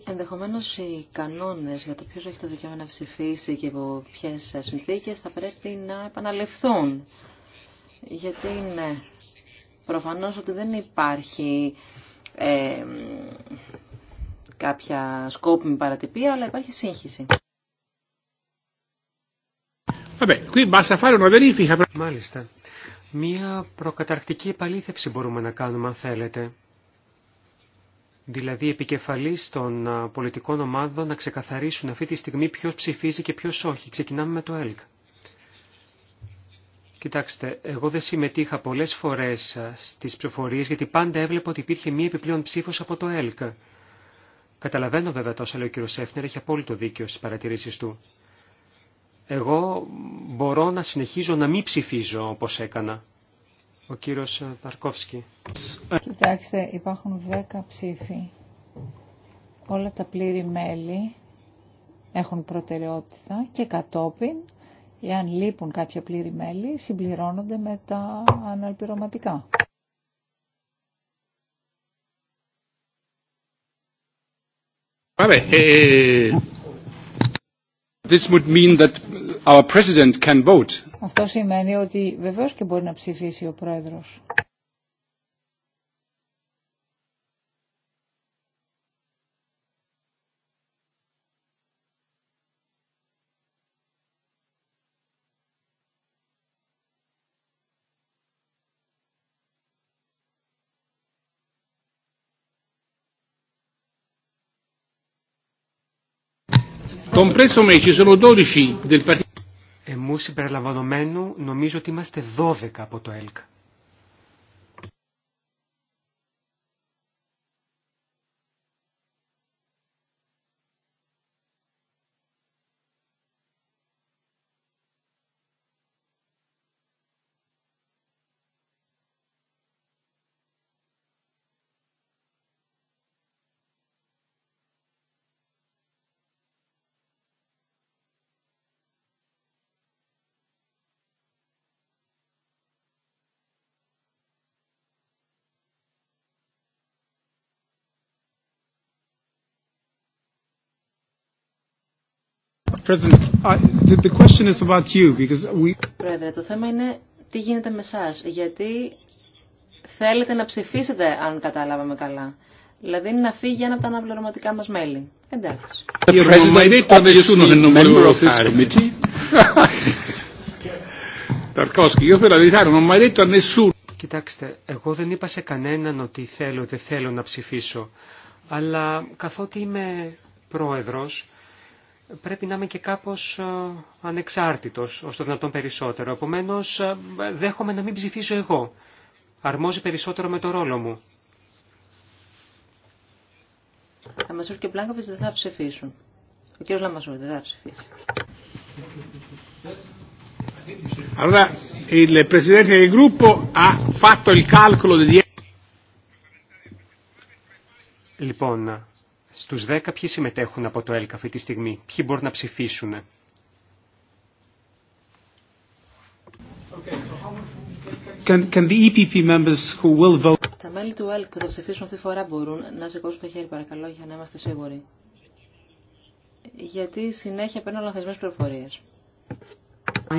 Ενδεχομένω οι κανόνε για το ποιο έχει το δικαίωμα να ψηφίσει και υπό ποιε συνθήκε θα πρέπει να επαναληφθούν γιατί είναι προφανώς ότι δεν υπάρχει κάποια σκόπιμη παρατυπία, αλλά υπάρχει σύγχυση. Μάλιστα. Μία προκαταρκτική επαλήθευση μπορούμε να κάνουμε αν θέλετε. Δηλαδή επικεφαλής των πολιτικών ομάδων να ξεκαθαρίσουν αυτή τη στιγμή ποιος ψηφίζει και ποιος όχι. Ξεκινάμε με το ΕΛΚ. Κοιτάξτε, εγώ δεν συμμετείχα πολλές φορές ε, στις προφορίες γιατί πάντα έβλεπα ότι υπήρχε μία επιπλέον ψήφος από το ΕΛΚ. Καταλαβαίνω βέβαια τόσο, λέει ο κύριος Σέφνερ, έχει απόλυτο δίκιο στις παρατηρήσεις του. Εγώ μπορώ να συνεχίζω να μην ψηφίζω όπως έκανα. Ο κύριος Ταρκόφσκι. Ε, Κοιτάξτε, υπάρχουν δέκα ψήφοι. Όλα τα πλήρη μέλη έχουν προτεραιότητα και κατόπιν εάν λείπουν κάποια πλήρη μέλη, συμπληρώνονται με τα αναλπιρωματικά. Ε, Αυτό σημαίνει ότι βεβαίως και μπορεί να ψηφίσει ο πρόεδρος. Compreso me Εμού νομίζω ότι είμαστε 12 από το ΕΛΚ. Πρόεδρε, το θέμα είναι τι γίνεται με εσά, γιατί θέλετε να ψηφίσετε αν κατάλαβαμε καλά. Δηλαδή να φύγει ένα από τα αναπληρωματικά μα μέλη. Εντάξει. Κοιτάξτε, εγώ δεν είπα σε κανέναν ότι θέλω, δεν θέλω να ψηφίσω. Αλλά καθότι είμαι πρόεδρος, πρέπει να είμαι και κάπως ε, ανεξάρτητος, ως το δυνατόν περισσότερο. Επομένως, ε, δέχομαι να μην ψηφίσω εγώ. Αρμόζει περισσότερο με το ρόλο μου. Λαμασούρ και Μπλάνκοβιτς δεν θα ψηφίσουν. Ο κύριος Λαμασούρ δεν θα ψηφίσει. Allora, il Presidente del Gruppo ha fatto il calcolo di... Λοιπόν, στους 10 ποιοι συμμετέχουν από το ΕΛΚ αυτή τη στιγμή, ποιοι μπορούν να ψηφίσουν. Τα μέλη του ΕΛΚ που θα ψηφίσουν αυτή τη φορά μπορούν να σηκώσουν το χέρι παρακαλώ για να είμαστε σίγουροι. Γιατί συνέχεια παίρνω λανθασμένες πληροφορίες. 10.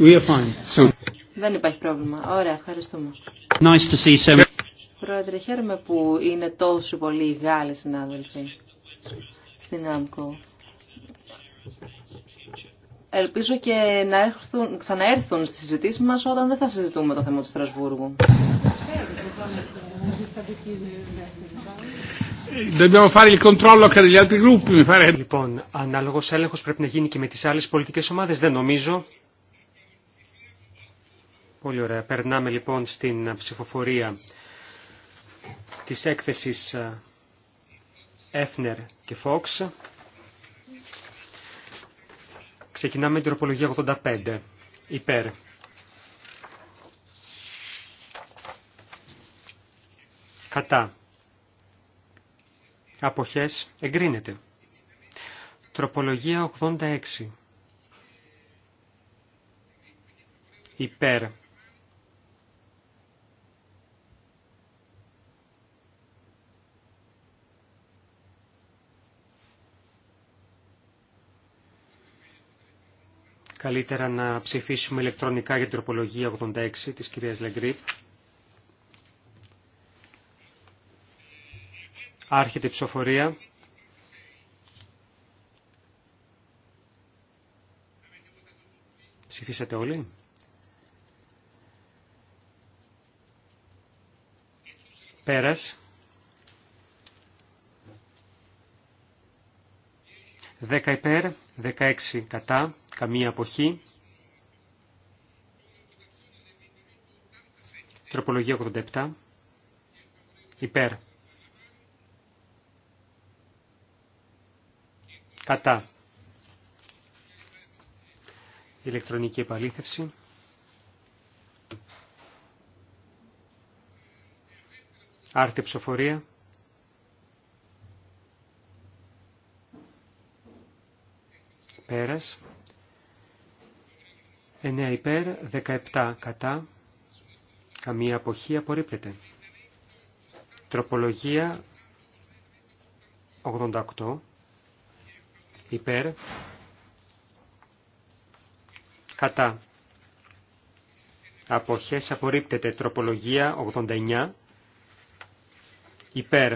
We are fine. Δεν υπάρχει πρόβλημα. Ωραία, ευχαριστούμε. Nice to see Πρόεδρε, χαίρομαι που είναι τόσο πολλοί οι Γάλλοι συνάδελφοι στην ΑΜΚΟ. Ελπίζω και να έρθουν, ξαναέρθουν στις συζητήσεις μας όταν δεν θα συζητούμε το θέμα του Στρασβούργου. Λοιπόν, ανάλογος έλεγχος πρέπει να γίνει και με τις άλλες πολιτικές ομάδες. Δεν νομίζω Πολύ ωραία. Περνάμε λοιπόν στην ψηφοφορία της έκθεσης ε, Έφνερ και Φόξ. Ξεκινάμε με την τροπολογία 85. Υπέρ. Κατά. Αποχές εγκρίνεται. Τροπολογία 86. Υπέρ. Καλύτερα να ψηφίσουμε ηλεκτρονικά για την τροπολογία 86 της κυρίας Λεγκρίπ. Άρχεται η ψηφοφορία. Ψηφίσατε όλοι. Πέρας. 10 υπέρ, 16 κατά. Καμία αποχή. Τροπολογία 87. Υπέρ. Κατά. Ηλεκτρονική επαλήθευση. Άρτη ψοφορία Πέρας. 9 υπέρ, 17 κατά, καμία αποχή απορρίπτεται. Τροπολογία 88 υπέρ, κατά. Αποχές απορρίπτεται. Τροπολογία 89 υπέρ,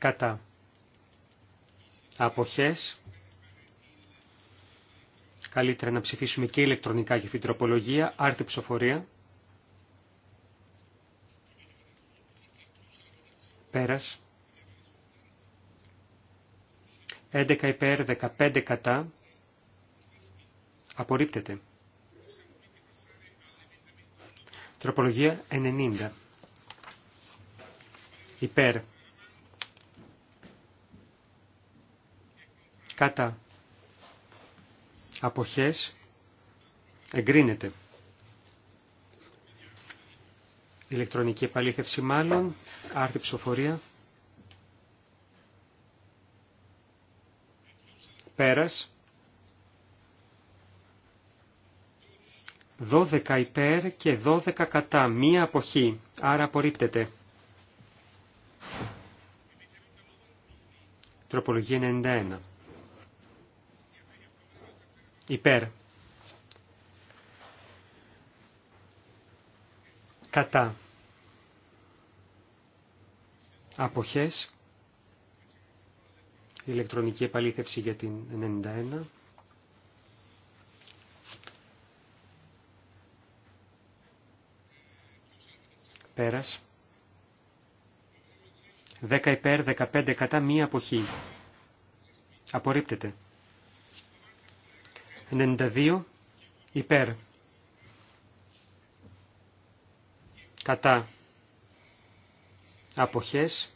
κατά αποχές. Καλύτερα να ψηφίσουμε και ηλεκτρονικά για αυτήν την τροπολογία, άρτη ψηφοφορία. Πέρας. 11 υπέρ, 15 κατά. Απορρίπτεται. Τροπολογία 90. Υπέρ. κατά αποχές εγκρίνεται. Ηλεκτρονική επαλήθευση μάλλον, άρθρη ψηφοφορία. Πέρας. 12 υπέρ και 12 κατά, μία αποχή, άρα απορρίπτεται. Τροπολογία 91 υπέρ. Κατά. Αποχές. Ηλεκτρονική επαλήθευση για την 91. Πέρας. 10 υπέρ, 15 κατά μία αποχή. Απορρίπτεται. 92 υπέρ. Κατά. Αποχές.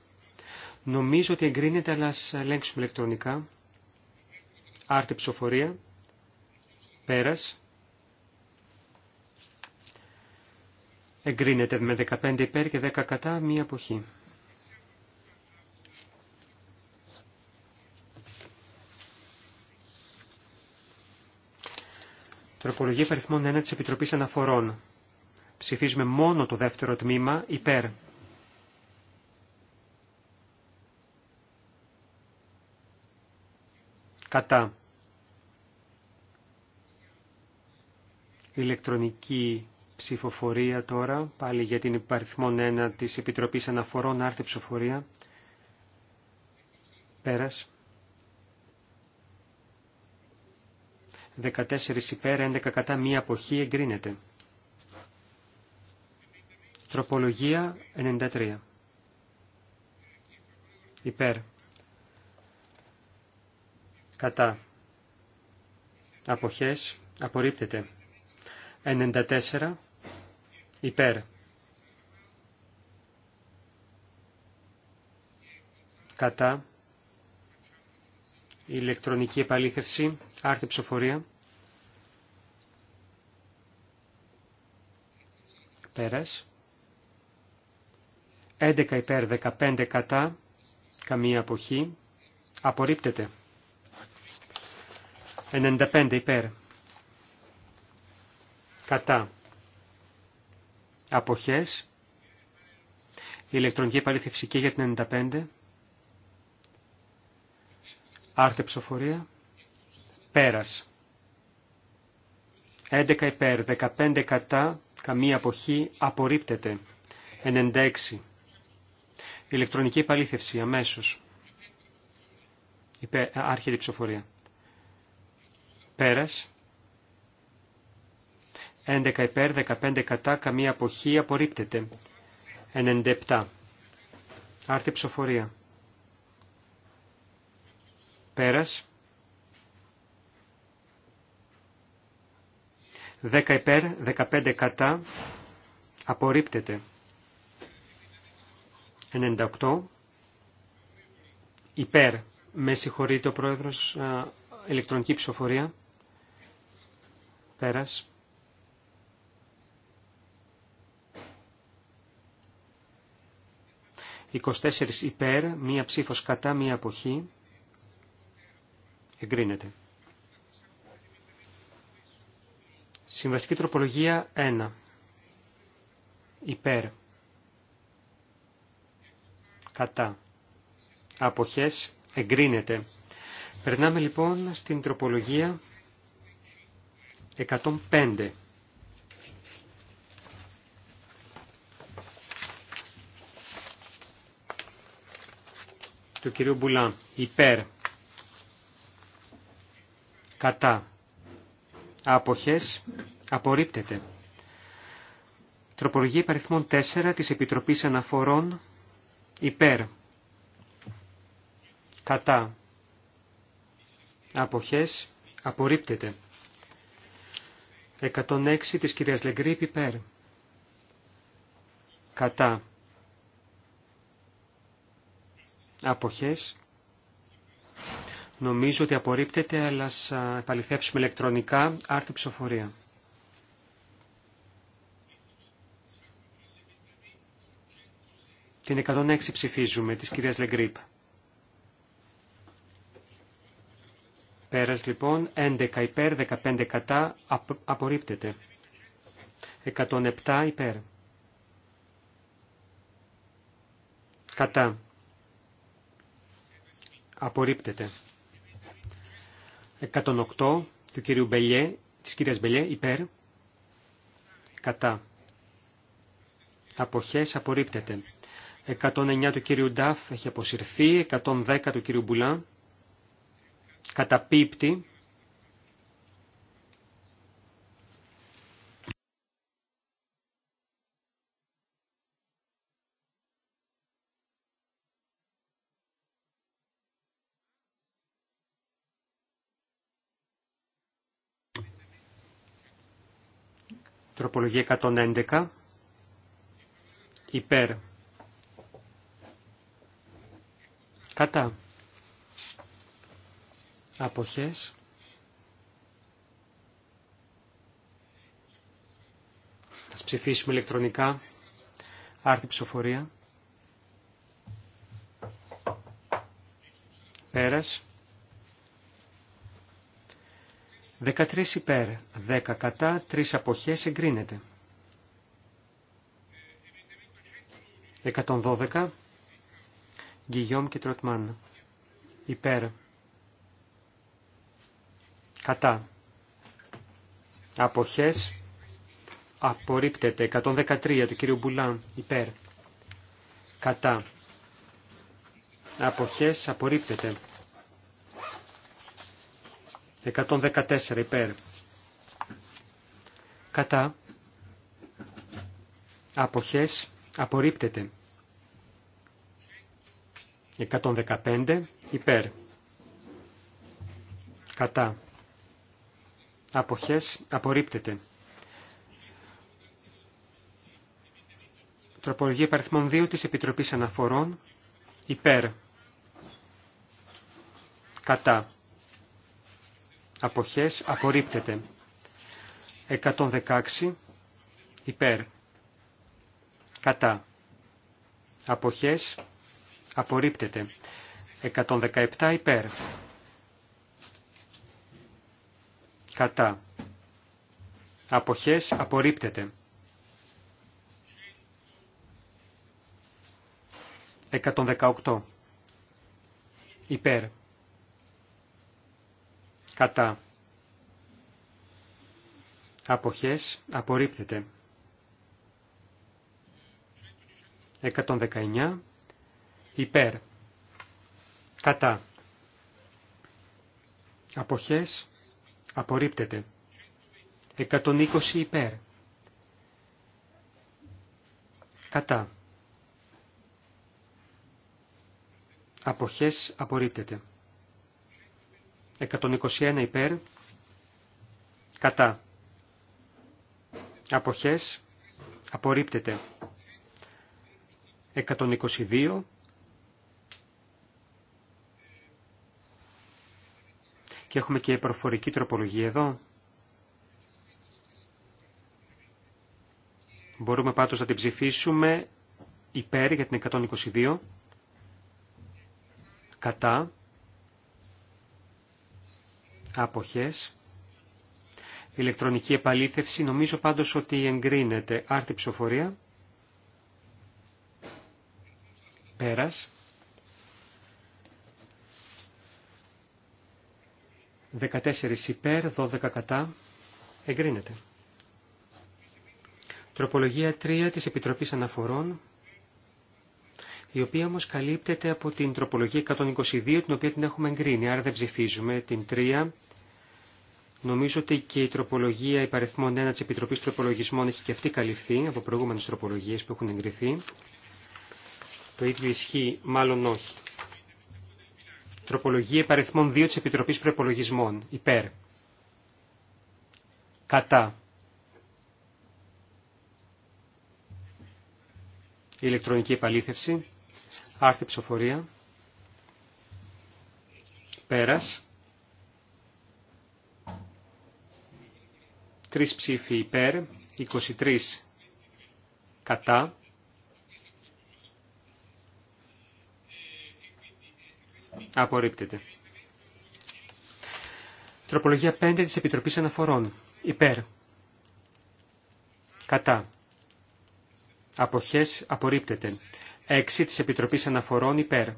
Νομίζω ότι εγκρίνεται, αλλά ας ελέγξουμε ηλεκτρονικά. Άρτη ψηφοφορία. Πέρας. Εγκρίνεται με 15 υπέρ και 10 κατά μία αποχή. Υπολογή υπαριθμών 1 της Επιτροπής Αναφορών. Ψηφίζουμε μόνο το δεύτερο τμήμα υπέρ. Κατά. Ηλεκτρονική ψηφοφορία τώρα, πάλι για την υπαριθμόν 1 της Επιτροπής Αναφορών, άρθρη ψηφοφορία. Πέρας. 14 υπέρ, 11 κατά, μία αποχή εγκρίνεται. Τροπολογία 93. Υπέρ. Κατά. Αποχές. Απορρίπτεται. 94. Υπέρ. Κατά ηλεκτρονική επαλήθευση, άρθρη ψηφοφορία. Πέρας. 11 υπέρ, 15 κατά, καμία αποχή. Απορρίπτεται. 95 υπέρ. Κατά. Αποχές. Η ηλεκτρονική επαλήθευση και για την 95. Άρτε ψηφοφορία. Πέρας. 11 υπέρ, 15 κατά, καμία αποχή, απορρίπτεται. 96. Ηλεκτρονική επαλήθευση, αμέσως. Υπέ, άρχεται ψηφοφορία. Πέρας. 11 υπέρ, 15 κατά, καμία αποχή, απορρίπτεται. 97. Άρτη ψηφοφορία. Πέρας. 10 υπέρ, 15 κατά. Απορρίπτεται. 98. Υπέρ. Με συγχωρείται ο πρόεδρος. Ηλεκτρονική ψηφοφορία. Πέρας. 24 υπέρ, μία ψήφος κατά, μία αποχή. Εγκρίνεται. Συμβαστική τροπολογία 1. Υπέρ. Κατά. Αποχές. Εγκρίνεται. Περνάμε λοιπόν στην τροπολογία 105. του κυρίου Μπουλάν. Υπέρ κατά άποχες απορρίπτεται. Τροπολογία υπαριθμών 4 της Επιτροπής Αναφορών υπέρ κατά αποχές απορρίπτεται. 106 της κυρίας Λεγκρίπ υπέρ κατά αποχές Νομίζω ότι απορρίπτεται, αλλά ας επαληθεψουμε ηλεκτρονικά. Άρτη ψηφοφορία. Την 106 ψηφίζουμε, της κυρίας Λεγκρίπ. Πέρας λοιπόν, 11 υπέρ, 15 κατά, απορρίπτεται. 107 υπέρ. Κατά. Απορρίπτεται. 108 του κυρίου Μπελιέ, της κυρίας Μπελιέ, υπέρ, κατά. Αποχές απορρίπτεται. 109 του κύριου Νταφ έχει αποσυρθεί, 110 του κύριου Μπουλά, καταπίπτει, Απολογία 111 υπέρ κατά αποχές Ας ψηφίσουμε ηλεκτρονικά άρθρη ψηφοφορία πέρας 13 υπέρ, 10 κατά, 3 αποχές εγκρίνεται. 112. Γκυγιόμ και Τροτμάν. Υπέρ. Κατά. Αποχές. Απορρίπτεται. 113 του κύριου Μπουλάν. Υπέρ. Κατά. Αποχές. Απορρίπτεται. 114 υπέρ. Κατά. Αποχές απορρίπτεται. 115 υπέρ. Κατά. Αποχές απορρίπτεται. Τροπολογία παριθμών 2 της Επιτροπής Αναφορών υπέρ. Κατά αποχές απορρίπτεται. 116 υπέρ κατά αποχές απορρίπτεται. 117 υπέρ κατά αποχές απορρίπτεται. 118 υπέρ κατά αποχές απορρίπτεται. 119 υπέρ κατά αποχές απορρίπτεται. 120 υπέρ κατά αποχές απορρίπτεται. 121 υπέρ, κατά. Αποχές, απορρίπτεται. 122 και έχουμε και προφορική τροπολογία εδώ. Μπορούμε πάντως να την ψηφίσουμε υπέρ για την 122, κατά, αποχές. Ηλεκτρονική επαλήθευση, νομίζω πάντως ότι εγκρίνεται άρτη ψηφοφορία. Πέρας. 14 υπέρ, 12 κατά, εγκρίνεται. Τροπολογία 3 της Επιτροπής Αναφορών, η οποία όμως καλύπτεται από την τροπολογία 122, την οποία την έχουμε εγκρίνει, άρα δεν ψηφίζουμε την 3. Νομίζω ότι και η τροπολογία υπαριθμών 1 της Επιτροπής Τροπολογισμών έχει και αυτή καλυφθεί από προηγούμενες τροπολογίες που έχουν εγκριθεί. Το ίδιο ισχύει, μάλλον όχι. Τροπολογία υπαριθμών 2 της Επιτροπής Προπολογισμών. Υπέρ. Κατά. Η ηλεκτρονική επαλήθευση. Άρθει ψηφοφορία. Πέρας. Τρεις ψήφοι υπέρ, 23 κατά. Απορρίπτεται. Τροπολογία 5 της Επιτροπής Αναφορών. Υπέρ. Κατά. Αποχές απορρίπτεται. 6 της Επιτροπής Αναφορών υπέρ.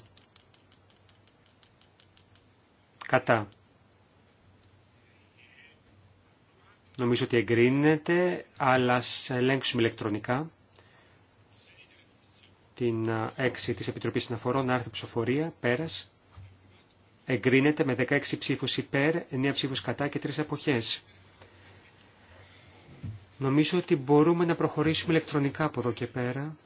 Κατά. Νομίζω ότι εγκρίνεται, αλλά ας ελέγξουμε ηλεκτρονικά την 6 της Επιτροπής Αναφορών, άρθρο ψηφοφορία, πέρας. Εγκρίνεται με 16 ψήφους υπέρ, 9 ψήφους κατά και 3 αποχές. Νομίζω ότι μπορούμε να προχωρήσουμε ηλεκτρονικά από εδώ και πέρα.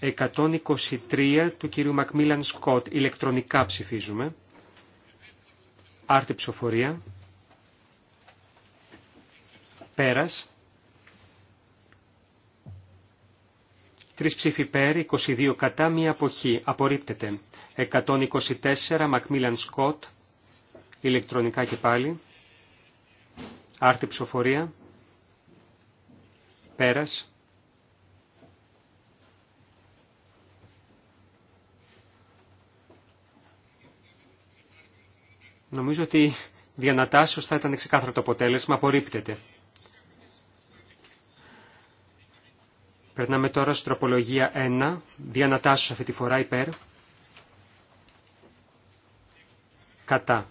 123 του κυρίου Μακμίλαν Σκοτ. Ηλεκτρονικά ψηφίζουμε. Άρτη ψηφοφορία. Πέρας. Τρεις ψήφοι πέρ, 22 κατά, μία αποχή. Απορρίπτεται. 124 Μακμίλαν Σκοτ. Ηλεκτρονικά και πάλι. Άρτη ψηφοφορία. Πέρας. Νομίζω ότι διανατάσσεως θα ήταν ξεκάθαρο το αποτέλεσμα, απορρίπτεται. Περνάμε τώρα στην τροπολογία 1, διανατάσσεως αυτή τη φορά υπέρ, κατά.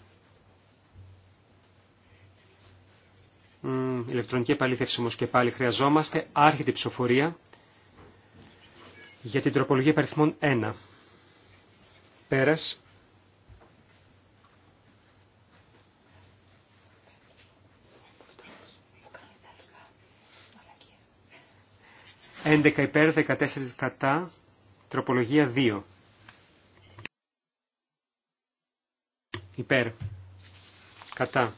ηλεκτρονική επαλήθευση όμως και πάλι χρειαζόμαστε, άρχεται ψηφοφορία για την τροπολογία περιθμών 1. Πέρας. 11 υπέρ, 14 κατά, τροπολογία 2. Υπέρ. Κατά.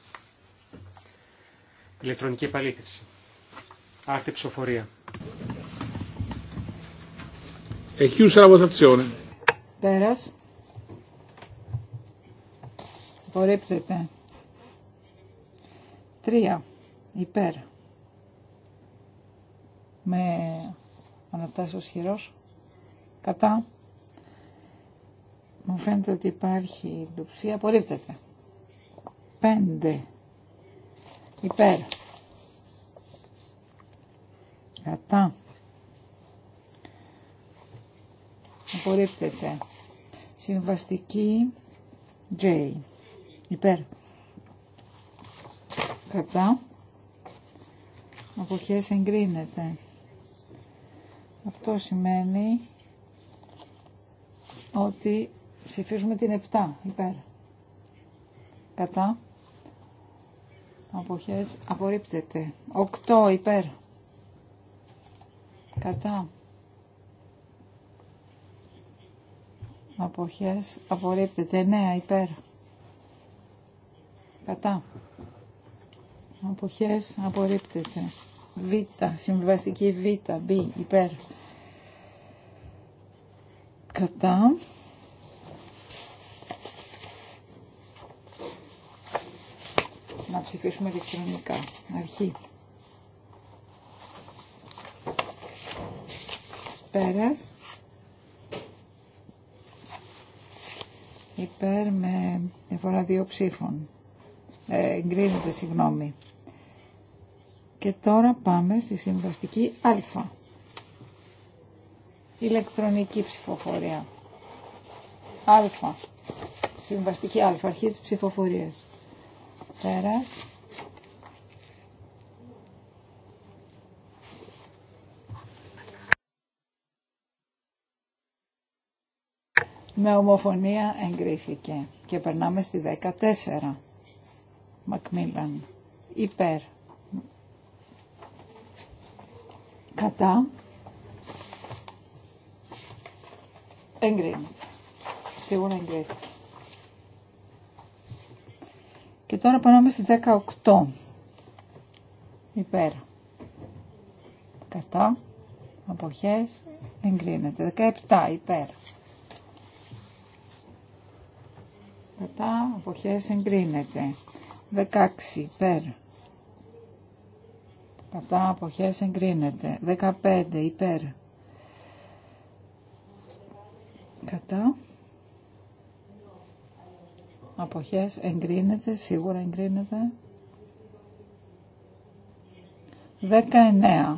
Ηλεκτρονική επαλήθευση. Άρτη ψηφοφορία. Εκείουσα βοτατσιόνε. Πέρας. Απορρίπτεται. Τρία. Υπέρ. Με ο χειρός. Κατά. Μου φαίνεται ότι υπάρχει λουψία. Απορρίπτεται. πέντε Υπέρ. Κατά. Απορρίπτεται. Συμβαστική J. Υπέρ. Κατά. Αποχές εγκρίνεται. Αυτό σημαίνει ότι ψηφίζουμε την 7 υπέρ. Κατά. Αποχές απορρίπτεται. 8 υπέρ. Κατά. Αποχές απορρίπτεται. 9 υπέρ. Κατά. Αποχές απορρίπτεται. Β, συμβιβαστική Β, Β, υπέρ. Κατά. Να ψηφίσουμε ηλεκτρονικά. Αρχή. Πέρας. Υπέρ με εφορά δύο ψήφων. Ε, εγκρίνεται, συγγνώμη. Και τώρα πάμε στη συμβαστική α. Ηλεκτρονική ψηφοφορία. Α. Συμβαστική α. Αρχή της ψηφοφορίας. Πέρας. Με ομοφωνία εγκρίθηκε και περνάμε στη 14. Μακμίλαν. Υπέρ. κατά εγκρίνεται. Σίγουρα εγκρίνεται. Και τώρα πάμε στη 18. Υπέρ. Κατά. Αποχές. Εγκρίνεται. 17. Υπέρ. Κατά. Αποχές. Εγκρίνεται. 16. Υπέρ κατά αποχές εγκρίνεται 15 υπέρ κατά αποχές εγκρίνεται σίγουρα εγκρίνεται 19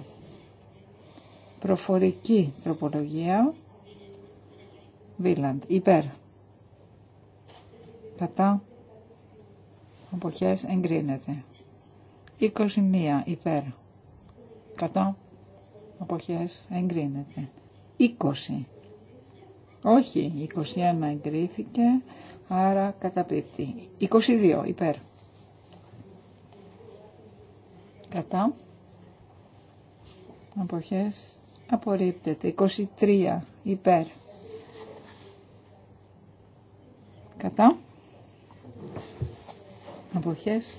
προφορική τροπολογία Βίλαντ υπέρ κατά αποχές εγκρίνεται 21 υπέρ κατά αποχές εγκρίνεται. 20. Όχι, 21 εγκρίθηκε, άρα καταπίπτει. 22 υπέρ. Κατά. Αποχές απορρίπτεται. 23 υπέρ. Κατά. Αποχές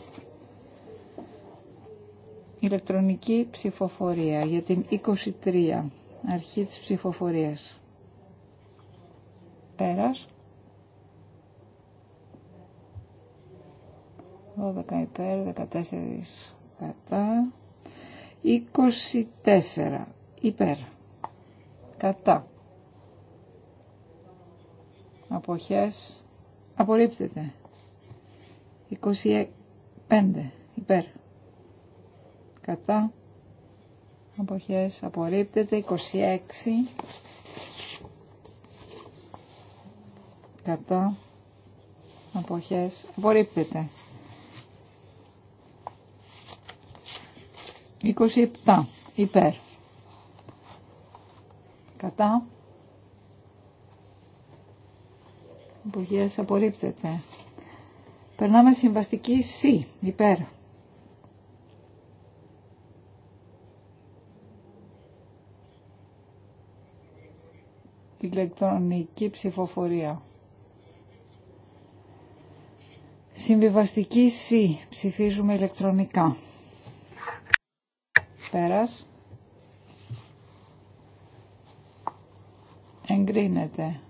Ηλεκτρονική ψηφοφορία για την 23 αρχή της ψηφοφορίας. Πέρας. 12 υπέρ, 14 κατά. 24 υπέρ. Κατά. Αποχές. Απορρίπτεται. 25 υπέρ κατά αποχές απορρίπτεται 26 κατά αποχές απορρίπτεται 27 υπέρ κατά αποχές απορρίπτεται περνάμε συμβαστική C υπέρ ηλεκτρονική ψηφοφορία. Συμβιβαστική C. Ψηφίζουμε ηλεκτρονικά. Πέρας. Εγκρίνεται.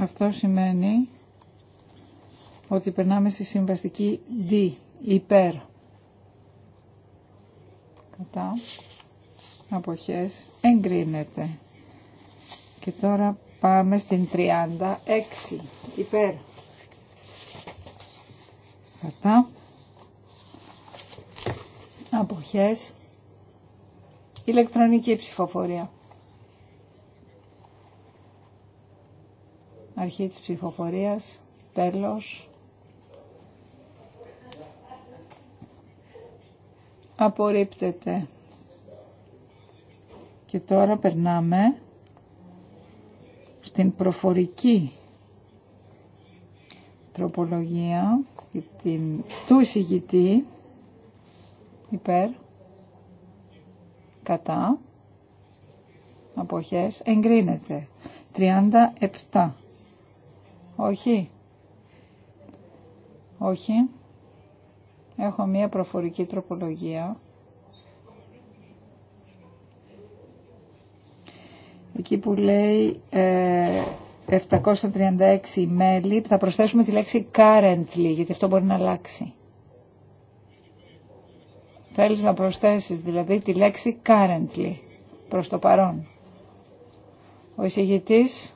Αυτό σημαίνει ότι περνάμε στη συμβαστική D. Υπέρ αποχές εγκρίνεται. Και τώρα πάμε στην 36 υπέρ κατά αποχές ηλεκτρονική ψηφοφορία. Αρχή της ψηφοφορίας, τέλος. απορρίπτεται. Και τώρα περνάμε στην προφορική τροπολογία την, του εισηγητή υπέρ κατά αποχές εγκρίνεται 37 όχι όχι Έχω μία προφορική τροπολογία. Εκεί που λέει 736 ε, μέλη, θα προσθέσουμε τη λέξη currently, γιατί αυτό μπορεί να αλλάξει. Θέλεις να προσθέσεις δηλαδή τη λέξη currently, προς το παρόν. Ο εισηγητής...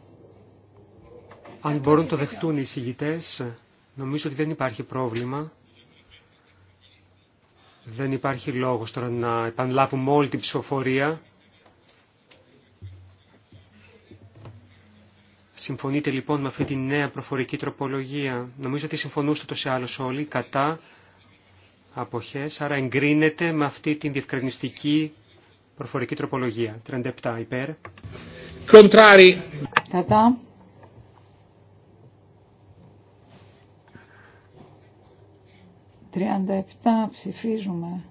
Αν μπορούν το δεχτούν οι εισηγητές, νομίζω ότι δεν υπάρχει πρόβλημα. Δεν υπάρχει λόγος τώρα να επανλάβουμε όλη την ψηφοφορία. Συμφωνείτε λοιπόν με αυτή τη νέα προφορική τροπολογία. Νομίζω ότι συμφωνούστε το σε άλλους όλοι κατά αποχές, άρα εγκρίνεται με αυτή την διευκρινιστική προφορική τροπολογία. 37 υπέρ. Κατά. 37 ψηφίζουμε.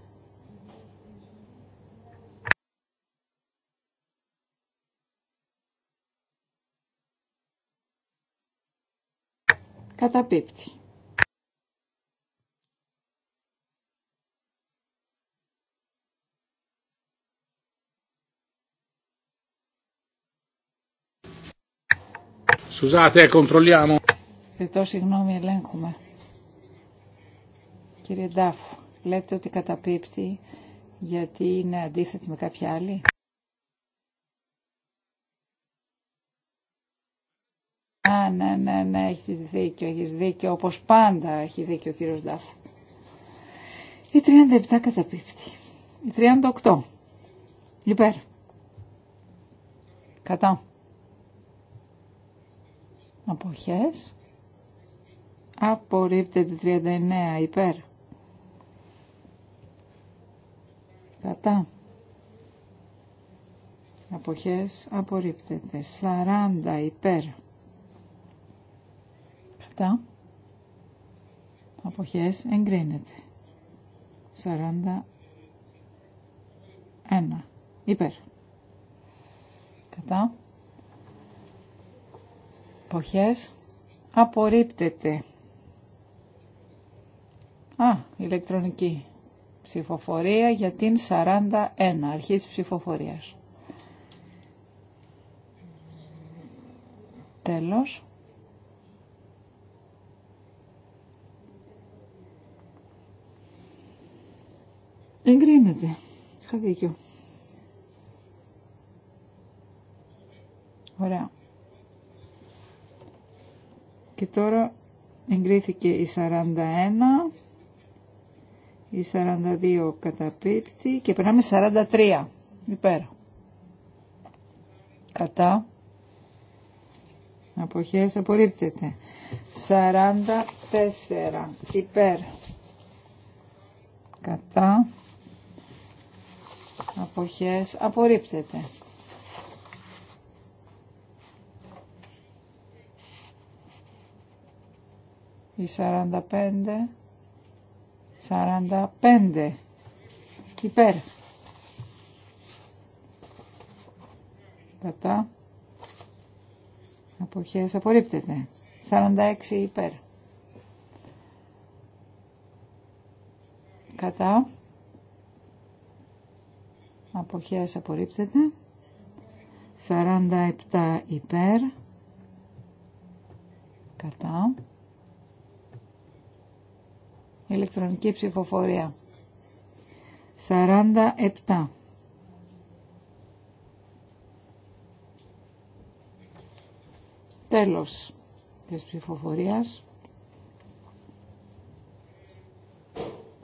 Καταπίπτει. συγγνώμη, ελέγχουμε. Κύριε Ντάφου, λέτε ότι καταπίπτει γιατί είναι αντίθετη με κάποια άλλη. Α, ναι, ναι, ναι, έχεις δίκιο, έχεις δίκιο, όπως πάντα έχει δίκιο ο κύριος Ντάφου. Η 37 καταπίπτει. Η 38. Υπέρ. Κατά. Αποχές. Απορρίπτεται 39 υπέρ. κατά αποχές απορρίπτεται 40 υπέρ κατά αποχές εγκρίνεται ένα υπέρ κατά αποχές απορρίπτεται α ηλεκτρονική Ψηφοφορία για την 41. Αρχή της ψηφοφορίας. Τέλος. Εγκρίνεται. Είχα δίκιο. Ωραία. Και τώρα εγκρίθηκε η 41. Η 42 καταπίπτει και περνάμε 43 υπέρ. Κατά. Αποχές απορρίπτεται. 44 υπέρ. Κατά. Αποχές απορρίπτεται. Η 45 45 υπέρ κατά αποχές απορρίπτεται 46 υπέρ κατά αποχές απορρίπτεται 47 υπέρ κατά ηλεκτρονική ψηφοφορία. 47. Τέλος της ψηφοφορίας.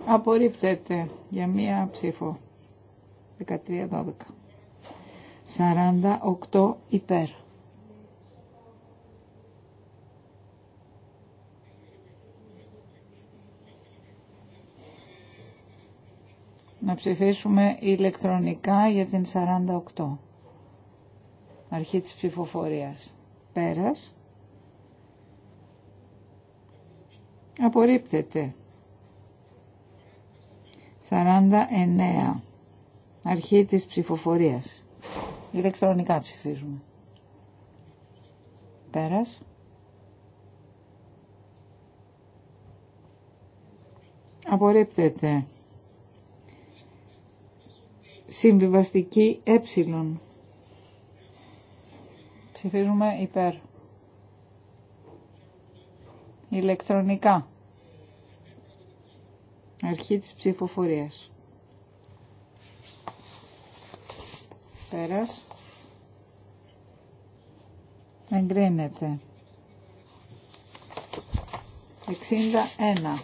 Απορρίπτεται για μία ψήφο. 13-12. 48 υπέρ. να ψηφίσουμε ηλεκτρονικά για την 48. Αρχή της ψηφοφορίας. Πέρας. Απορρίπτεται. 49. Αρχή της ψηφοφορίας. Ηλεκτρονικά ψηφίζουμε. Πέρας. Απορρίπτεται. Συμβιβαστική ε. Ψηφίζουμε υπέρ. Ηλεκτρονικά. Αρχή της ψηφοφορίας. Πέρας. Εγκρίνεται. 61.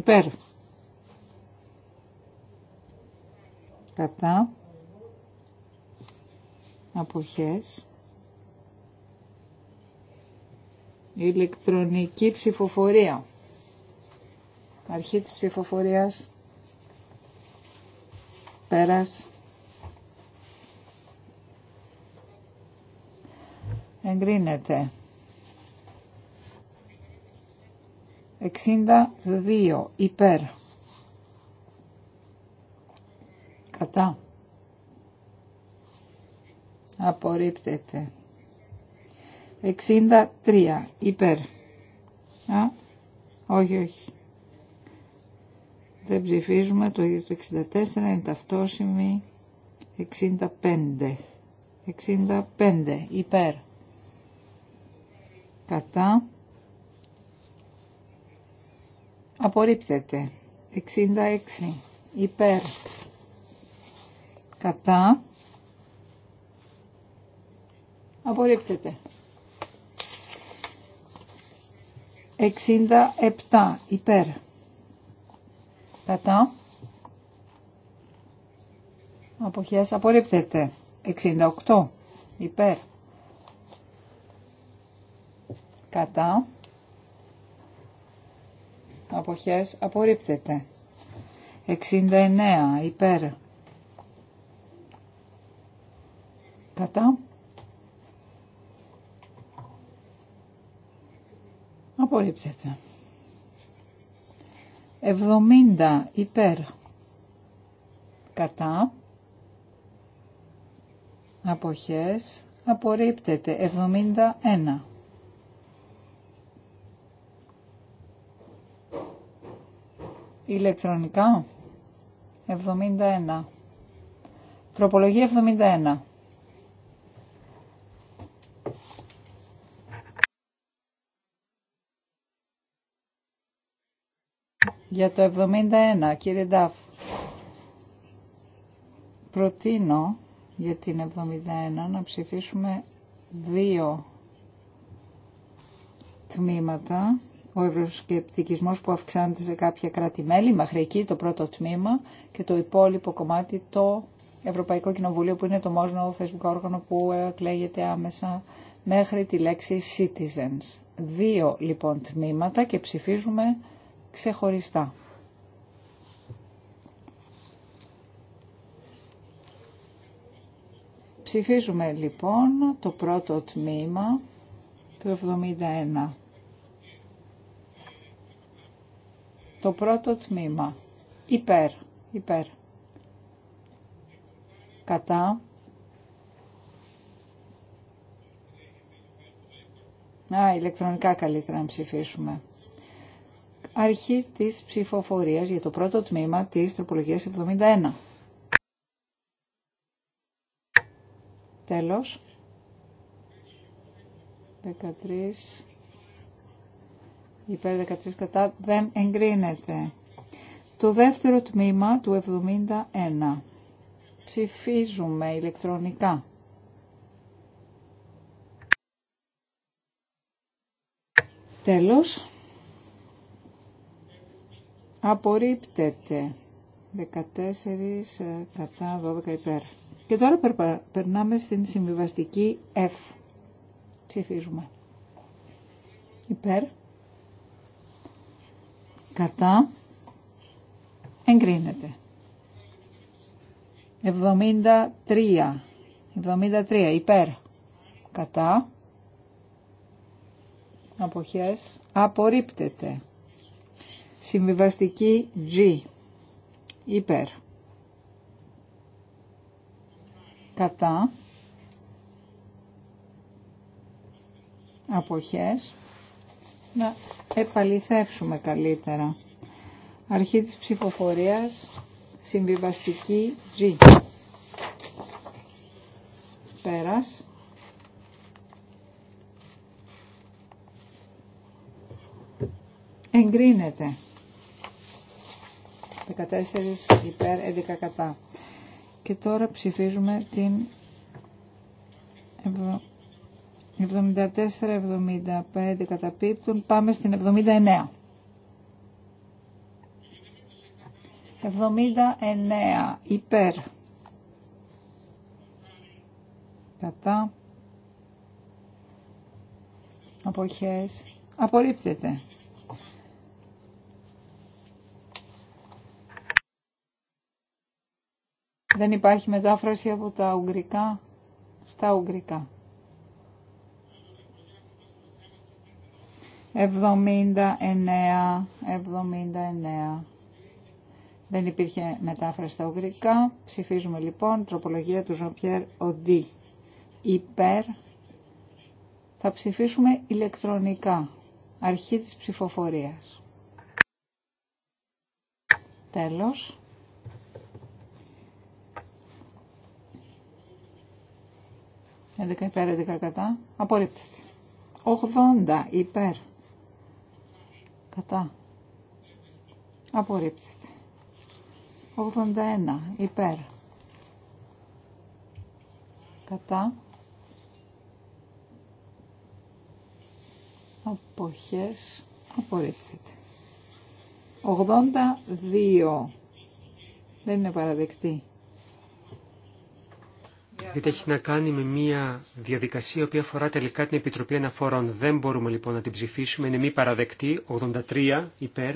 Υπέρ. Κατά. Αποχές. Ηλεκτρονική ψηφοφορία. Αρχή της ψηφοφορίας. Πέρας. Εγκρίνεται. 62 υπέρ. Κατά. Απορρίπτεται. 63 υπέρ. Α, όχι, όχι. Δεν ψηφίζουμε το ίδιο το 64, είναι ταυτόσημη 65. 65 υπέρ. Κατά απορρίπτεται 66 υπέρ κατά απορρίπτεται 67 υπέρ κατά αποχές απορρίπτεται 68 υπέρ κατά αποχές απορρίπτεται. 69 υπέρ κατά απορρίπτεται. 70 υπέρ κατά αποχές απορρίπτεται. 71 ηλεκτρονικά. 71. Τροπολογία 71. Για το 71, κύριε Νταφ, προτείνω για την 71 να ψηφίσουμε δύο τμήματα ο ευρωσκεπτικισμός που αυξάνεται σε κάποια κράτη-μέλη, μέχρι εκεί το πρώτο τμήμα και το υπόλοιπο κομμάτι το Ευρωπαϊκό Κοινοβουλίο που είναι το μόνο θεσμικό όργανο που ε, εκλέγεται άμεσα μέχρι τη λέξη citizens. Δύο λοιπόν τμήματα και ψηφίζουμε ξεχωριστά. Ψηφίζουμε λοιπόν το πρώτο τμήμα του 71 Το πρώτο τμήμα. Υπέρ. Υπέρ. Κατά. Α, ηλεκτρονικά καλύτερα να ψηφίσουμε. Αρχή της ψηφοφορίας για το πρώτο τμήμα της τροπολογίας 71. Τέλος. 13 υπέρ 13 κατά δεν εγκρίνεται. Το δεύτερο τμήμα του 71. Ψηφίζουμε ηλεκτρονικά. Τέλος. Απορρίπτεται. 14 ε, κατά 12 υπέρ. Και τώρα περνάμε στην συμβιβαστική F. Ψηφίζουμε. Υπέρ κατά εγκρίνεται. 73. 73 υπέρ κατά αποχές απορρίπτεται. Συμβιβαστική G υπέρ κατά αποχές να επαληθεύσουμε καλύτερα. Αρχή της ψηφοφορίας, συμβιβαστική G. Πέρας. Εγκρίνεται. 14 υπέρ 11 κατά. Και τώρα ψηφίζουμε την 74-75 καταπίπτουν. Πάμε στην 79. 79 υπέρ. Κατά. Αποχές. Απορρίπτεται. Δεν υπάρχει μετάφραση από τα ουγγρικά στα ουγγρικά. 79, 79. Δεν υπήρχε μετάφραση στα ουγγρικά. Ψηφίζουμε λοιπόν τροπολογία του Ζωπιέρ Οντί. Υπέρ. Θα ψηφίσουμε ηλεκτρονικά. Αρχή της ψηφοφορίας. Τέλος. 11 υπέρ, 11 κατά. Απορρίπτεται. 80 υπέρ κατά απορρίπτεται 81 υπέρ κατά αποχές απορρίπτεται 82 δεν είναι παραδεκτή γιατί έχει να κάνει με μια διαδικασία η οποία αφορά τελικά την Επιτροπή Αναφορών. Δεν μπορούμε λοιπόν να την ψηφίσουμε, είναι μη παραδεκτή, 83 υπέρ,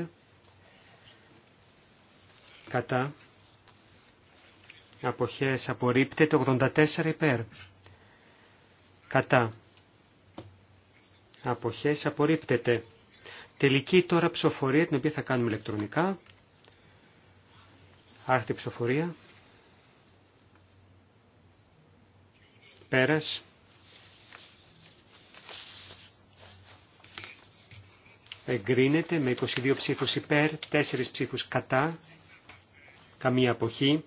κατά, αποχές απορρίπτεται, 84 υπέρ, κατά, αποχές απορρίπτεται. Τελική τώρα ψηφοφορία την οποία θα κάνουμε ηλεκτρονικά. Άρχιτε ψηφοφορία. Πέρας. Εγκρίνεται με 22 ψήφους υπέρ, 4 ψήφους κατά, καμία αποχή.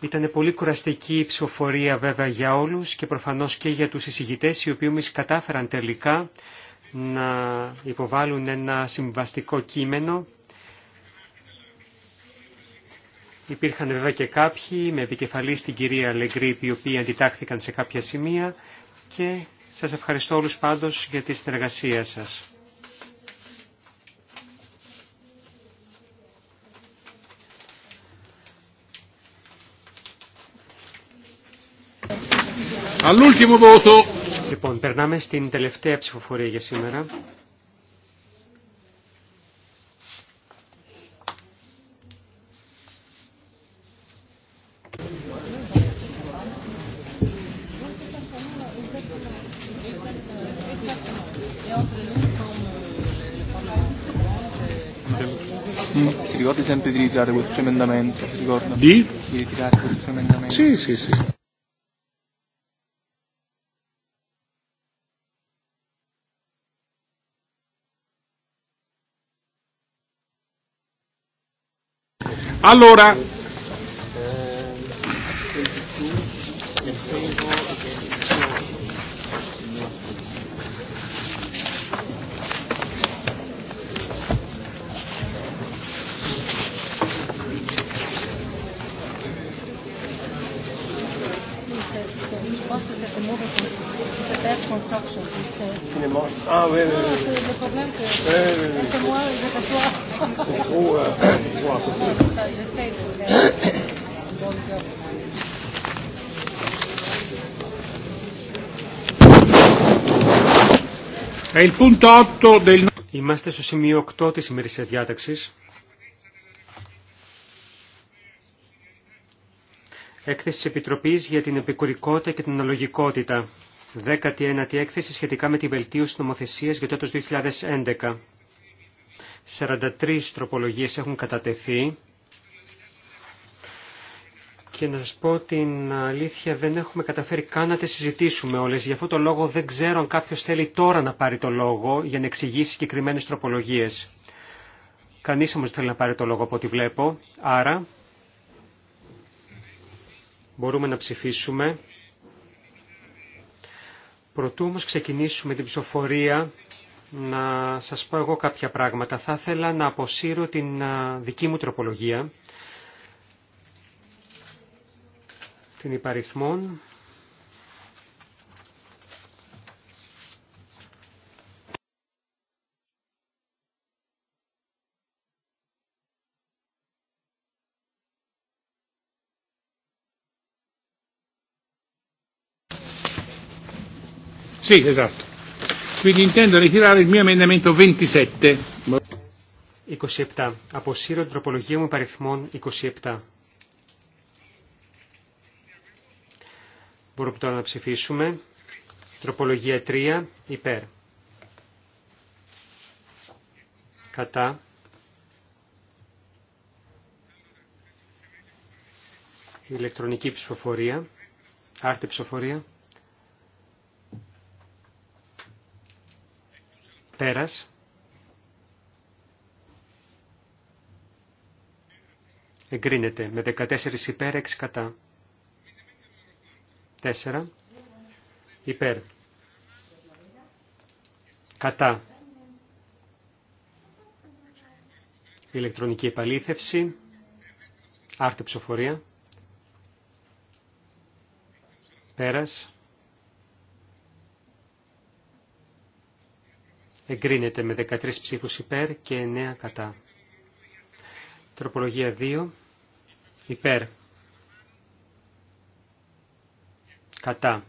Ήταν πολύ κουραστική η ψηφοφορία βέβαια για όλους και προφανώς και για τους εισηγητές οι οποίοι όμως κατάφεραν τελικά να υποβάλουν ένα συμβαστικό κείμενο Υπήρχαν βέβαια και κάποιοι με επικεφαλή στην κυρία Λεγκρίπ οι οποίοι αντιτάχθηκαν σε κάποια σημεία και σας ευχαριστώ όλους πάντως για τη συνεργασία σας. Λοιπόν, περνάμε στην τελευταία ψηφοφορία για σήμερα. di ritirare quel suo emendamento, ti ricordo? Di? Di ritirare quel suo emendamento. Sì, sì, sì. Allora, Είμαστε στο σημείο 8 της ημερησίας διάταξης. Έκθεση Επιτροπής για την επικουρικότητα και την αναλογικότητα. 19η έκθεση σχετικά με τη βελτίωση νομοθεσίας για το έτος 2011. 43 τροπολογίες έχουν κατατεθεί και να σας πω την αλήθεια δεν έχουμε καταφέρει καν να τις συζητήσουμε όλες. Γι' αυτό το λόγο δεν ξέρω αν κάποιος θέλει τώρα να πάρει το λόγο για να εξηγήσει συγκεκριμένες τροπολογίες. Κανείς όμως δεν θέλει να πάρει το λόγο από ό,τι βλέπω. Άρα μπορούμε να ψηφίσουμε Προτού όμως ξεκινήσουμε την ψηφοφορία, να σας πω εγώ κάποια πράγματα. Θα ήθελα να αποσύρω την δική μου τροπολογία, την υπαριθμών Sì, esatto. Quindi intendo ritirare il mio emendamento 27. 27. Αποσύρω την τροπολογία μου παριθμών 27. Μπορούμε τώρα να ψηφίσουμε. Τροπολογία 3. Υπέρ. Κατά. Ηλεκτρονική ψηφοφορία. Άρτη ψηφοφορία. Πέρας. Εγκρίνεται με 14 υπέρ, 6 κατά. 4 υπέρ. Κατά. Ηλεκτρονική επαλήθευση. Άρτε ψηφοφορία. Πέρας. εγκρίνεται με 13 ψήφους υπέρ και 9 κατά. Τροπολογία 2 υπέρ κατά.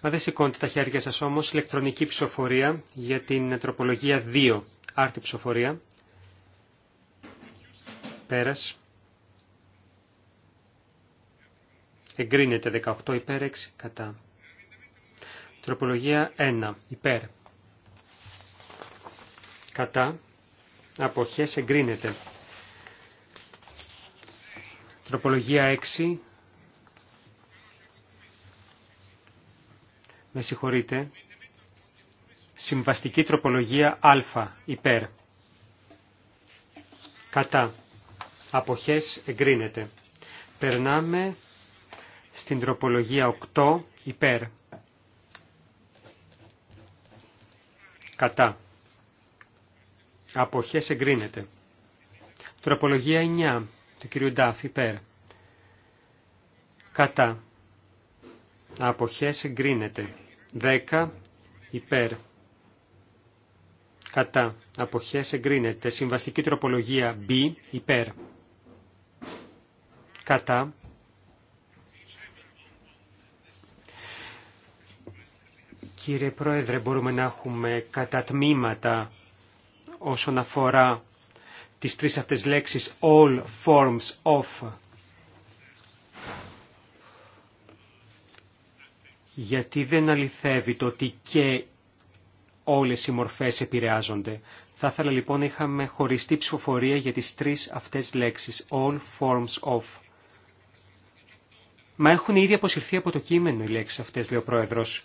Μα δεν σηκώνετε τα χέρια σας όμως, ηλεκτρονική ψηφοφορία για την τροπολογία 2, άρτη ψηφοφορία. Πέρας. Εγκρίνεται 18 υπέρ 6 κατά. Τροπολογία 1 υπέρ. Κατά. Αποχές εγκρίνεται. Τροπολογία 6. Με συγχωρείτε. Συμβαστική τροπολογία α υπέρ. Κατά. Αποχές εγκρίνεται. Περνάμε στην τροπολογία 8 υπέρ. Κατά. Αποχές εγκρίνεται. Τροπολογία 9 του κυρίου Ντάφ υπέρ. Κατά. Αποχές εγκρίνεται. 10 υπέρ. Κατά. Αποχές εγκρίνεται. Συμβαστική τροπολογία B υπέρ. Κατά. Κύριε Πρόεδρε, μπορούμε να έχουμε κατατμήματα όσον αφορά τις τρεις αυτές λέξεις all forms of. Γιατί δεν αληθεύει το ότι και όλες οι μορφές επηρεάζονται. Θα ήθελα λοιπόν να είχαμε χωριστή ψηφοφορία για τις τρεις αυτές λέξεις all forms of. Μα έχουν ήδη αποσυρθεί από το κείμενο οι λέξεις αυτές, λέει ο Πρόεδρος.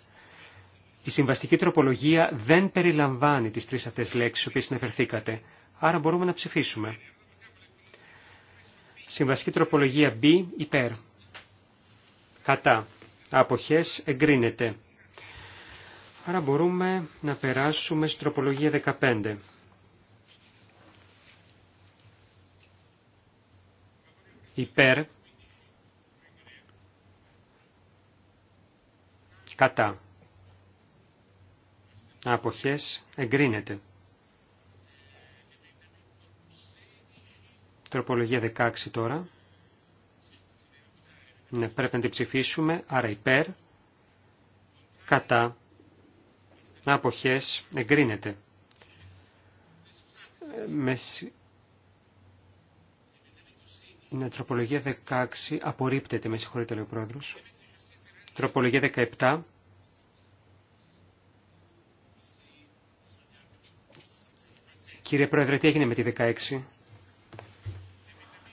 Η συμβαστική τροπολογία δεν περιλαμβάνει τις τρεις αυτές λέξεις οποίες συνεφερθήκατε, άρα μπορούμε να ψηφίσουμε. Συμβαστική τροπολογία B υπέρ. Κατά. Αποχές εγκρίνεται. Άρα μπορούμε να περάσουμε στην τροπολογία 15. Υπέρ. Κατά αποχές εγκρίνεται. Τροπολογία 16 τώρα. Ναι, πρέπει να την ψηφίσουμε, άρα υπέρ, κατά, αποχές, εγκρίνεται. Με... Ναι, τροπολογία 16 απορρίπτεται, με συγχωρείτε λέει ο πρόεδρος. Τροπολογία 17 Κύριε Πρόεδρε, τι έγινε με τη 16.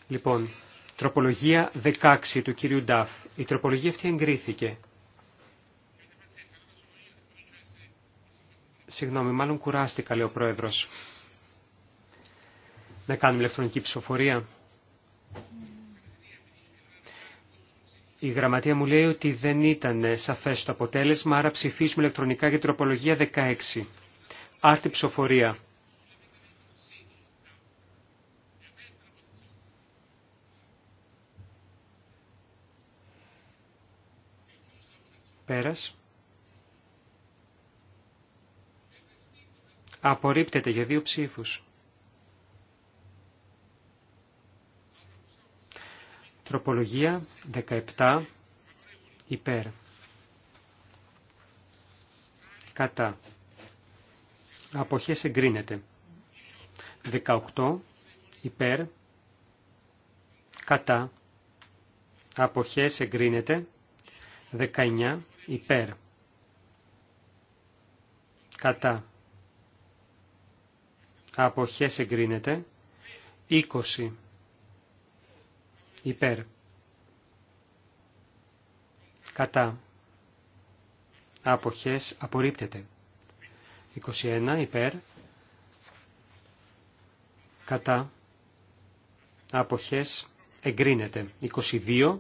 Λοιπόν, τροπολογία 16 του κύριου Νταφ. Η τροπολογία αυτή εγκρίθηκε. Συγγνώμη, μάλλον κουράστηκα, λέει ο Πρόεδρος. Να κάνουμε ηλεκτρονική ψηφοφορία. Η γραμματεία μου λέει ότι δεν ήταν σαφές το αποτέλεσμα, άρα ψηφίσουμε ηλεκτρονικά για τροπολογία 16. Άρτη ψηφοφορία. Πέρας. Απορρίπτεται για δύο ψήφους. Τροπολογία 17 υπέρ. Κατά. Αποχές εγκρίνεται. 18 υπέρ. Κατά. Αποχές εγκρίνεται. 19 υπέρ κατά αποχές εγκρίνεται 20 υπέρ κατά αποχές απορρίπτεται 21 υπέρ κατά αποχές εγκρίνεται 22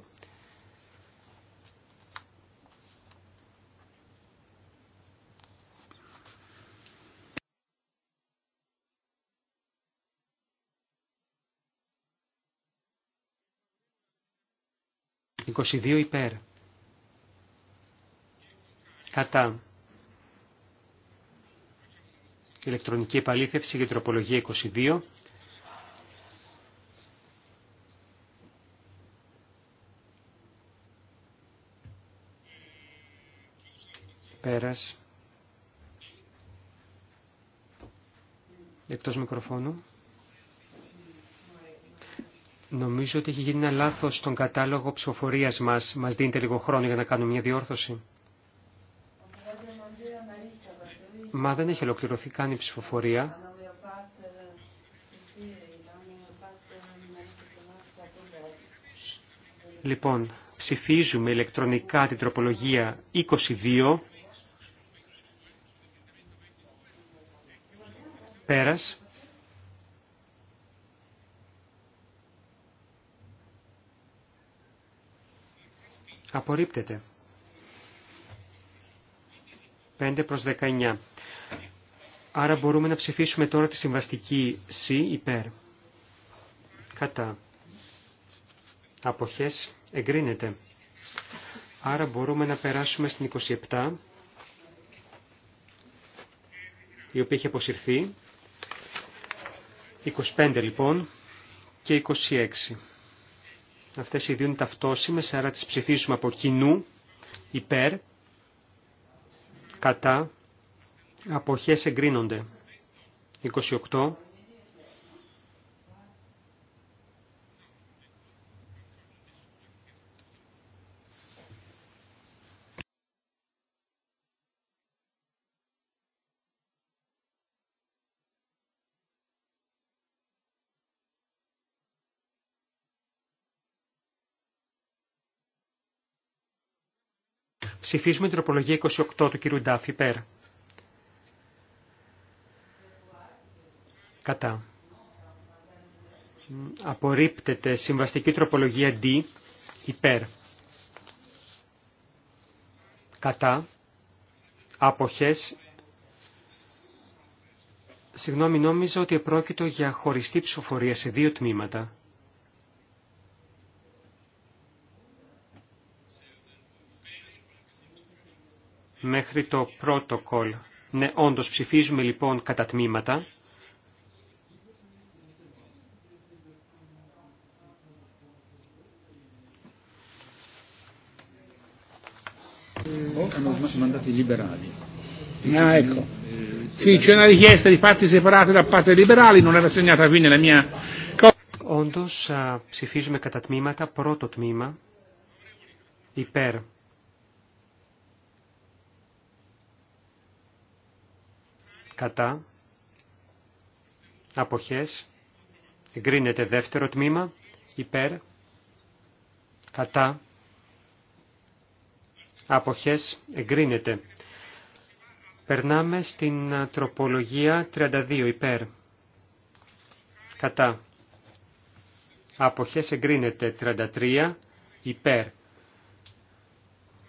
22 υπέρ. Κατά. Ηλεκτρονική επαλήθευση για τροπολογία 22. Πέρας. Εκτός μικροφώνου. Νομίζω ότι έχει γίνει ένα λάθος στον κατάλογο ψηφοφορίας μας. Μας δίνετε λίγο χρόνο για να κάνουμε μια διόρθωση. Μα δεν έχει ολοκληρωθεί καν η ψηφοφορία. Λοιπόν, ψηφίζουμε ηλεκτρονικά την τροπολογία 22. Πέρας. Απορρίπτεται. 5 προς 19. Άρα μπορούμε να ψηφίσουμε τώρα τη συμβαστική C υπέρ. Κατά. Αποχές εγκρίνεται. Άρα μπορούμε να περάσουμε στην 27, η οποία έχει αποσυρθεί. 25 λοιπόν και 26. Αυτές οι δύο είναι ταυτόσιμες, άρα τις ψηφίσουμε από κοινού, υπέρ, κατά, αποχές εγκρίνονται. 28 Ψηφίζουμε την τροπολογία 28 του κύριου Ντάφη, υπέρ. Κατά. Απορρίπτεται συμβαστική τροπολογία D υπέρ. Κατά. Αποχές. Συγγνώμη, νόμιζα ότι επρόκειτο για χωριστή ψηφοφορία σε δύο τμήματα. μέχρι το πρώτο κόλ. Ναι, όντως ψηφίζουμε λοιπόν κατά τμήματα. Ah, ecco. Sì, c'è una richiesta di parti separate da parte dei liberali, non era segnata quindi la mia Όντως ψηφίζουμε κατά τμήματα, πρώτο τμήμα, υπέρ κατά, αποχές, εγκρίνεται δεύτερο τμήμα, υπέρ, κατά, αποχές, εγκρίνεται. Περνάμε στην τροπολογία 32 υπέρ. Κατά. Αποχές εγκρίνεται 33 υπέρ.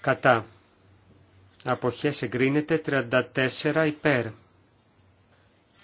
Κατά. Αποχές εγκρίνεται 34 υπέρ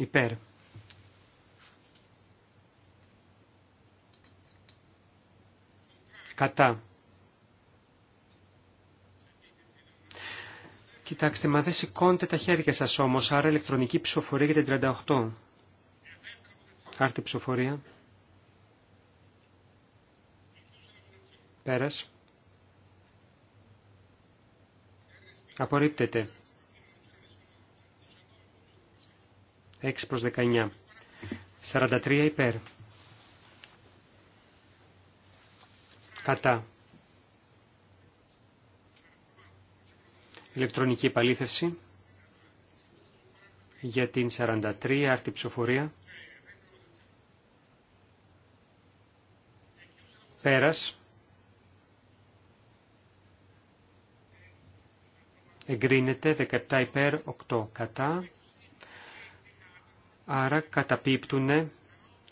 Υπέρ. Κατά. Κοιτάξτε, μα δεν σηκώνετε τα χέρια σας όμως, άρα ηλεκτρονική ψηφοφορία για την 38. Άρτη ψηφοφορία. Πέρας. Απορρίπτεται. 6 προς 19. 43 υπέρ. Κατά. Ηλεκτρονική επαλήθευση για την 43 άρτη ψηφοφορία. Πέρας. Εγκρίνεται 17 υπέρ 8 κατά. Άρα καταπίπτουν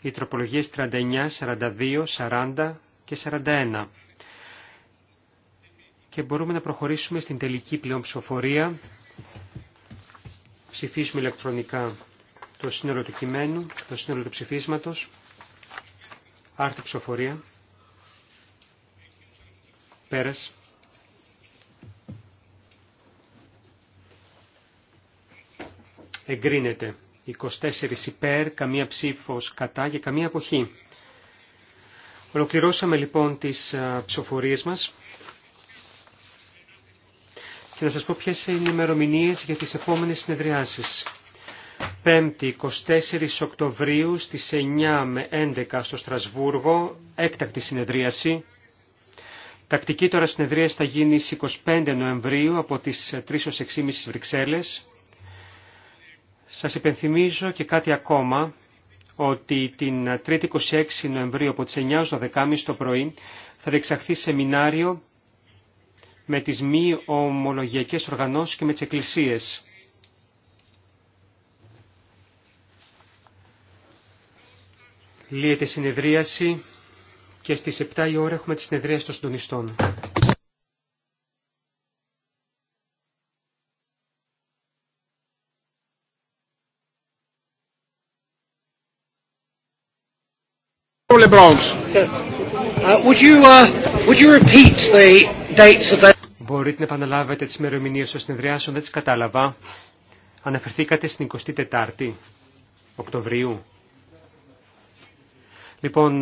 οι τροπολογίες 39, 42, 40 και 41. Και μπορούμε να προχωρήσουμε στην τελική πλέον ψηφοφορία. Ψηφίσουμε ηλεκτρονικά το σύνολο του κειμένου, το σύνολο του ψηφίσματος. Άρτη ψηφοφορία. Πέρας. εγκρίνεται. 24 υπέρ, καμία ψήφος κατά και καμία αποχή. Ολοκληρώσαμε λοιπόν τις ψηφοφορίες μας. Και να σας πω ποιες είναι οι ημερομηνίε για τις επόμενες συνεδριάσεις. 5η 24 Οκτωβρίου στις 9 με 11 στο Στρασβούργο, έκτακτη συνεδρίαση. Τακτική τώρα συνεδρίαση θα γίνει στις 25 Νοεμβρίου από τις 3 ως 6.30 Βρυξέλλες. Σας υπενθυμίζω και κάτι ακόμα, ότι την 3η 26 Νοεμβρίου από τις 9 10 το πρωί θα διεξαχθεί σεμινάριο με τις μη ομολογιακές οργανώσεις και με τις εκκλησίες. Λύεται συνεδρίαση και στις 7 η ώρα έχουμε τη συνεδρίαση των συντονιστών. Μπορείτε να επαναλάβετε τις ημερομηνίες των συνεδριάσεων, δεν τις κατάλαβα. Αναφερθήκατε στην 24η Οκτωβρίου. Λοιπόν,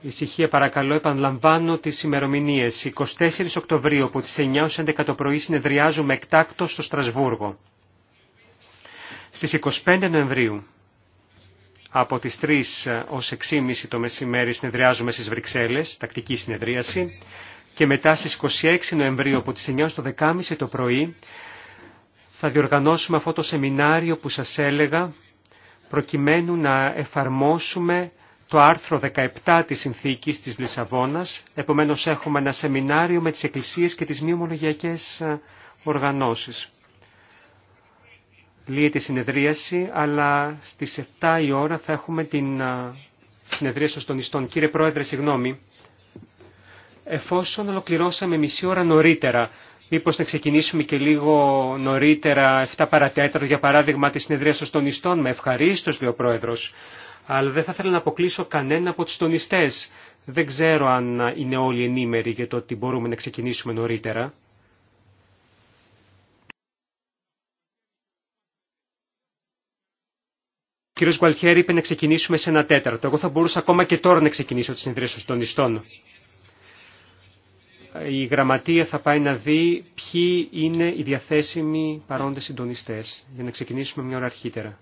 ησυχία παρακαλώ, επαναλαμβάνω τις ημερομηνίες. 24 Οκτωβρίου από τις 9 ως 11 το πρωί συνεδριάζουμε εκτάκτως στο Στρασβούργο. Στις 25 Νοεμβρίου από τις 3 ως 6.30 το μεσημέρι συνεδριάζουμε στις Βρυξέλλες, τακτική συνεδρίαση. Και μετά στις 26 Νοεμβρίου από τις 9 το 10.30 το πρωί θα διοργανώσουμε αυτό το σεμινάριο που σας έλεγα προκειμένου να εφαρμόσουμε το άρθρο 17 της Συνθήκης της Λισαβόνας. Επομένως έχουμε ένα σεμινάριο με τις εκκλησίες και τις μη ομολογιακές ε, οργανώσεις λύεται η συνεδρίαση, αλλά στις 7 η ώρα θα έχουμε την συνεδρίαση των ιστών. Κύριε Πρόεδρε, συγγνώμη. Εφόσον ολοκληρώσαμε μισή ώρα νωρίτερα, Μήπω να ξεκινήσουμε και λίγο νωρίτερα, 7 παρατέταρτο, για παράδειγμα, τη συνεδρία των στονιστών. Με ευχαρίστω, λέει ο πρόεδρο. Αλλά δεν θα ήθελα να αποκλείσω κανένα από του τονιστές. Δεν ξέρω αν είναι όλοι ενήμεροι για το ότι μπορούμε να ξεκινήσουμε νωρίτερα. κύριο Γκουαλτιέρη είπε να ξεκινήσουμε σε ένα τέταρτο. Εγώ θα μπορούσα ακόμα και τώρα να ξεκινήσω τι συνεδρία των συντονιστών. Η γραμματεία θα πάει να δει ποιοι είναι οι διαθέσιμοι παρόντες συντονιστές για να ξεκινήσουμε μια ώρα αρχίτερα.